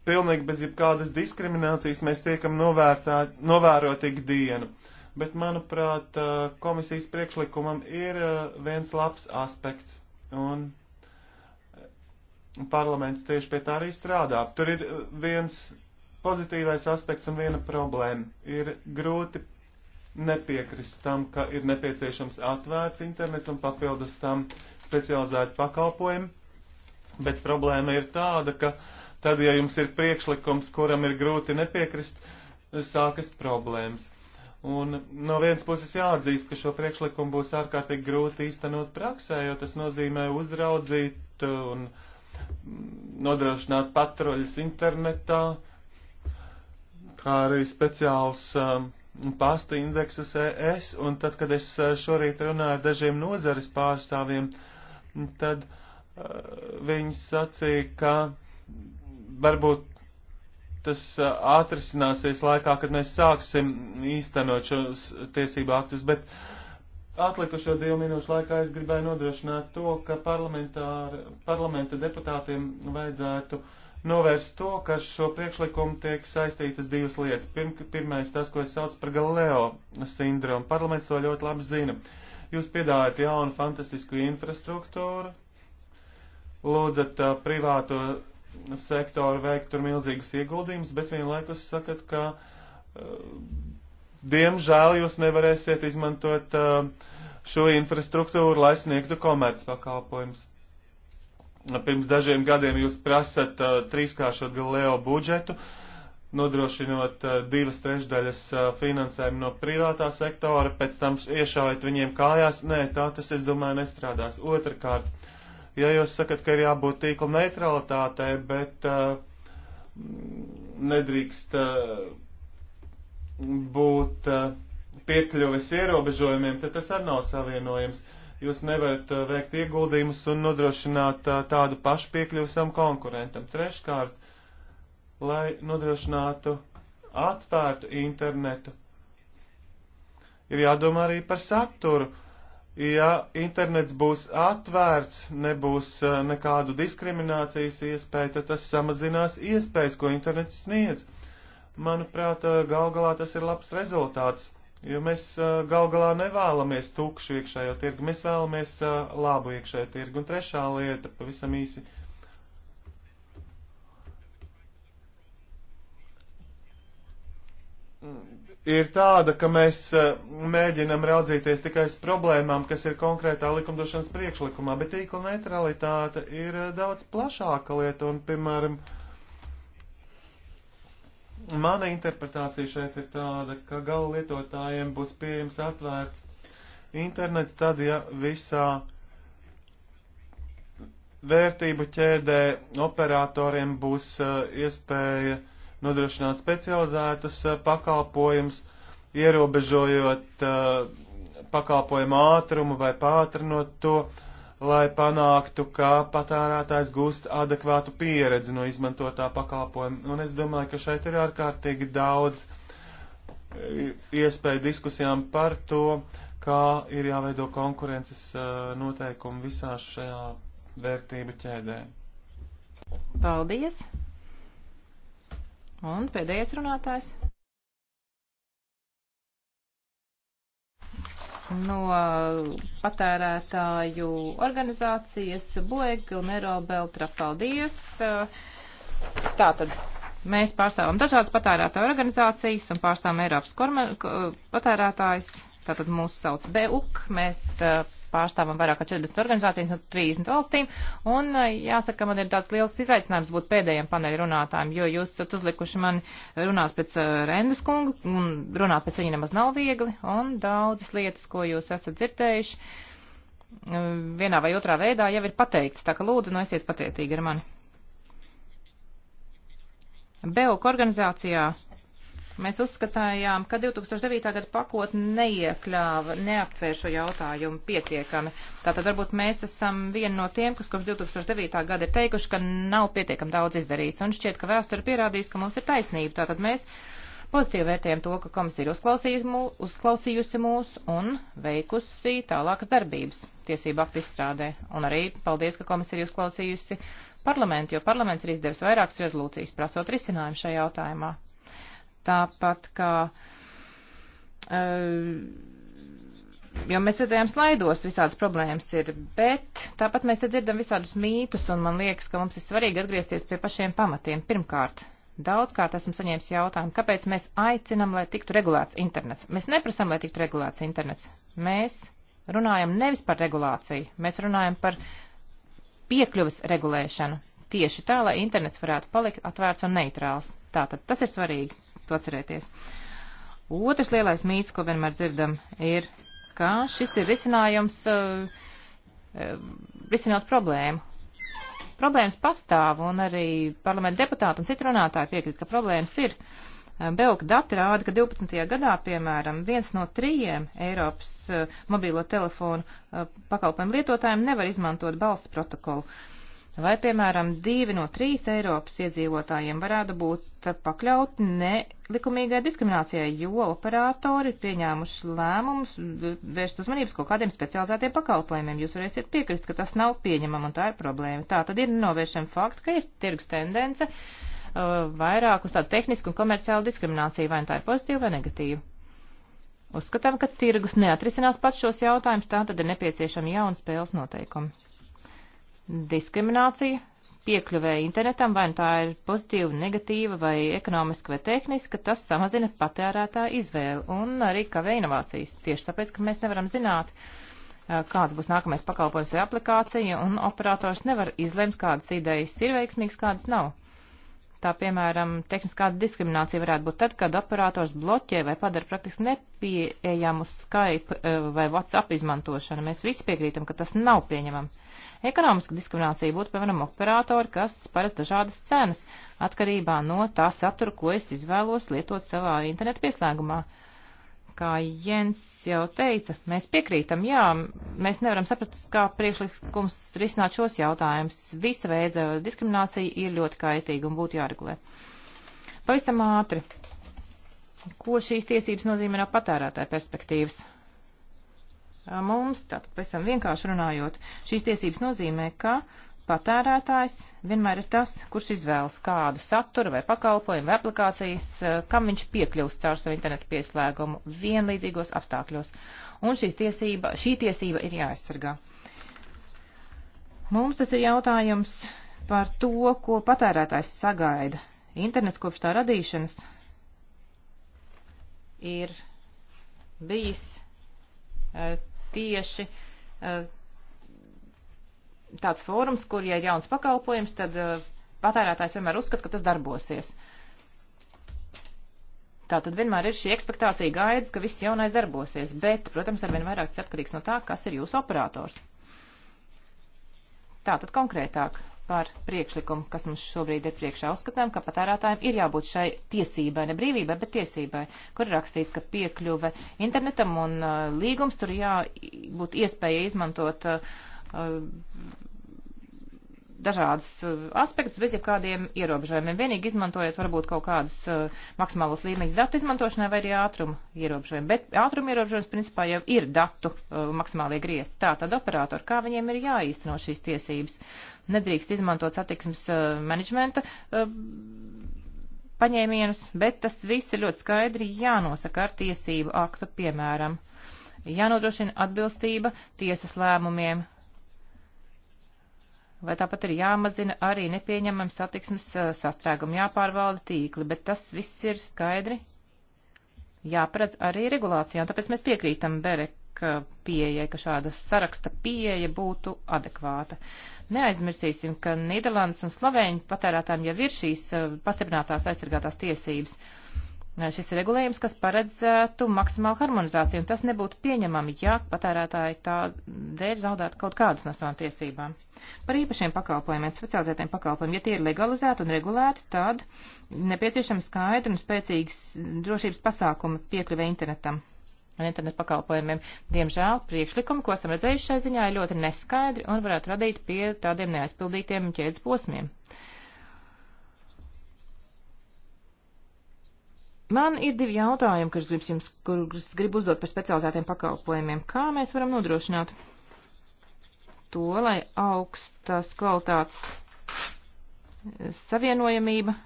Pilnīgi bez jebkādas diskriminācijas mēs tiekam novērtā, novērot ikdienu bet, manuprāt, eh, komisijas priekšlikumam ir eh, viens labs aspekts. Un parlaments tieši pie tā arī strādā. Tur ir uh, viens pozitīvais aspekts un viena problēma. Ir grūti nepiekrist tam, ka ir nepieciešams atvērts internets un papildus tam specializēti pakalpojumi, bet problēma ir tāda, ka tad, ja jums ir priekšlikums, kuram ir grūti nepiekrist, sākas problēmas. Un no vienas puses jāatzīst, ka šo priekšlikumu būs ārkārtīgi grūti īstenot praksē, jo tas nozīmē uzraudzīt un uh, nodrošināt patruļas internetā, kā arī speciāls um, pasta indeksus ES, un tad, kad es uh, šorīt runāju ar dažiem nozares pārstāvjiem, tad uh, viņi sacīja, ka varbūt tas uh, atrisināsies laikā, kad mēs sāksim īstenot šos tiesību aktus, bet uh, Atlikušo divu minūšu laikā es gribēju nodrošināt to, ka parlamenta deputātiem vajadzētu novērst to, ka šo priekšlikumu tiek saistītas divas lietas. Pirm, pirmais tas, ko es saucu par Galileo sindromu. Parlaments to ļoti labi zina. Jūs piedāvājat jaunu fantastisku infrastruktūru, lūdzat uh, privāto sektoru veikt tur milzīgus ieguldījumus, bet vienlaikus sakat, ka uh, diemžēl jūs nevarēsiet izmantot uh, šo infrastruktūru, lai sniegtu komercpakalpojumus. Pirms dažiem gadiem jūs prasat uh, trīskāršot Galileo budžetu, nodrošinot uh, divas trešdaļas finansējumu no privātā sektora, pēc tam iešaujat viņiem kājās. Nē, tā tas, es domāju, nestrādās. Otrakārt, ja jūs sakat, ka ir jābūt tīkla neutralitātei, bet nedrīkst būt eh, piekļuves ierobežojumiem, tad tas arī nav savienojams. Jūs nevarat eh, veikt ieguldījumus un nodrošināt eh, tādu pašu piekļuvi savam konkurentam. Treškārt, lai nodrošinātu atvērtu internetu, ir jādomā arī par saturu. Ja internets būs atvērts, nebūs nekādu diskriminācijas iespēju, tad tas samazinās iespējas, ko internets sniedz. Uh, manuprāt, gal galā tas ir labs rezultāts, jo mēs gal galā nevēlamies tukšu iekšējo tirgu, mēs vēlamies labu iekšējo tirgu. Un trešā lieta, pavisam īsi. Ir tāda, ka mēs mēģinam raudzīties tikai uz problēmām, kas ir konkrētā likumdošanas priekšlikumā, bet tīkla neutralitāte ir daudz plašāka lieta un, piemēram, uh, Mana interpretācija šeit ir tāda, ka gala lietotājiem būs pieejams atvērts internets tad, ja visā vērtību ķēdē operatoriem būs eh, iespēja nodrošināt specializētus eh, pakalpojumus, ierobežojot eh, pakalpojumu ātrumu vai pātrinot to, lai panāktu, ka patērētājs gūst adekvātu pieredzi no izmantotā pakalpojuma. Un es domāju, ka šeit ir ārkārtīgi daudz e, iespēju diskusijām par to, kā ir jāveido konkurences e, noteikumi visā šajā vērtību ķēdē. Paldies! Un pēdējais runātājs. no patērētāju organizācijas Bueg, Nero, Beltra. Paldies! Tātad mēs pārstāvam dažādas patērētāju organizācijas un pārstāvam Eiropas patērētājs. Tātad mūs sauc BUK. Mēs pārstāvam vairāk kā 40 organizācijas no 30 valstīm, un jāsaka, man ir tāds liels izaicinājums būt pēdējiem paneļu runātājiem, jo jūs esat uzlikuši mani runāt pēc Rendas kunga, un runāt pēc viņa nemaz nav viegli, un daudzas lietas, ko jūs esat dzirdējuši, vienā vai otrā veidā jau ir pateikts, tā ka lūdzu, nu esiet pacietīgi ar mani. BEUK organizācijā Mēs uzskatājām, ka 2009. gada pakotne neiekļāva, neaptvēr šo jautājumu pietiekami. Tātad varbūt mēs esam vieni no tiem, kas kopš 2009. gada ir teikuši, ka nav pietiekami daudz izdarīts. Un šķiet, ka vēsture pierādīs, ka mums ir taisnība. Tātad mēs pozitīvi vērtējam to, ka komisija ir uzklausījusi mūs, uzklausījusi mūs un veikusi tālākas darbības tiesību aktu izstrādē. Un arī paldies, ka komisija ir uzklausījusi parlamentu, jo parlaments ir izdevis vairākas rezolūcijas prasot risinājumu šajā jautājumā tāpat kā. Eh, jo mēs redzējām slaidos, visādas problēmas ir, bet tāpat mēs te dzirdam visādus mītus, un man liekas, ka mums ir svarīgi atgriezties pie pašiem pamatiem. Pirmkārt, Daudzkārt esmu saņēmis jautājumu, kāpēc mēs aicinam, lai tiktu regulēts internets. Mēs neprasam, lai tiktu regulēts internets. Mēs runājam nevis par regulāciju, mēs runājam par piekļuvis regulēšanu. Tieši tā, lai internets varētu palikt atvērts un neitrāls. Tātad tas ir svarīgi to atcerēties. Otrs lielais mīts, ko vienmēr dzirdam, ir, ka šis ir risinājums uh, uh, risinot problēmu. Problēmas pastāv, un arī parlamenta deputāti un citi runātāji piekrīt, ka problēmas ir. Eh, Belka dati rāda, ka 12. gadā, piemēram, viens no trījiem Eiropas uh, mobīlo telefonu pakalpojumu lietotājiem nevar izmantot balss protokolu. Uh, Vai, piemēram, divi no trīs Eiropas iedzīvotājiem varētu būt pakļauti nelikumīgai diskriminācijai, jo operatori ir pieņēmuši lēmumus vērst uzmanības kaut kādiem specializētiem pakalpojumiem. Jūs varēsiet piekrist, ka tas nav pieņemama un tā ir problēma. Tā tad ir novēršana fakta, ka ir tirgus tendence uh, vairāk uz tādu tehnisku un komerciālu diskrimināciju, vai nu tā ir pozitīva vai negatīva. Uzskatām, ka tirgus neatrisinās pats šos jautājumus, tā tad ir nepieciešami jauni spēles noteikumi diskriminācija piekļuvēja internetam, vai nu tā ir pozitīva, negatīva, vai ekonomiska vai tehniska, tas samazina patērētāju izvēli un arī kavē inovācijas. Tieši tāpēc, ka mēs nevaram zināt, kāds būs nākamais pakalpojums vai aplikācija, un operators nevar izlemt, kādas idejas ir veiksmīgas, kādas nav. Tā, piemēram, tehniskā diskriminācija varētu būt tad, kad operators bloķē vai padara praktiski nepieejamu Skype vai WhatsApp izmantošanu. Mēs visi piekrītam, ka tas nav pieņemami. Ekonomiska diskriminācija būtu, piemēram, operātori, kas paredz dažādas cenas atkarībā no tā satura, ko es izvēlos lietot savā internetu pieslēgumā. Kā Jens jau teica, mēs piekrītam, jā, mēs nevaram saprast, kā priekšlikums risināt šos jautājumus. Visa veida diskriminācija ir ļoti kaitīga un būtu jāregulē. Pavisam ātri. Ko šīs tiesības nozīmē no patērētāja perspektīvas? mums, tātad pavisam vienkārši runājot, šīs tiesības nozīmē, ka patērētājs vienmēr ir tas, kurš izvēlas kādu saturu vai pakalpojumu vai aplikācijas, kam viņš piekļūst caur savu internetu pieslēgumu vienlīdzīgos apstākļos. Un šīs tiesība, šī tiesība ir jāaizsargā. Mums tas ir jautājums par to, ko patērētājs sagaida. Internets kopš tā radīšanas ir bijis tieši eh, tāds fórums, kur, ja ir jauns pakalpojums, tad eh, patērētājs vienmēr uzskata, ka tas darbosies. Tā tad vienmēr ir šī ekspektācija gaidas, ka viss jaunais darbosies, bet, protams, arvien vairāk tas atkarīgs no tā, kas ir jūsu operators. Tā tad konkrētāk par priekšlikumu, kas mums šobrīd ir priekšā. Uzskatām, ka patērētājiem ir jābūt šai tiesībai, ne brīvībai, bet tiesībai, kur rakstīts, ka piekļuve internetam un uh, līgums tur jābūt iespēja izmantot uh, dažādas uh, aspektus bez jebkādiem ierobežojumiem. Vienīgi izmantojot varbūt kaut kādus uh, maksimālos līmeņus datu izmantošanai vai arī ātrumu ierobežojumu. Bet ātrumu ierobežojums principā jau ir datu uh, maksimālie griezti. Tā tad operatori, kā viņiem ir jāīsteno šīs tiesības nedrīkst izmantot satiksmes uh, menedžmenta uh, paņēmienus, bet tas viss ir ļoti skaidri jānosaka ar tiesību aktu, piemēram. Jānodrošina atbilstība tiesas lēmumiem, vai tāpat ir jāmazina arī nepieņemam satiksmes uh, sastrēgumu, jāpārvalda tīkli, bet tas viss ir skaidri jāparedz arī regulācijā, un tāpēc mēs piekrītam Berek pieejai, ka šāda saraksta pieeja būtu adekvāta. Neaizmirsīsim, ka Nīderlandes un Slovēņu patērētājiem jau ir šīs eh, pastiprinātās aizsargātās tiesības. Eh, šis ir regulējums, kas paredzētu maksimālu harmonizāciju, un tas nebūtu pieņemami, ja patērētāji tā dēļ zaudētu kaut kādas no savām tiesībām. Par īpašiem pakalpojumiem, specializētiem pakalpojumiem, ja tie ir legalizēti un regulēti, tad nepieciešama skaidra un spēcīgas drošības pasākuma piekļuve internetam un internetu pakalpojumiem. Diemžēl priekšlikumi, ko esam redzējuši šai ziņā, ir ļoti neskaidri un varētu radīt pie tādiem neaizpildītiem ķēdes posmiem. Man ir divi jautājumi, kas gribas jums, kurus gribu uzdot par specializētiem pakalpojumiem. Kā mēs varam nodrošināt to, lai augstas kvalitātes savienojamība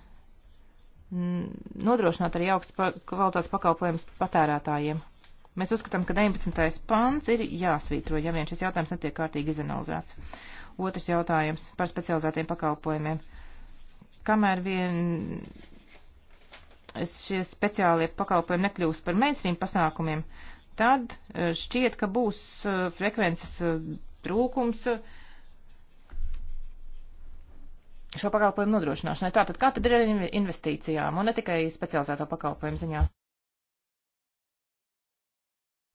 nodrošinātu arī augstas kvalitātes pakalpojumus patērētājiem? Mēs uzskatām, ka 19. pants ir jāsvītro, ja vien šis jautājums netiek kārtīgi izanalizēts. Otrs jautājums par specializētiem pakalpojumiem. Kamēr vien šie speciālie pakalpojumi nekļūs par mainstream pasākumiem, tad eh, šķiet, ka būs eh, frekvences eh, trūkums šo pakalpojumu nodrošināšanai. Tātad kā tad ir ar investīcijām un ne tikai specializēto pakalpojumu ziņā?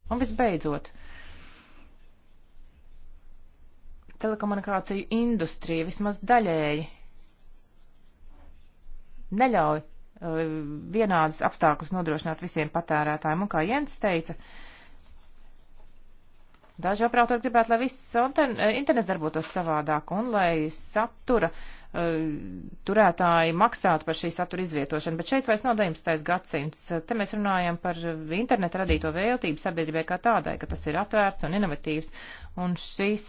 Un visbeidzot, telekomunikāciju industrija vismaz daļēji neļauj uh, vienādus apstākļus nodrošināt visiem patērētājiem. Un kā Jens teica, daži operatori gribētu, lai viss eh, internets darbotos savādāk un lai satura uh, turētāji maksātu par šī satura izvietošanu, bet šeit vairs nav 19. gadsimts. Te mēs runājam par internetu radīto vēltību sabiedrībai kā tādai, ka tas ir atvērts un inovatīvs, un šis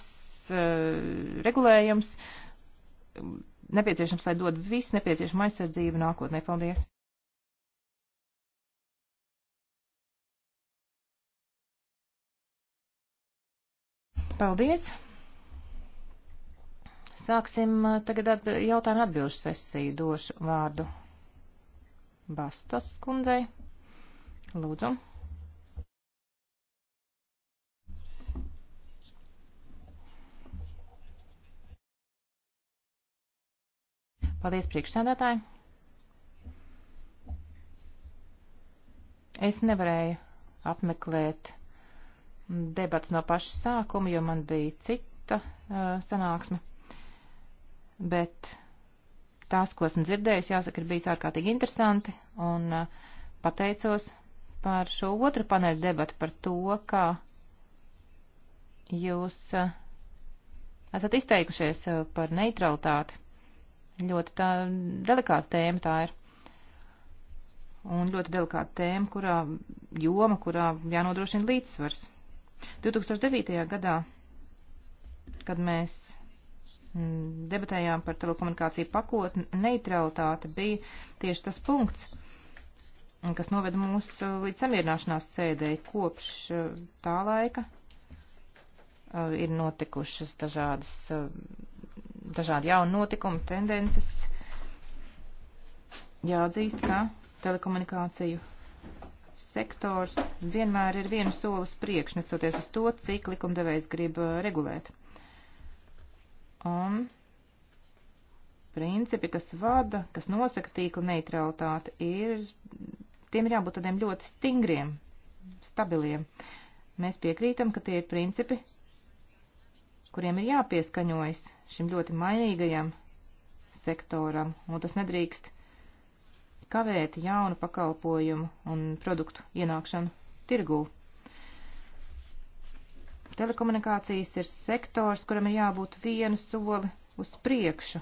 uh, regulējums nepieciešams, lai dod visu nepieciešamo aizsardzību nākotnē. Paldies! Paldies! Sāksim eh, tagad at jautājumu atbilžu sesiju. Došu vārdu Bastas kundzei. Lūdzu. Paldies, priekšsēdētāji. Es nevarēju apmeklēt debats no paša sākuma, jo man bija cita uh, sanāksme bet tās, ko esmu dzirdējusi, jāsaka, ir bijis ārkārtīgi interesanti, un uh, pateicos par šo otru paneļu debatu par to, kā jūs uh, esat izteikušies uh, par neutralitāti. Ļoti tā delikāta tēma tā ir. Un ļoti delikāta tēma, kurā joma, kurā jānodrošina līdzsvars. 2009. gadā, kad mēs debatējām par telekomunikāciju pakotni, neutralitāte bija tieši tas punkts, kas noveda mūs uh, līdz samierināšanās sēdēji kopš uh, tā laika. Uh, ir notikušas dažādas, dažādi jauni notikumi, tendences. Jāatzīst, ka telekomunikāciju sektors vienmēr ir vienu solis priekš, nestoties uz to, cik likumdevējs grib regulēt un principi, kas vada, kas nosaka tīkla neutralitāti, ir, tiem ir jābūt tādiem ļoti stingriem, stabiliem. Mēs piekrītam, ka tie ir principi, kuriem ir jāpieskaņojas šim ļoti mainīgajam sektoram, un tas nedrīkst kavēt jaunu pakalpojumu un produktu ienākšanu tirgū. Telekomunikācijas ir sektors, kuram ir jābūt vienu soli uz priekšu.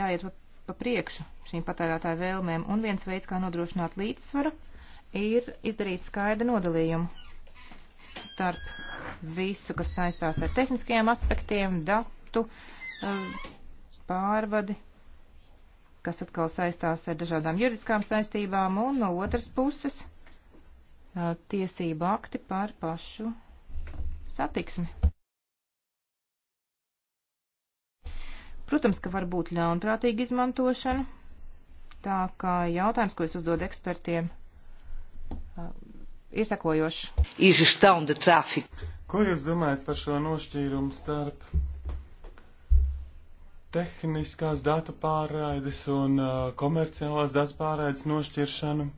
Jāiet pa, pa priekšu šīm patērētāju vēlmēm, un viens veids, kā nodrošināt līdzsvaru, ir izdarīt skaidru nodalījumu starp visu, kas saistās ar tehniskajiem aspektiem, datu eh, pārvadi, kas atkal saistās ar dažādām juridiskām saistībām, un no otras puses – Uh, tiesību akti par pašu satiksmi. Protams, ka var būt ļaunprātīga izmantošana, tā kā jautājums, ko es uzdodu ekspertiem, uh, ir sekojošs. Ko jūs domājat par šo nošķīrumu starp tehniskās datu pārraides un uh, komerciālās datu pārraides nošķiršanu?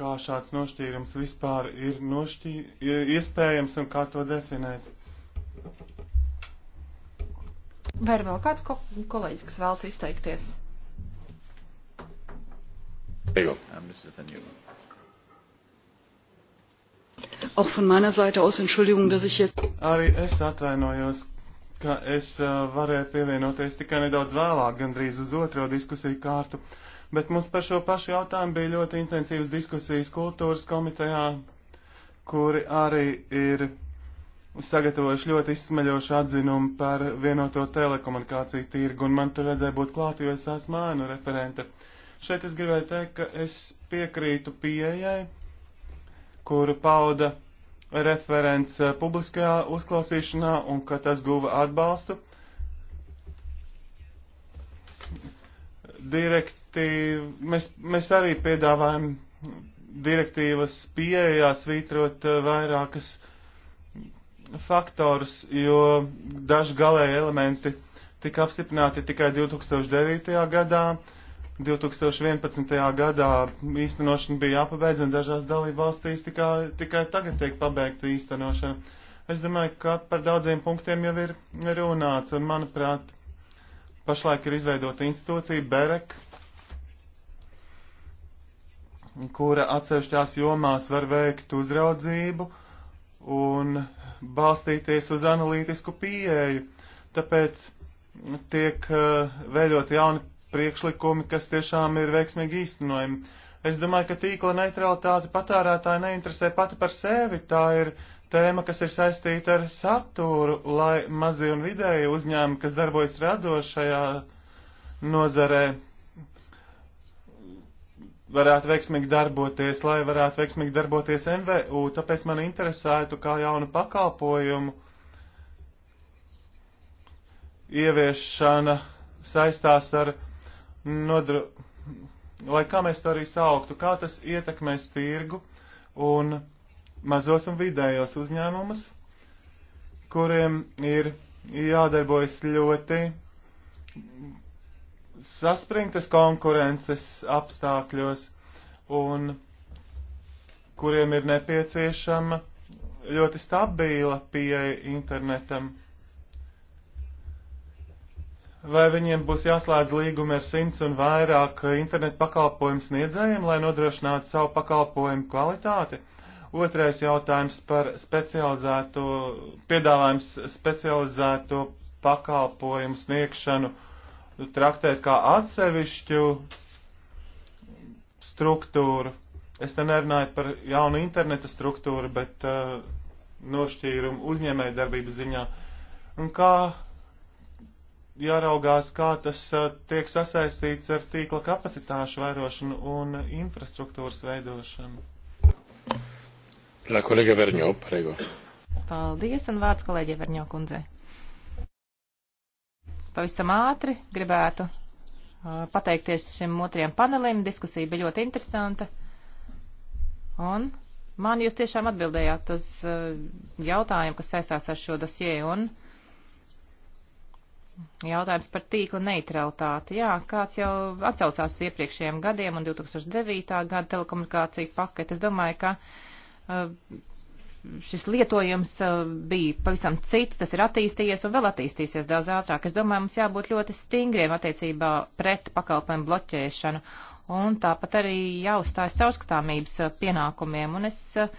kā šāds nošķīrums vispār ir nošķī... iespējams un kā to definēt. Vai ir vēl kāds ko kolēģis, kas vēlas izteikties? Uh, Auch von meiner Seite aus Entschuldigung, dass ich jetzt. Arī es atvainojos, ka es uh, varēju pievienoties tikai nedaudz vēlāk, gandrīz uz otro diskusiju kārtu. Uh, Bet mums par šo pašu jautājumu bija ļoti intensīvas diskusijas kultūras komitejā, kuri arī ir sagatavojuši ļoti izsmeļošu atzinumu par vienoto telekomunikāciju tirgu, un man tur vajadzēja būt klāt, jo es esmu ēnu referente. Šeit es gribēju teikt, ka es piekrītu pieejai, kuru pauda referents eh, publiskajā uzklausīšanā, un ka tas guva atbalstu. Direkt Parasti mēs, mēs arī piedāvājam direktīvas pieejā svītrot eh, vairākas faktorus, jo daži galēji elementi tika apstiprināti tikai 2009. gadā. 2011. gadā īstenošana bija jāpabeidz, un dažās dalību valstīs tikai, tikai tagad tiek pabeigta īstenošana. Es domāju, ka par daudziem punktiem jau ir runāts, un manuprāt, pašlaik ir izveidota institūcija BEREK, kura atsevišķās jomās var veikt uzraudzību un balstīties uz analītisku pieeju. Tāpēc tiek eh, veļot jauni priekšlikumi, kas tiešām ir veiksmīgi īstenojami. Es domāju, ka tīkla neutralitāte patērētāji neinteresē pati par sevi. Tā ir tēma, kas ir saistīta ar saturu, lai mazie un vidēji uzņēmumi, kas darbojas radošajā nozarē, varētu veiksmīgi darboties, lai varētu veiksmīgi darboties MVU, tāpēc man interesētu, kā jaunu pakalpojumu ieviešana saistās ar nodru, lai kā mēs to arī sauktu, kā tas ietekmēs tirgu un mazos un vidējos uzņēmumus, kuriem ir jādarbojas ļoti saspringtas konkurences apstākļos un kuriem ir nepieciešama ļoti stabila pieeja internetam. Vai viņiem būs jāslēdz līgumi ar simts un vairāk internetu pakalpojumu sniedzējiem, lai nodrošinātu savu pakalpojumu kvalitāti? Otrais jautājums par specializēto, piedāvājums specializēto pakalpojumu sniegšanu traktēt kā atsevišķu struktūru. Es te nerunāju par jaunu interneta struktūru, bet uh, nošķīrumu uzņēmēju darbības ziņā. Un kā jāraugās, kā tas uh, tiek sasaistīts ar tīkla kapacitāšu vairošanu un infrastruktūras veidošanu? La kolēģa Verņo, prego. Paldies un vārds kolēģi Verņo kundzei. Pavisam ātri gribētu pateikties šim otriem panelim. Diskusija bija ļoti interesanta. Un man jūs tiešām atbildējāt uz jautājumu, kas saistās ar šo dosie un jautājums par tīkla neutralitāti. Jā, kāds jau atcaucās uz iepriekšējiem gadiem un 2009. gada telekomunikāciju paketi. Es domāju, ka šis lietojums uh, bija pavisam cits, tas ir attīstījies un vēl attīstīsies daudz ātrāk. Es domāju, mums jābūt ļoti stingriem attiecībā pret pakalpojumu bloķēšanu un tāpat arī jāuzstājas caurskatāmības uh, pienākumiem. Un es uh,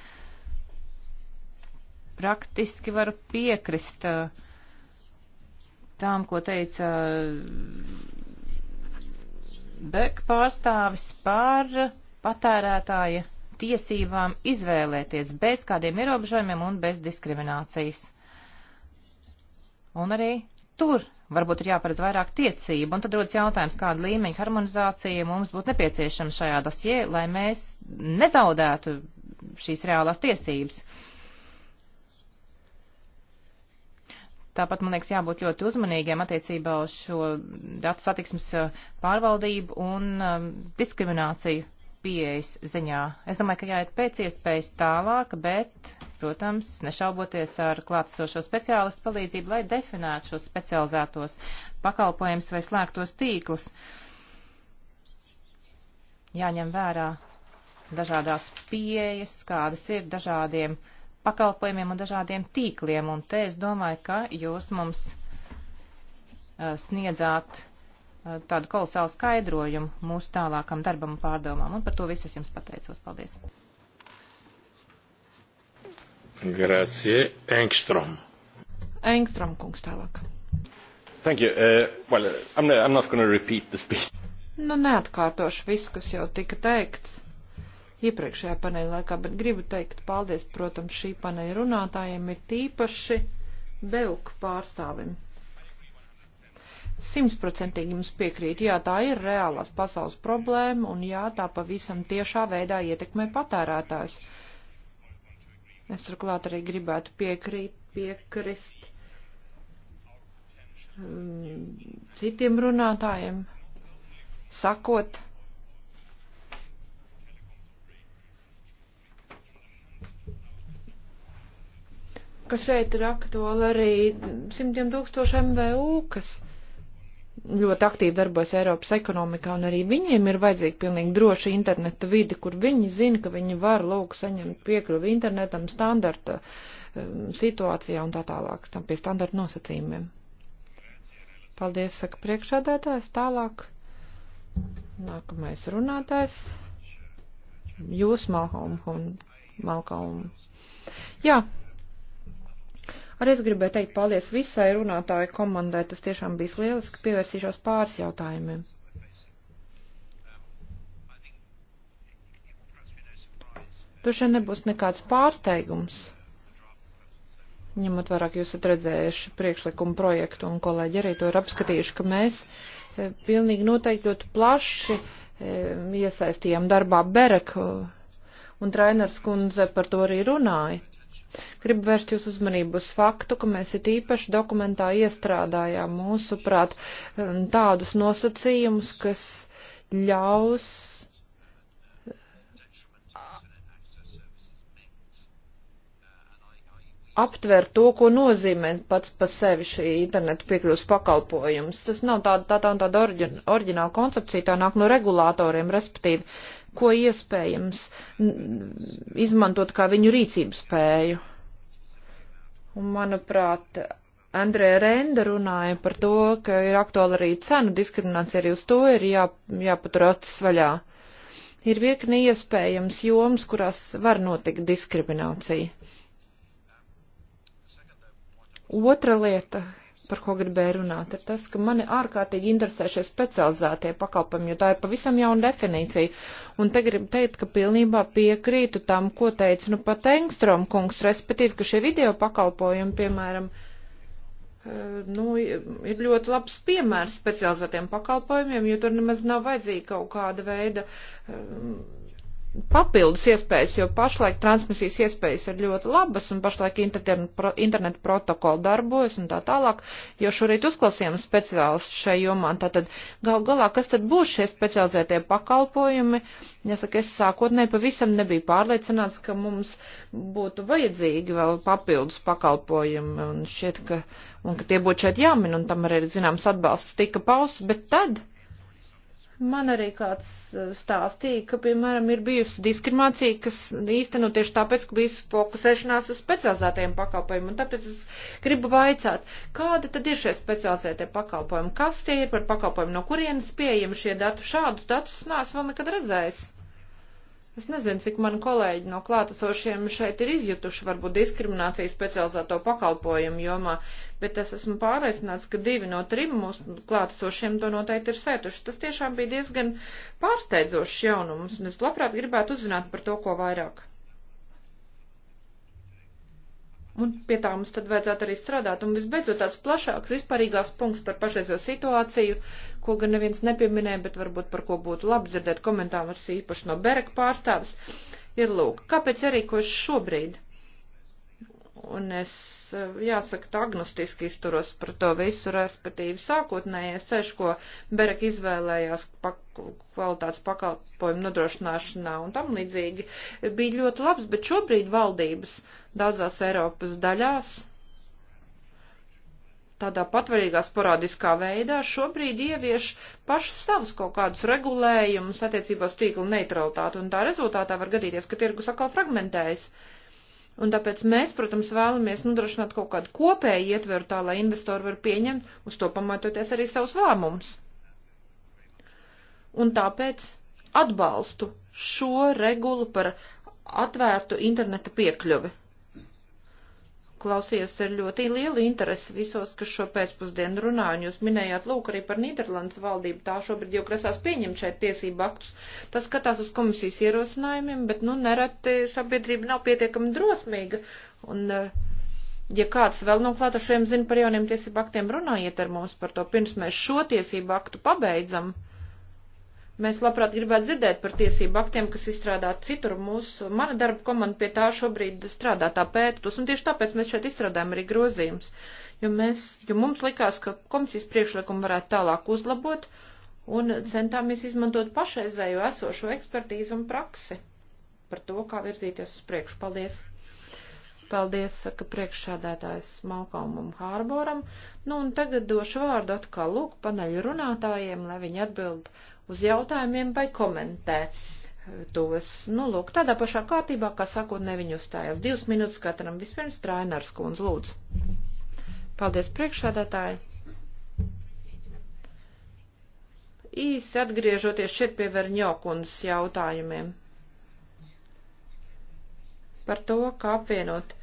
praktiski varu piekrist tām, ko teica Bek pārstāvis par patērētāja tiesībām izvēlēties bez kādiem ierobežojumiem un bez diskriminācijas. Un arī tur varbūt ir jāparedz vairāk tiecību, un tad rodas jautājums, kāda līmeņa harmonizācija mums būtu nepieciešama šajā dosjē, lai mēs nezaudētu šīs reālās tiesības. Tāpat, man liekas, jābūt ļoti uzmanīgiem attiecībā uz šo datu satiksmes pārvaldību un um, diskrimināciju pieejas ziņā. Es domāju, ka jāiet pēc iespējas tālāk, bet, protams, nešauboties ar klātesošo speciālistu palīdzību, lai definētu šos specializētos pakalpojumus vai slēgtos tīklus. Jāņem vērā dažādās pieejas, kādas ir dažādiem pakalpojumiem un dažādiem tīkliem, un te es domāju, ka jūs mums uh, sniedzāt tādu kolosālu skaidrojumu mūsu tālākam darbam un pārdomām. Un par to visu es jums pateicos. Paldies. Grazie. Engstrom. Engstrom kungs tālāk. Thank you. Uh, well, uh, I'm, not, I'm not going to repeat the speech. Nu, neatkārtošu visu, kas jau tika teikts iepriekšējā paneļa laikā, bet gribu teikt paldies, protams, šī paneļa runātājiem ir tīpaši Belku pārstāvim. Simtprocentīgi jums piekrīt, jā, tā ir reālās pasaules problēma, un jā, tā pavisam tiešā veidā ietekmē patērētājs. Es turklāt arī gribētu piekrīt, piekrist mm, citiem runātājiem, sakot, ka šeit ir aktuāli arī simtiem tūkstoši MVU, kas ļoti aktīvi darbojas Eiropas ekonomikā, un arī viņiem ir vajadzīga pilnīgi droša interneta vide, kur viņi zina, ka viņi var lūk saņemt piekļuvi internetam standarta um, situācijā un tā tālāk, tam pie standarta nosacījumiem. Paldies, saka priekšādētājs, tālāk. Nākamais runātājs. Jūs, Malholm, un Malkolm. Jā, Arī es gribēju teikt paldies visai runātāju komandai, tas tiešām bijis lieliski, pievērsīšos pāris jautājumiem. Tur šeit nebūs nekāds pārsteigums, ņemot vairāk jūs esat redzējuši priekšlikumu projektu, un kolēģi arī to ir apskatījuši, ka mēs eh, pilnīgi noteikti ļoti plaši eh, iesaistījām darbā Berek, un Trainers kundze par to arī runāja. Gribu vērst jūs uzmanību uz faktu, ka mēs it īpaši dokumentā iestrādājām mūsuprāt um, tādus nosacījumus, kas ļaus uh, aptver to, ko nozīmē pats pa sevi šī interneta piekļuvas pakalpojums. Tas nav tāda tā, tā, tāda orģin, oriģināla koncepcija, tā nāk no regulātoriem, respektīvi ko iespējams izmantot kā viņu rīcības spēju. Un, manuprāt, Andrē Renda runāja par to, ka ir aktuāla arī cenu diskriminācija, arī uz to ir jā, jāpatur acis vaļā. Ir virkni iespējams joms, kurās var notikt diskriminācija. Otra lieta, par ko gribēju runāt, ir tas, ka mani ārkārtīgi interesē šie specializētie pakalpojumi, jo tā ir pavisam jauna definīcija. Un te gribu teikt, ka pilnībā piekrītu tam, ko teica nu pat Engstrom kungs, respektīvi, ka šie video pakalpojumi, piemēram, eh, nu, ir ļoti labs piemērs specializētiem pakalpojumiem, jo tur nemaz nav vajadzīga kaut kāda veida eh, papildus iespējas, jo pašlaik transmisijas iespējas ir ļoti labas un pašlaik internetu protokolu darbojas un tā tālāk, jo šorīt uzklausījām speciālistu šai jomā. Tātad gal galā, kas tad būs šie specializētie pakalpojumi? Jāsaka, es sākotnēji pavisam nebiju pārliecināts, ka mums būtu vajadzīgi vēl papildus pakalpojumi un šķiet, ka, un ka tie būtu šeit jāmin un tam arī, zināms, atbalsts tika pausts, bet tad Man arī kāds eh, stāstīja, ka, piemēram, ir bijusi diskriminācija, kas īstenot tieši tāpēc, ka bijusi fokusēšanās uz specializētajiem pakalpojumiem. Un tāpēc es gribu vaicāt, kāda tad ir šie specializētie pakalpojumi? Kas tie ir par pakalpojumu? No kurienes pieejami šie dati? Šādus datus nāc vēl nekad redzējis. Es nezinu, cik mani kolēģi no klātesošiem šeit ir izjutuši varbūt diskrimināciju specializēto pakalpojumu jomā, bet es esmu pārliecināts, ka divi no trim mūsu klātesošiem to noteikti ir sētuši. Tas tiešām bija diezgan pārsteidzošs jaunums, un es labprāt gribētu uzzināt par to, ko vairāk. Un pie tā mums tad vajadzētu arī strādāt. Un visbeidzot tāds plašāks, vispārīgās punkts par pašreizo situāciju, ko gan neviens nepieminēja, bet varbūt par ko būtu labi dzirdēt komentārus īpaši no Bereka pārstāvis, ir lūk, kāpēc arī ko es šobrīd. Un es, eh, jāsaka, tā agnostiski izturos par to visu, respektīvi sākotnējais ceļš, ko Berek izvēlējās pak kvalitātes pakalpojumu nodrošināšanā un tam līdzīgi, bija ļoti labs, bet šobrīd valdības uh, daudzās Eiropas daļās tādā patvarīgā sporādiskā veidā šobrīd ievieš pašus savus kaut kādus regulējumus attiecībā uz tīkla neutralitāti, un tā rezultātā var gadīties, ka tirgus atkal fragmentējas. Un tāpēc mēs, protams, vēlamies nodrošināt kaut kādu kopēju ietveru tā, lai investori var pieņemt uz to pamatoties arī savus lēmumus. Un tāpēc atbalstu šo regulu par atvērtu interneta piekļuvi klausījos ar ļoti lielu interesi visos, kas šo pēcpusdienu runā, un jūs minējāt lūk arī par Nīderlandes valdību, tā šobrīd jau grasās pieņemt šeit tiesību aktus. Tas skatās uz komisijas ierosinājumiem, bet, nu, nereti sabiedrība nav pietiekami drosmīga, un, eh, ja kāds vēl no klātošiem zina par jauniem tiesību aktiem, runājiet ar mums par to, pirms mēs šo tiesību aktu pabeidzam. Uh, Mēs labprāt gribētu dzirdēt par tiesību aktiem, kas izstrādāti citur. Mūsu, mana darba komanda pie tā šobrīd strādā tā pētus, un tieši tāpēc mēs šeit izstrādājam arī grozījumus, jo, mēs, jo mums likās, ka komisijas priekšlikumu varētu tālāk uzlabot, un centāmies izmantot pašreizējo esošo ekspertīzu un praksi par to, kā virzīties uz priekšu. Paldies! Paldies, saka priekšsādētājs Malkolmam Hārboram. Nu, un tagad došu vārdu atkal lūk paneļu runātājiem, lai viņi atbild uz jautājumiem vai komentē tos. Nu, lūk, tādā pašā kārtībā, kā sākotnē viņi uzstājās. Divas minūtes katram vispirms Trainars Kunz, lūdzu. Paldies priekšādātāji. Īsi atgriežoties šeit pie Verņokundas jautājumiem. Par to, kā apvienot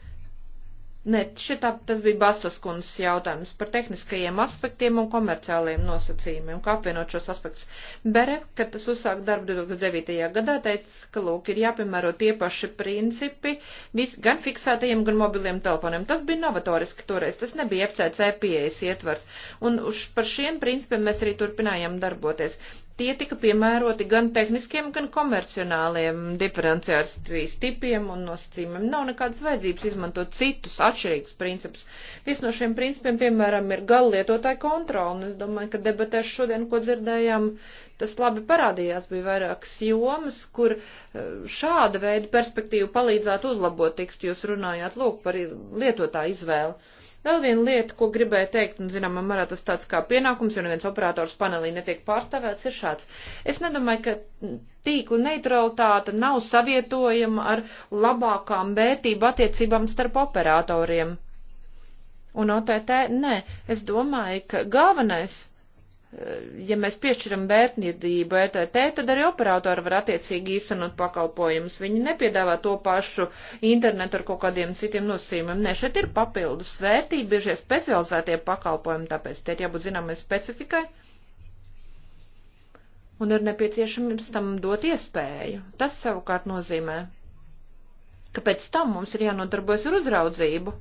Ne, šitā, tas bija Bastos kundzes jautājums par tehniskajiem aspektiem un komerciāliem nosacījumiem, kā apvienot šos aspektus. Bere, kad tas uzsāk darbu 2009. gadā, teica, ka, lūk, ir jāpiemēro tie paši principi vis, gan fiksētajiem, gan mobiliem telefoniem. Tas bija novatoriski toreiz, tas nebija FCC pieejas ietvars. Un uz, par šiem principiem mēs arī turpinājām darboties tie tika piemēroti gan tehniskiem, gan komercionāliem diferenciācijas tipiem un nosacījumiem. Nav nekādas vajadzības izmantot citus atšķirīgus principus. Viens no šiem principiem, piemēram, ir gallietotāja kontrola, un es domāju, ka debatēs šodien, ko dzirdējām, tas labi parādījās, bija vairākas jomas, kur eh, šāda veida perspektīva palīdzētu uzlabot tekstu, jūs runājāt, lūk, par lietotāju izvēli. Vēl viena lieta, ko gribēju teikt, un zinām, man marā tas tāds kā pienākums, jo neviens operators panelī netiek pārstāvēts, ir šāds. Es nedomāju, ka tīkla neutralitāte nav savietojama ar labākām vērtību attiecībām starp operatoriem. Un OTT, nē, es domāju, ka galvenais Eh, ja mēs piešķiram vērtniecību ETT, tad arī operatori var attiecīgi īstenot pakalpojumus. Viņi nepiedāvā to pašu internetu ar kaut kādiem citiem nosīmiem. Nē, šeit ir papildus vērtība, biežie specializētie pakalpojumi, tāpēc te ir jābūt zināmai specifikai. Un ir nepieciešams tam dot iespēju. Tas savukārt nozīmē, ka pēc tam mums ir jānodarbojas ar uzraudzību,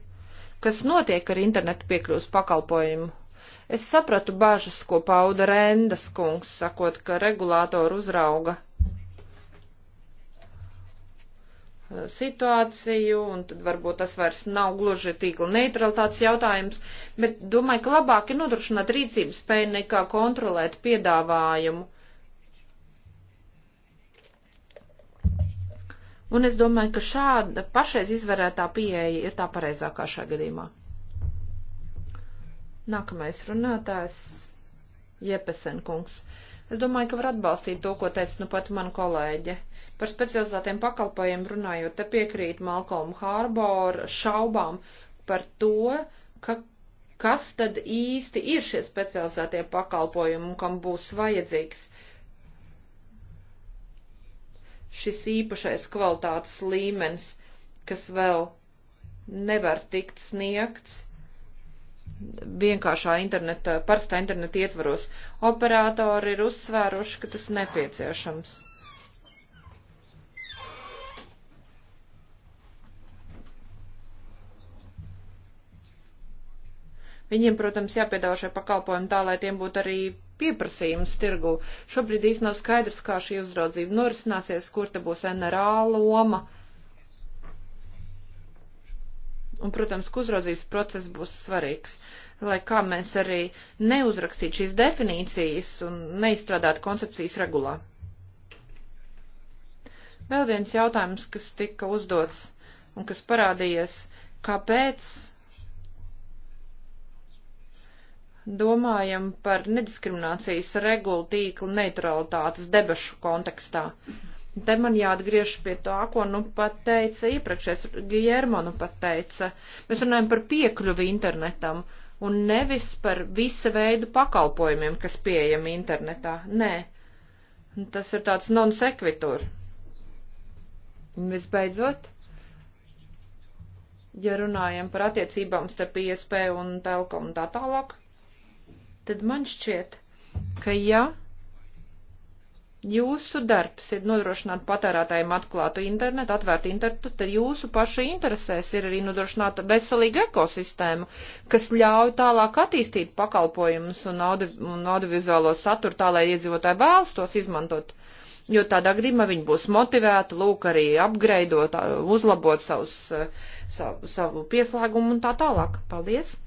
kas notiek ar internetu piekļūst pakalpojumu Es sapratu bažas, ko pauda Rendas kungs, sakot, ka regulātoru uzrauga uh, situāciju, un tad varbūt tas vairs nav gluži tīkla neutralitātes jautājums, bet domāju, ka labāk ir nodrošināt rīcības spēju nekā kontrolēt piedāvājumu. Un es domāju, ka šāda pašreiz izvērētā pieeja ir tā pareizākā šajā gadījumā. Nākamais runātājs Jepesen kungs. Es domāju, ka var atbalstīt to, ko teica nu pat mana kolēģe. Par specializētiem pakalpojumiem runājot, te piekrīt Malcolm Harbour šaubām par to, ka kas tad īsti ir šie specializētie pakalpojumi un kam būs vajadzīgs šis īpašais kvalitātes līmenis, kas vēl nevar tikt sniegts vienkāršā interneta, parastā interneta ietvaros. Operatori ir uzsvēruši, ka tas nepieciešams. Viņiem, protams, jāpiedāvā šie pakalpojumi tā, lai tiem būtu arī pieprasījums tirgu. Šobrīd īsti nav skaidrs, kā šī uzraudzība norisināsies, kur te būs NRA loma. Uh, Un, protams, ka uzraudzības process būs svarīgs, lai kā mēs arī neuzrakstītu šīs definīcijas un neizstrādātu koncepcijas regulā. Vēl viens jautājums, kas tika uzdots un kas parādījies, kāpēc domājam par nediskriminācijas regulu tīkla neutralitātes debašu kontekstā. Mm -hmm Te man jāatgriež pie tā, ko nu pat teica iepriekšējais Giermo, nu pat teica. Mēs runājam par piekļuvi internetam un nevis par visa veidu pakalpojumiem, kas pieejami internetā. Nē, tas ir tāds non sequitur. Un visbeidzot, ja runājam par attiecībām starp ISP un Telkom un tā tālāk, tad man šķiet, ka ja Jūsu darbs ir nodrošināt patērētājiem atklātu internetu, atvērtu internetu, tad jūsu pašu interesēs ir arī nodrošināta veselīga ekosistēma, kas ļauj tālāk attīstīt pakalpojumus un, audi un audiovizuālo saturu tā, lai iedzīvotāji vēlas tos izmantot. Jo tādā gadījumā viņi būs motivēti, lūk, arī apgreidot, uzlabot savus, eh, savu, savu pieslēgumu un tā tālāk. Paldies!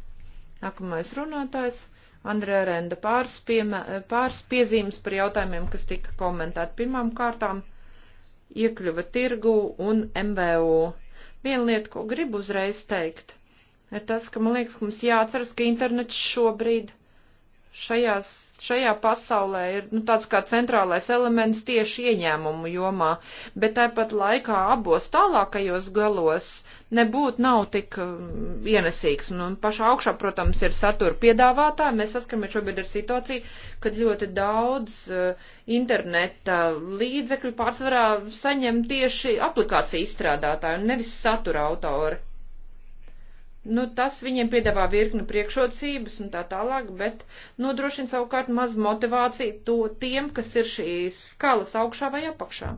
Nākamais runātājs. Andrē Renda pāris, piemē, pāris piezīmes par jautājumiem, kas tika komentēti pirmām kārtām - iekļuva tirgu un MVO. Viena lieta, ko gribu uzreiz teikt, ir tas, ka man liekas, ka mums jāatceras, ka internets šobrīd šajās šajā pasaulē ir nu, tāds kā centrālais elements tieši ieņēmumu jomā, bet tāpat laikā abos tālākajos galos nebūtu nav tik mm, ienesīgs. Un, nu, un pašā augšā, protams, ir satura piedāvātāji. Mēs saskaramies šobrīd ar situāciju, kad ļoti daudz uh, interneta līdzekļu pārsvarā saņem tieši aplikāciju izstrādātāji un nevis satura autori. Nu, tas viņiem piedāvā virkni priekšrocības un tā tālāk, bet nodrošina savukārt maz motivāciju to tiem, kas ir šīs skalas augšā vai apakšā.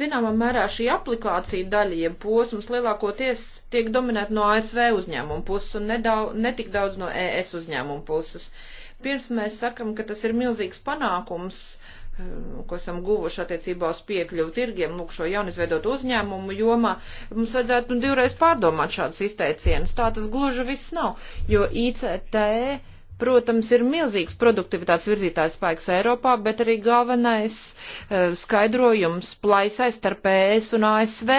Zināmā mērā šī aplikācija daļa, jeb posms, lielākoties tiek dominēta no ASV uzņēmuma puses un nedaudz, netik daudz no ES uzņēmuma puses. Pirms mēs sakam, ka tas ir milzīgs panākums, uh, ko esam guvuši attiecībā uz piekļuvu tirgiem, lūk, šo jaunizveidot uzņēmumu jomā, mums vajadzētu nu, divreiz pārdomāt šādas izteicienas. Tā tas gluži viss nav, jo ICT, protams, ir milzīgs produktivitātes virzītājs spēks Eiropā, bet arī galvenais uh, skaidrojums plaisai starp ES un ASV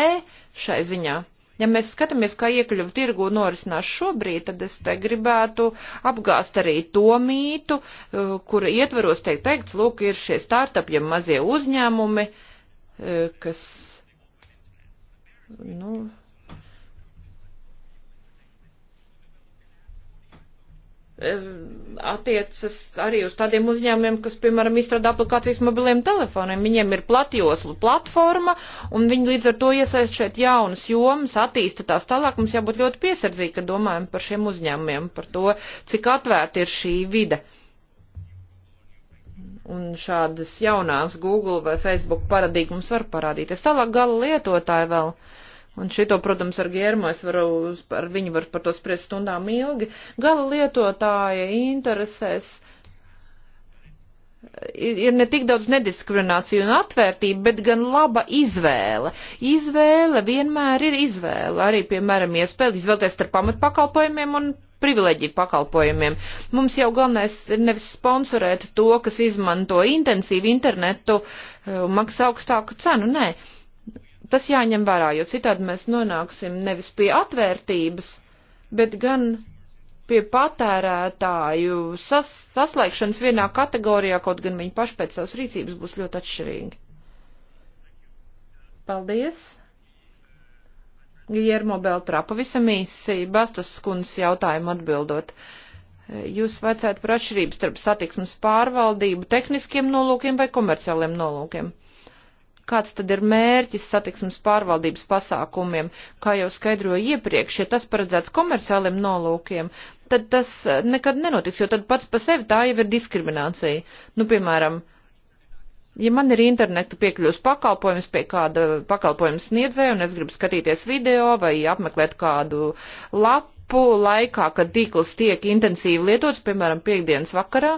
šai ziņā. Ja mēs skatāmies, kā iekļuvu tirgu norisinās šobrīd, tad es te gribētu apgāst arī to mītu, eh, kura ietvaros tiek teikts, lūk, ir šie startupiem ja mazie uzņēmumi, eh, kas, nu, attiecas arī uz tādiem uzņēmumiem, kas, piemēram, izstrādā aplikācijas mobiliem telefoniem. Viņiem ir platjoslu platforma, un viņi līdz ar to iesaist šeit jaunas jomas, attīsta tās tālāk. Mums jābūt ļoti piesardzīgi, kad domājam par šiem uzņēmumiem, par to, cik atvērta ir šī vide. Un šādas jaunās Google vai Facebook paradīgums var parādīties. Tālāk gala lietotāji vēl. Uh, Un šito, protams, ar Gērmo es varu, ar viņu var par to spriest stundām ilgi. Gala lietotāja interesēs ir ne tik daudz nediskriminācija un atvērtība, bet gan laba izvēle. Izvēle vienmēr ir izvēle. Arī, piemēram, iespēja izvēlēties starp pamatpakalpojumiem un privileģiju pakalpojumiem. Mums jau galvenais ir nevis sponsorēt to, kas izmanto intensīvu internetu un uh, maksā augstāku cenu. Nē. Ne tas jāņem vērā, jo citādi mēs nonāksim nevis pie atvērtības, bet gan pie patērētāju sas, saslēgšanas vienā kategorijā, kaut gan viņi paši pēc savas rīcības būs ļoti atšķirīgi. Paldies! Giermo Beltrā pavisam īsi Bastus skundas jautājumu atbildot. Jūs vajadzētu par atšķirību starp satiksmes pārvaldību tehniskiem nolūkiem vai komerciāliem nolūkiem? Kāds tad ir mērķis satiksmes pārvaldības pasākumiem? Kā jau skaidroju iepriekš, ja tas paredzēts komerciāliem nolūkiem, tad tas eh, nekad nenotiks, jo tad pats pa sevi tā jau ir diskriminācija. Nu, piemēram, ja man ir interneta piekļuvs pakalpojums pie kāda pakalpojuma sniedzēja un es gribu skatīties video vai apmeklēt kādu lapu laikā, kad tīkls tiek intensīvi lietots, piemēram, piekdienas vakarā,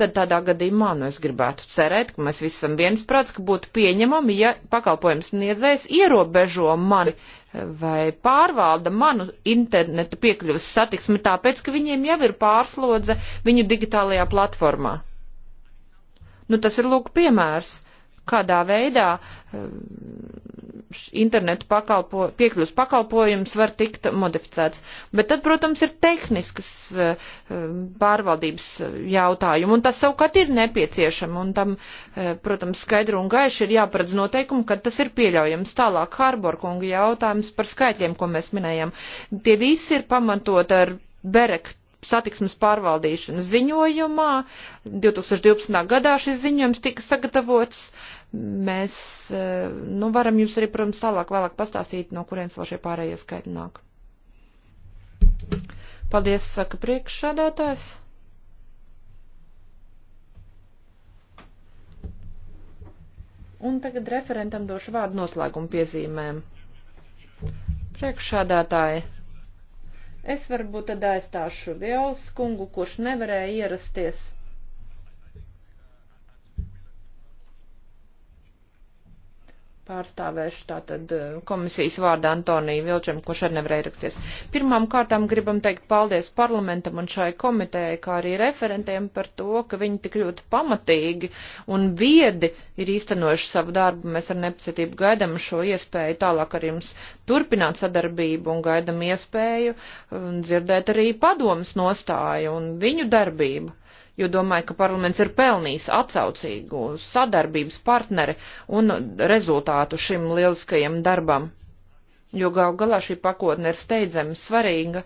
tad tādā gadījumā, nu, es gribētu cerēt, ka mēs visam viensprāts, ka būtu pieņemami, ja pakalpojums niedzējs ierobežo mani vai pārvalda manu internetu piekļuvis satiksmi tāpēc, ka viņiem jau ir pārslodze viņu digitālajā platformā. Nu, tas ir lūk piemērs kādā veidā um, internetu pakalpo, piekļuvs pakalpojums var tikt modificēts. Bet tad, protams, ir tehniskas uh, um, pārvaldības uh, jautājumi, un tas savukārt ir nepieciešami, un tam, uh, protams, skaidri un gaiši ir jāparedz noteikumi, kad tas ir pieļaujams. Tālāk Harborkunga jautājums par skaitļiem, ko mēs minējam. Tie visi ir pamatot ar Berek satiksmes pārvaldīšanas ziņojumā. 2012. gadā šis ziņojums tika sagatavots. Uh, mēs, eh, nu, varam jūs arī, protams, tālāk vēlāk pastāstīt, no kurienes vēl šie pārējie skaiti nāk. Paldies, saka priekšsādātājs. Un tagad referentam došu vārdu noslēgumu piezīmēm. Priekšsādātāji, es varbūt tad aizstāšu Viols kungu, kurš nevarēja ierasties pārstāvēšu tātad eh, komisijas vārdā Antoniju Vilčam, kurš arī nevar ieraksties. Pirmām kārtām gribam teikt paldies parlamentam un šai komitejai, kā arī referentiem par to, ka viņi tik ļoti pamatīgi un viedi ir īstenojuši savu darbu. Mēs ar nepacietību gaidam šo iespēju tālāk ar jums turpināt sadarbību un gaidam iespēju un um, dzirdēt arī padomas nostāju un viņu darbību jo domāju, ka parlaments ir pelnījis atsaucīgu sadarbības partneri un rezultātu šim lieliskajam darbam, jo gal galā šī pakotne ir steidzami svarīga.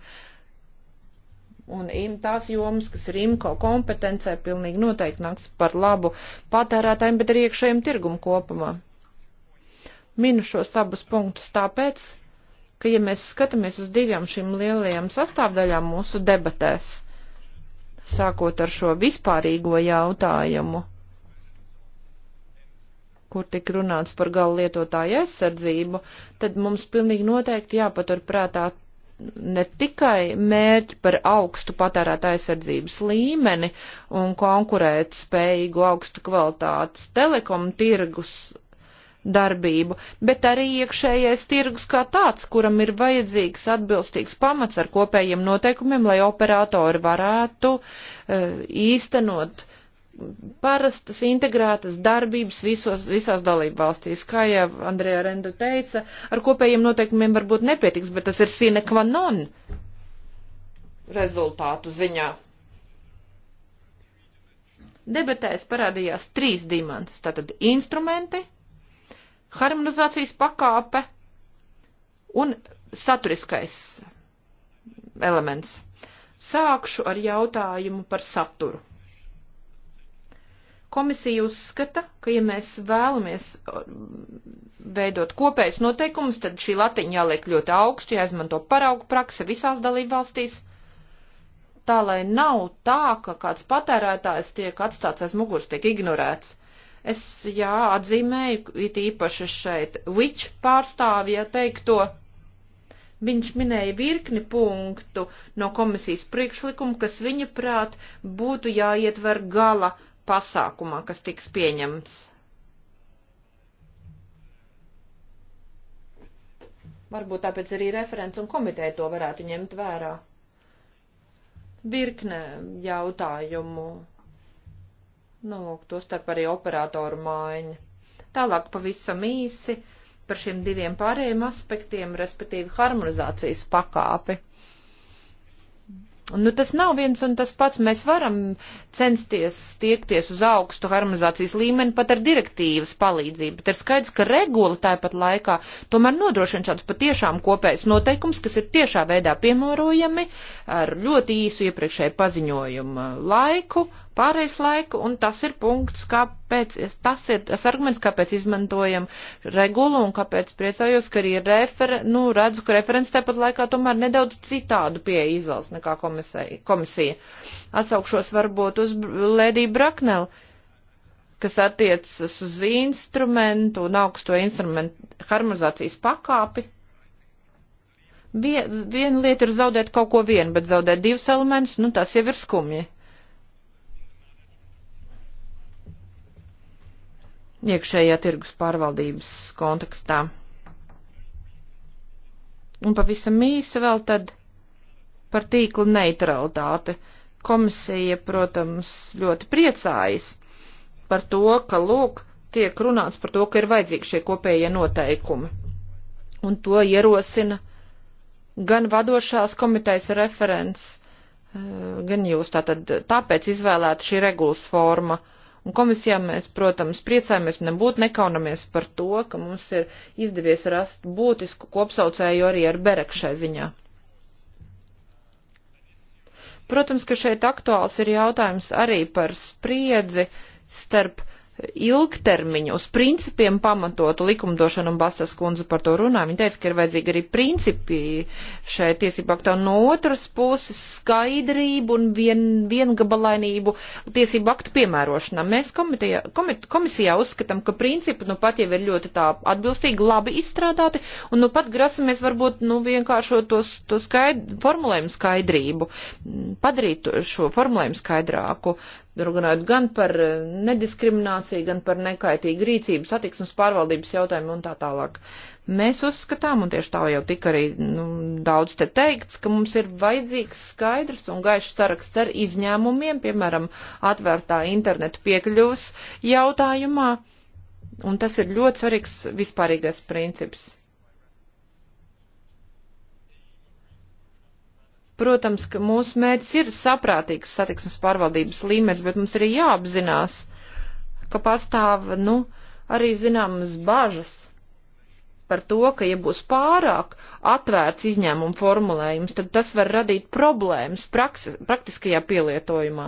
Un tās jomas, kas ir IMCO kompetencē, pilnīgi noteikti nāks par labu patērētājiem, bet arī iekšējiem tirgumu kopumā. Minu šos abus punktus tāpēc, ka, ja mēs skatāmies uz divām šīm lielajām sastāvdaļām mūsu debatēs, sākot ar šo vispārīgo jautājumu, kur tik runāts par galu lietotāju aizsardzību, tad mums pilnīgi noteikti jāpaturprātā ne tikai mērķi par augstu patērētāju aizsardzības līmeni un konkurēt spējīgu augstu kvalitātes telekom tirgus darbību, bet arī iekšējais tirgus kā tāds, kuram ir vajadzīgs atbilstīgs pamats ar kopējiem noteikumiem, lai operatori varētu uh, īstenot parastas integrētas darbības visos, visās dalību valstīs. Kā jau Andrija Renda teica, ar kopējiem noteikumiem varbūt nepietiks, bet tas ir sine qua non rezultātu ziņā. Debatēs parādījās trīs dimensijas - tātad instrumenti, harmonizācijas pakāpe un saturiskais elements. Sākšu ar jautājumu par saturu. Komisija uzskata, ka ja mēs vēlamies uh, veidot kopējas noteikumus, tad šī latiņa jāliek ļoti augstu, jāizmanto paraugu prakse visās dalībvalstīs, tā lai nav tā, ka kāds patērētājs tiek atstāts aiz muguras, tiek ignorēts Es, jā, atzīmēju, it īpaši šeit, which pārstāvja teikto. Viņš minēja virkni punktu no komisijas priekšlikuma, kas viņa prāt būtu jāietver gala pasākumā, kas tiks pieņemts. Varbūt tāpēc arī referents un komiteja to varētu ņemt vērā. Virkne jautājumu Nu, lūk, to starp arī operātoru maiņa. Tālāk pavisam īsi par šiem diviem pārējiem aspektiem, respektīvi harmonizācijas pakāpi. Nu, tas nav viens un tas pats. Mēs varam censties tiekties uz augstu harmonizācijas līmeni pat ar direktīvas palīdzību, bet ir skaidrs, ka regula tāpat laikā tomēr nodrošina šādus patiešām kopējus noteikums, kas ir tiešā veidā piemērojami ar ļoti īsu iepriekšēju paziņojumu laiku, pārejas laiku, un tas ir punkts, kāpēc, tas ir tas arguments, kāpēc izmantojam regulu, un kāpēc priecājos, ka arī refer, nu, redzu, ka referents tepat laikā tomēr nedaudz citādu pieeja izvēlas nekā komisija. komisija. Atsaukšos varbūt uz Lēdī Braknelu kas attiecas uz instrumentu un augsto instrumentu harmonizācijas pakāpi, Vien, viena lieta ir zaudēt kaut ko vienu, bet zaudēt divus elementus, nu tas jau ir skumji. iekšējā tirgus pārvaldības kontekstā. Un pavisam īsi vēl tad par tīkla neutralitāti. Komisija, protams, ļoti priecājas par to, ka, lūk, tiek runāts par to, ka ir vajadzīgi šie kopējie noteikumi. Un to ierosina gan vadošās komitejas referents, eh, gan jūs tātad tāpēc izvēlēta šī regulas forma. Uh, Un komisijā mēs, protams, priecājamies un nebūtu nekaunamies par to, ka mums ir izdevies rast būtisku kopsaucēju arī ar berekšai ziņā. Protams, ka šeit aktuāls ir jautājums arī par spriedzi starp ilgtermiņu, uz principiem pamatotu likumdošanu, un Basas kundze par to runā. Viņa teica, ka ir vajadzīgi arī principi šai tiesību aktā. No otras puses skaidrību un vien, viengabalainību tiesību aktu piemērošanā. Mēs komitejā, komit, komisijā uzskatām, ka principi nu pat jau ir ļoti tā atbilstīgi, labi izstrādāti, un nu pat grasamies varbūt nu vienkāršo tos, to skaid, formulējumu skaidrību, padarīt šo formulējumu skaidrāku runājot gan par eh, nediskrimināciju, gan par nekaitīgu rīcību, satiksmes pārvaldības jautājumu un tā tālāk. Mēs uzskatām, un tieši tā jau tika arī nu, daudz te teikts, ka mums ir vajadzīgs skaidrs un gaišs saraksts ar izņēmumiem, piemēram, atvērtā internetu piekļuvas jautājumā, un tas ir ļoti svarīgs vispārīgais princips. Protams, ka mūsu mērķis ir saprātīgs satiksmes pārvaldības līmenis, bet mums ir jāapzinās, ka pastāv, nu, arī zināmas bažas par to, ka, ja būs pārāk atvērts izņēmumu formulējums, tad tas var radīt problēmas praksis, praktiskajā pielietojumā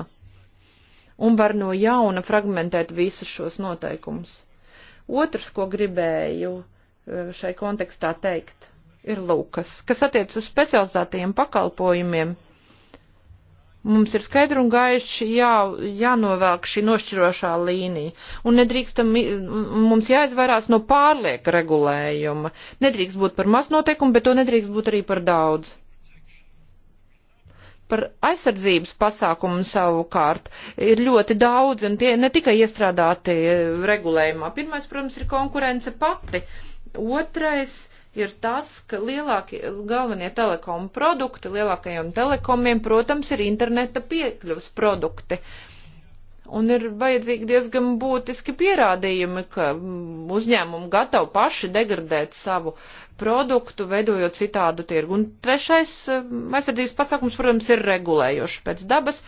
un var no jauna fragmentēt visus šos noteikumus. Otrs, ko gribēju eh, šai kontekstā teikt ir lūkas. Kas attiec uz specializētajiem pakalpojumiem, mums ir skaidri un gaiši jā, jānovelk šī nošķirošā līnija. Un nedrīkstam, mums jāizvairās no pārlieka regulējuma. Nedrīkst būt par maz noteikumu, bet to nedrīkst būt arī par daudz par aizsardzības pasākumu savukārt ir ļoti daudz, un tie ne tikai iestrādāti regulējumā. Pirmais, protams, ir konkurence pati. Otrais ir tas, ka lielākie, galvenie telekomu produkti, lielākajiem telekomiem, protams, ir interneta piekļuvs produkti. Un ir vajadzīgi diezgan būtiski pierādījumi, ka mm, uzņēmumi gatavi paši degradēt savu produktu, veidojot citādu tirgu. Un trešais mm, aizsardzības pasākums, protams, ir regulējoši pēc dabas,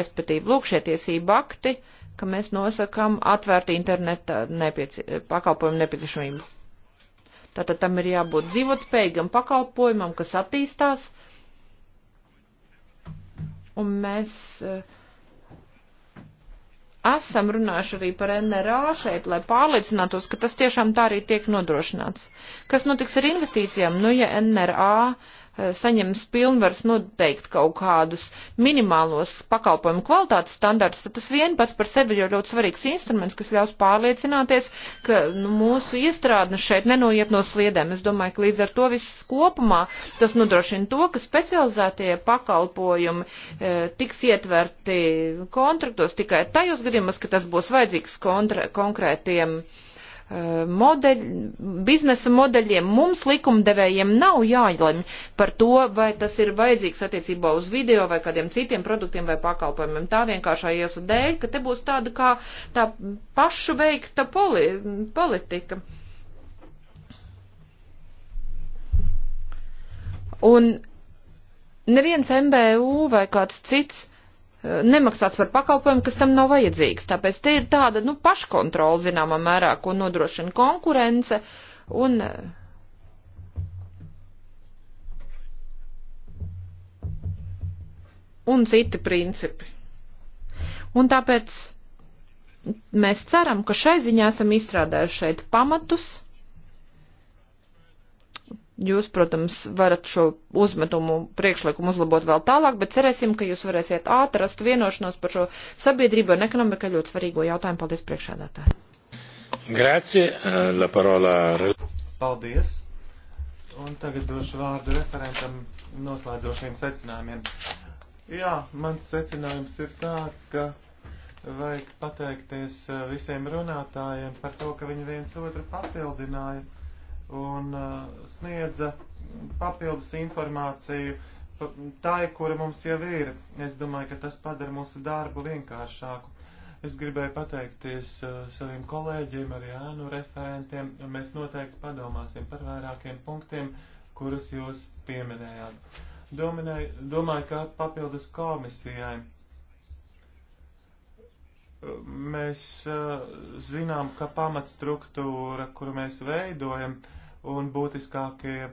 respektīvi lūkšie tiesību akti, ka mēs nosakam atvērt interneta nepieci pakalpojumu nepieciešamību. Tātad tam ir jābūt dzīvotspējīgam pakalpojumam, kas attīstās. Un mēs eh, esam runājuši arī par NRA šeit, lai pārliecinātos, ka tas tiešām tā arī tiek nodrošināts. Kas notiks ar investīcijām? Nu, ja NRA uh, Eh, saņems pilnvars noteikt kaut kādus minimālos pakalpojumu kvalitātes standartus, tad tas vien pats par sevi jau ļoti svarīgs instruments, kas ļaus pārliecināties, ka nu, mūsu iestrādne šeit nenoiet no sliedēm. Es domāju, ka līdz ar to viss kopumā tas nodrošina to, ka specializētie pakalpojumi e, tiks ietverti kontraktos tikai tajos gadījumos, ka tas būs vajadzīgs kontra, konkrētiem. E, modeļ, biznesa modeļiem mums likumdevējiem nav jālemj par to, vai tas ir vajadzīgs attiecībā uz video vai kādiem citiem produktiem vai pakalpojumiem. Tā vienkāršā iesa dēļ, ka te būs tāda kā tā pašu veikta poli, politika. Un neviens MBU vai kāds cits nemaksās par pakalpojumu, kas tam nav vajadzīgs. Tāpēc te ir tāda, nu, paškontrola zināmā mērā, ko nodrošina konkurence un. Un citi principi. Un tāpēc mēs ceram, ka šai ziņā esam izstrādājuši šeit pamatus Jūs, protams, varat šo uzmetumu priekšlikumu uzlabot vēl tālāk, bet cerēsim, ka jūs varēsiet ātri rast vienošanos par šo sabiedrību un ekonomikai ļoti svarīgo jautājumu. Paldies, priekšādātāji! Grazie, eh, la parola. Paldies! Un tagad došu vārdu referentam noslēdzošiem secinājumiem. Jā, mans secinājums ir tāds, ka vajag pateikties eh, visiem runātājiem par to, ka viņi viens otru papildināja un uh, sniedza papildus informāciju tai, kura mums jau ir. Es domāju, ka tas padara mūsu darbu vienkāršāku. Es gribēju pateikties uh, saviem kolēģiem, arī ēnu referentiem, un mēs noteikti padomāsim par vairākiem punktiem, kurus jūs pieminējāt. Dominai, domāju, ka papildus komisijai mēs uh, zinām, ka pamatstruktūra, kuru mēs veidojam, uh, un būtiskākie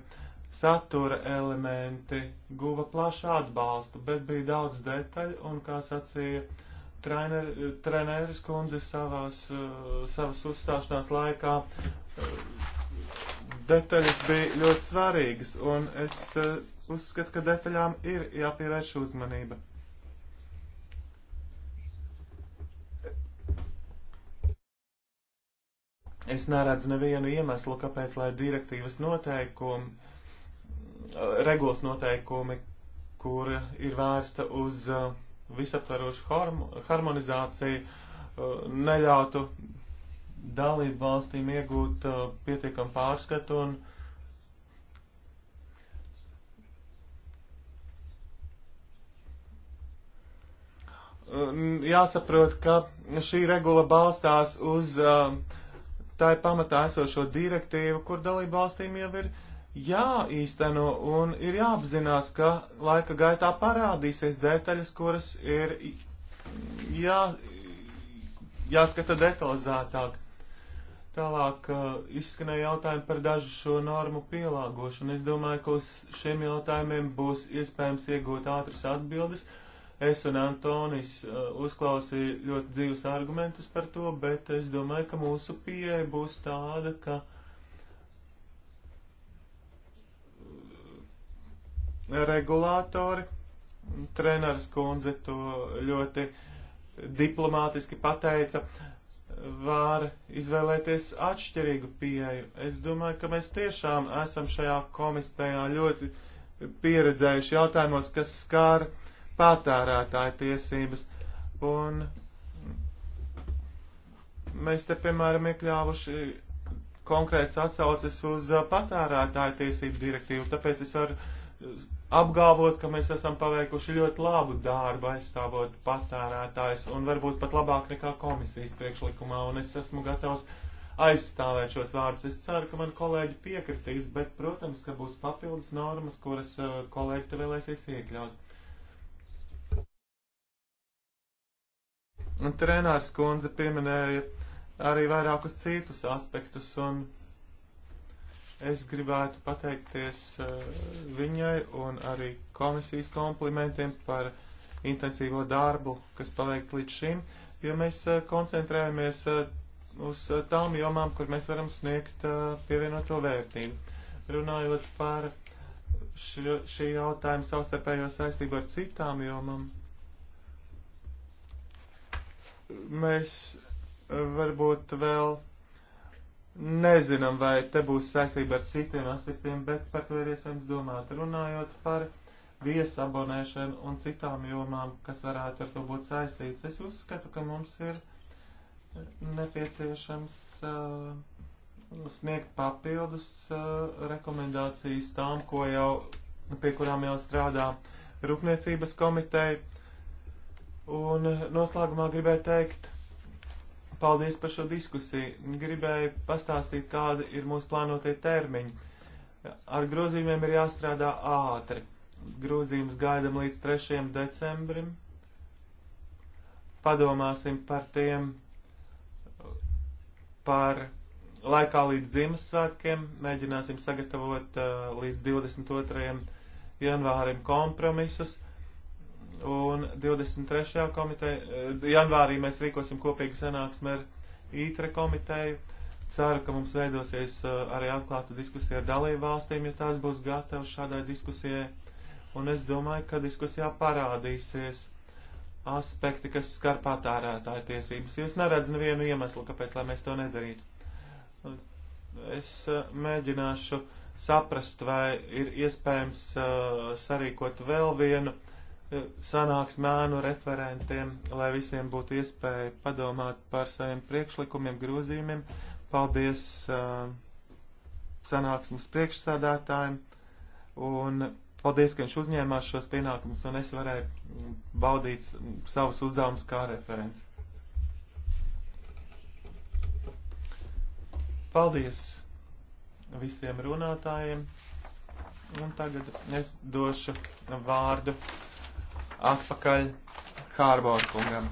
satura elementi guva plašu atbalstu, bet bija daudz detaļu, un, kā sacīja trener, treneris kundze savās, eh, savas uzstāšanās laikā, eh, detaļas bija ļoti svarīgas, un es eh, uzskatu, ka detaļām ir jāpievērš uzmanība. Es neredzu nevienu iemeslu, kāpēc, lai direktīvas noteikumi, regulas noteikumi, kur ir vērsta uz uh, visaptvarošu harmonizāciju, uh, neļautu dalību valstīm iegūt uh, pietiekam pārskatu un Jāsaprot, ka šī regula balstās uz uh, Tā ir pamatā esošo direktīvu, kur dalību valstīm jau ir jāīsteno un ir jāapzinās, ka laika gaitā parādīsies detaļas, kuras ir jā, jāskata detalizētāk. Tālāk uh, izskanēja jautājumi par dažu šo normu pielāgošanu. Es domāju, ka uz šiem jautājumiem būs iespējams iegūt ātras atbildes. Uh, Es un Antonis uh, uzklausīju ļoti dzīves argumentus par to, bet es domāju, ka mūsu pieeja būs tāda, ka uh, regulātori, treneris kundze to ļoti diplomātiski pateica, var izvēlēties atšķirīgu pieeju. Es domāju, ka mēs tiešām esam šajā komistējā ļoti pieredzējuši jautājumos, kas skāra patērētāja tiesības. Un mēs te, piemēram, iekļāvuši konkrēts atsaucis uz patērētāju tiesību direktīvu, tāpēc es varu apgalvot, ka mēs esam paveikuši ļoti labu darbu aizstāvot patērētājs un varbūt pat labāk nekā komisijas priekšlikumā, un es esmu gatavs aizstāvēt šos vārdus. Es ceru, ka man kolēģi piekritīs, bet, protams, ka būs papildus normas, kuras kolēģi te vēlēsies iekļaut. Trenārs kundze pieminēja arī vairākus citus aspektus, un es gribētu pateikties eh, viņai un arī komisijas komplimentiem par intensīvo darbu, kas paveikts līdz šim, jo mēs eh, koncentrējamies eh, uz tām jomām, kur mēs varam sniegt pievienoto vērtību. Runājot par šī jautājuma savstarpējo saistību ar citām jomām. Um, mēs eh, varbūt vēl nezinām, vai te būs saistība ar citiem aspektiem, bet par to ir iespējams domāt. Runājot par viesabonēšanu un citām jomām, kas varētu ar to būt saistīts, es uzskatu, ka mums ir nepieciešams uh, sniegt papildus uh, rekomendācijas tām, ko jau, pie kurām jau strādā Rūpniecības komiteja Un eh, noslēgumā gribēju teikt, paldies par šo diskusiju. Gribēju pastāstīt, kādi ir mūsu plānotie termiņi. Ar grozījumiem ir jāstrādā ātri. Grozījums gaidam līdz 3. decembrim. Padomāsim par tiem, par laikā līdz Ziemassvētkiem. Mēģināsim sagatavot uh, līdz 22. janvārim kompromisus Un 23. komiteja, eh, janvārī mēs rīkosim kopīgu sanāksmi ar ITRE komiteju. Ceru, ka mums veidosies eh, arī atklāta diskusija ar dalību valstīm, ja tās būs gatavas šādai diskusijai. Un es domāju, ka diskusijā parādīsies aspekti, kas skar patērētāju tiesības. Jūs neredz nevienu iemeslu, kāpēc, lai mēs to nedarītu. Es eh, mēģināšu saprast, vai ir iespējams sarīkot vēl vienu sanāks mēnu referentiem, lai visiem būtu iespēja padomāt par saviem priekšlikumiem, grozījumiem. Paldies uh, sanāksmes priekšsādātājiem un paldies, ka viņš uzņēmās šos pienākumus un es varēju baudīt savus uzdevumus kā referents. Paldies visiem runātājiem. Un tagad es došu vārdu atpakaļ Hārbor kungam.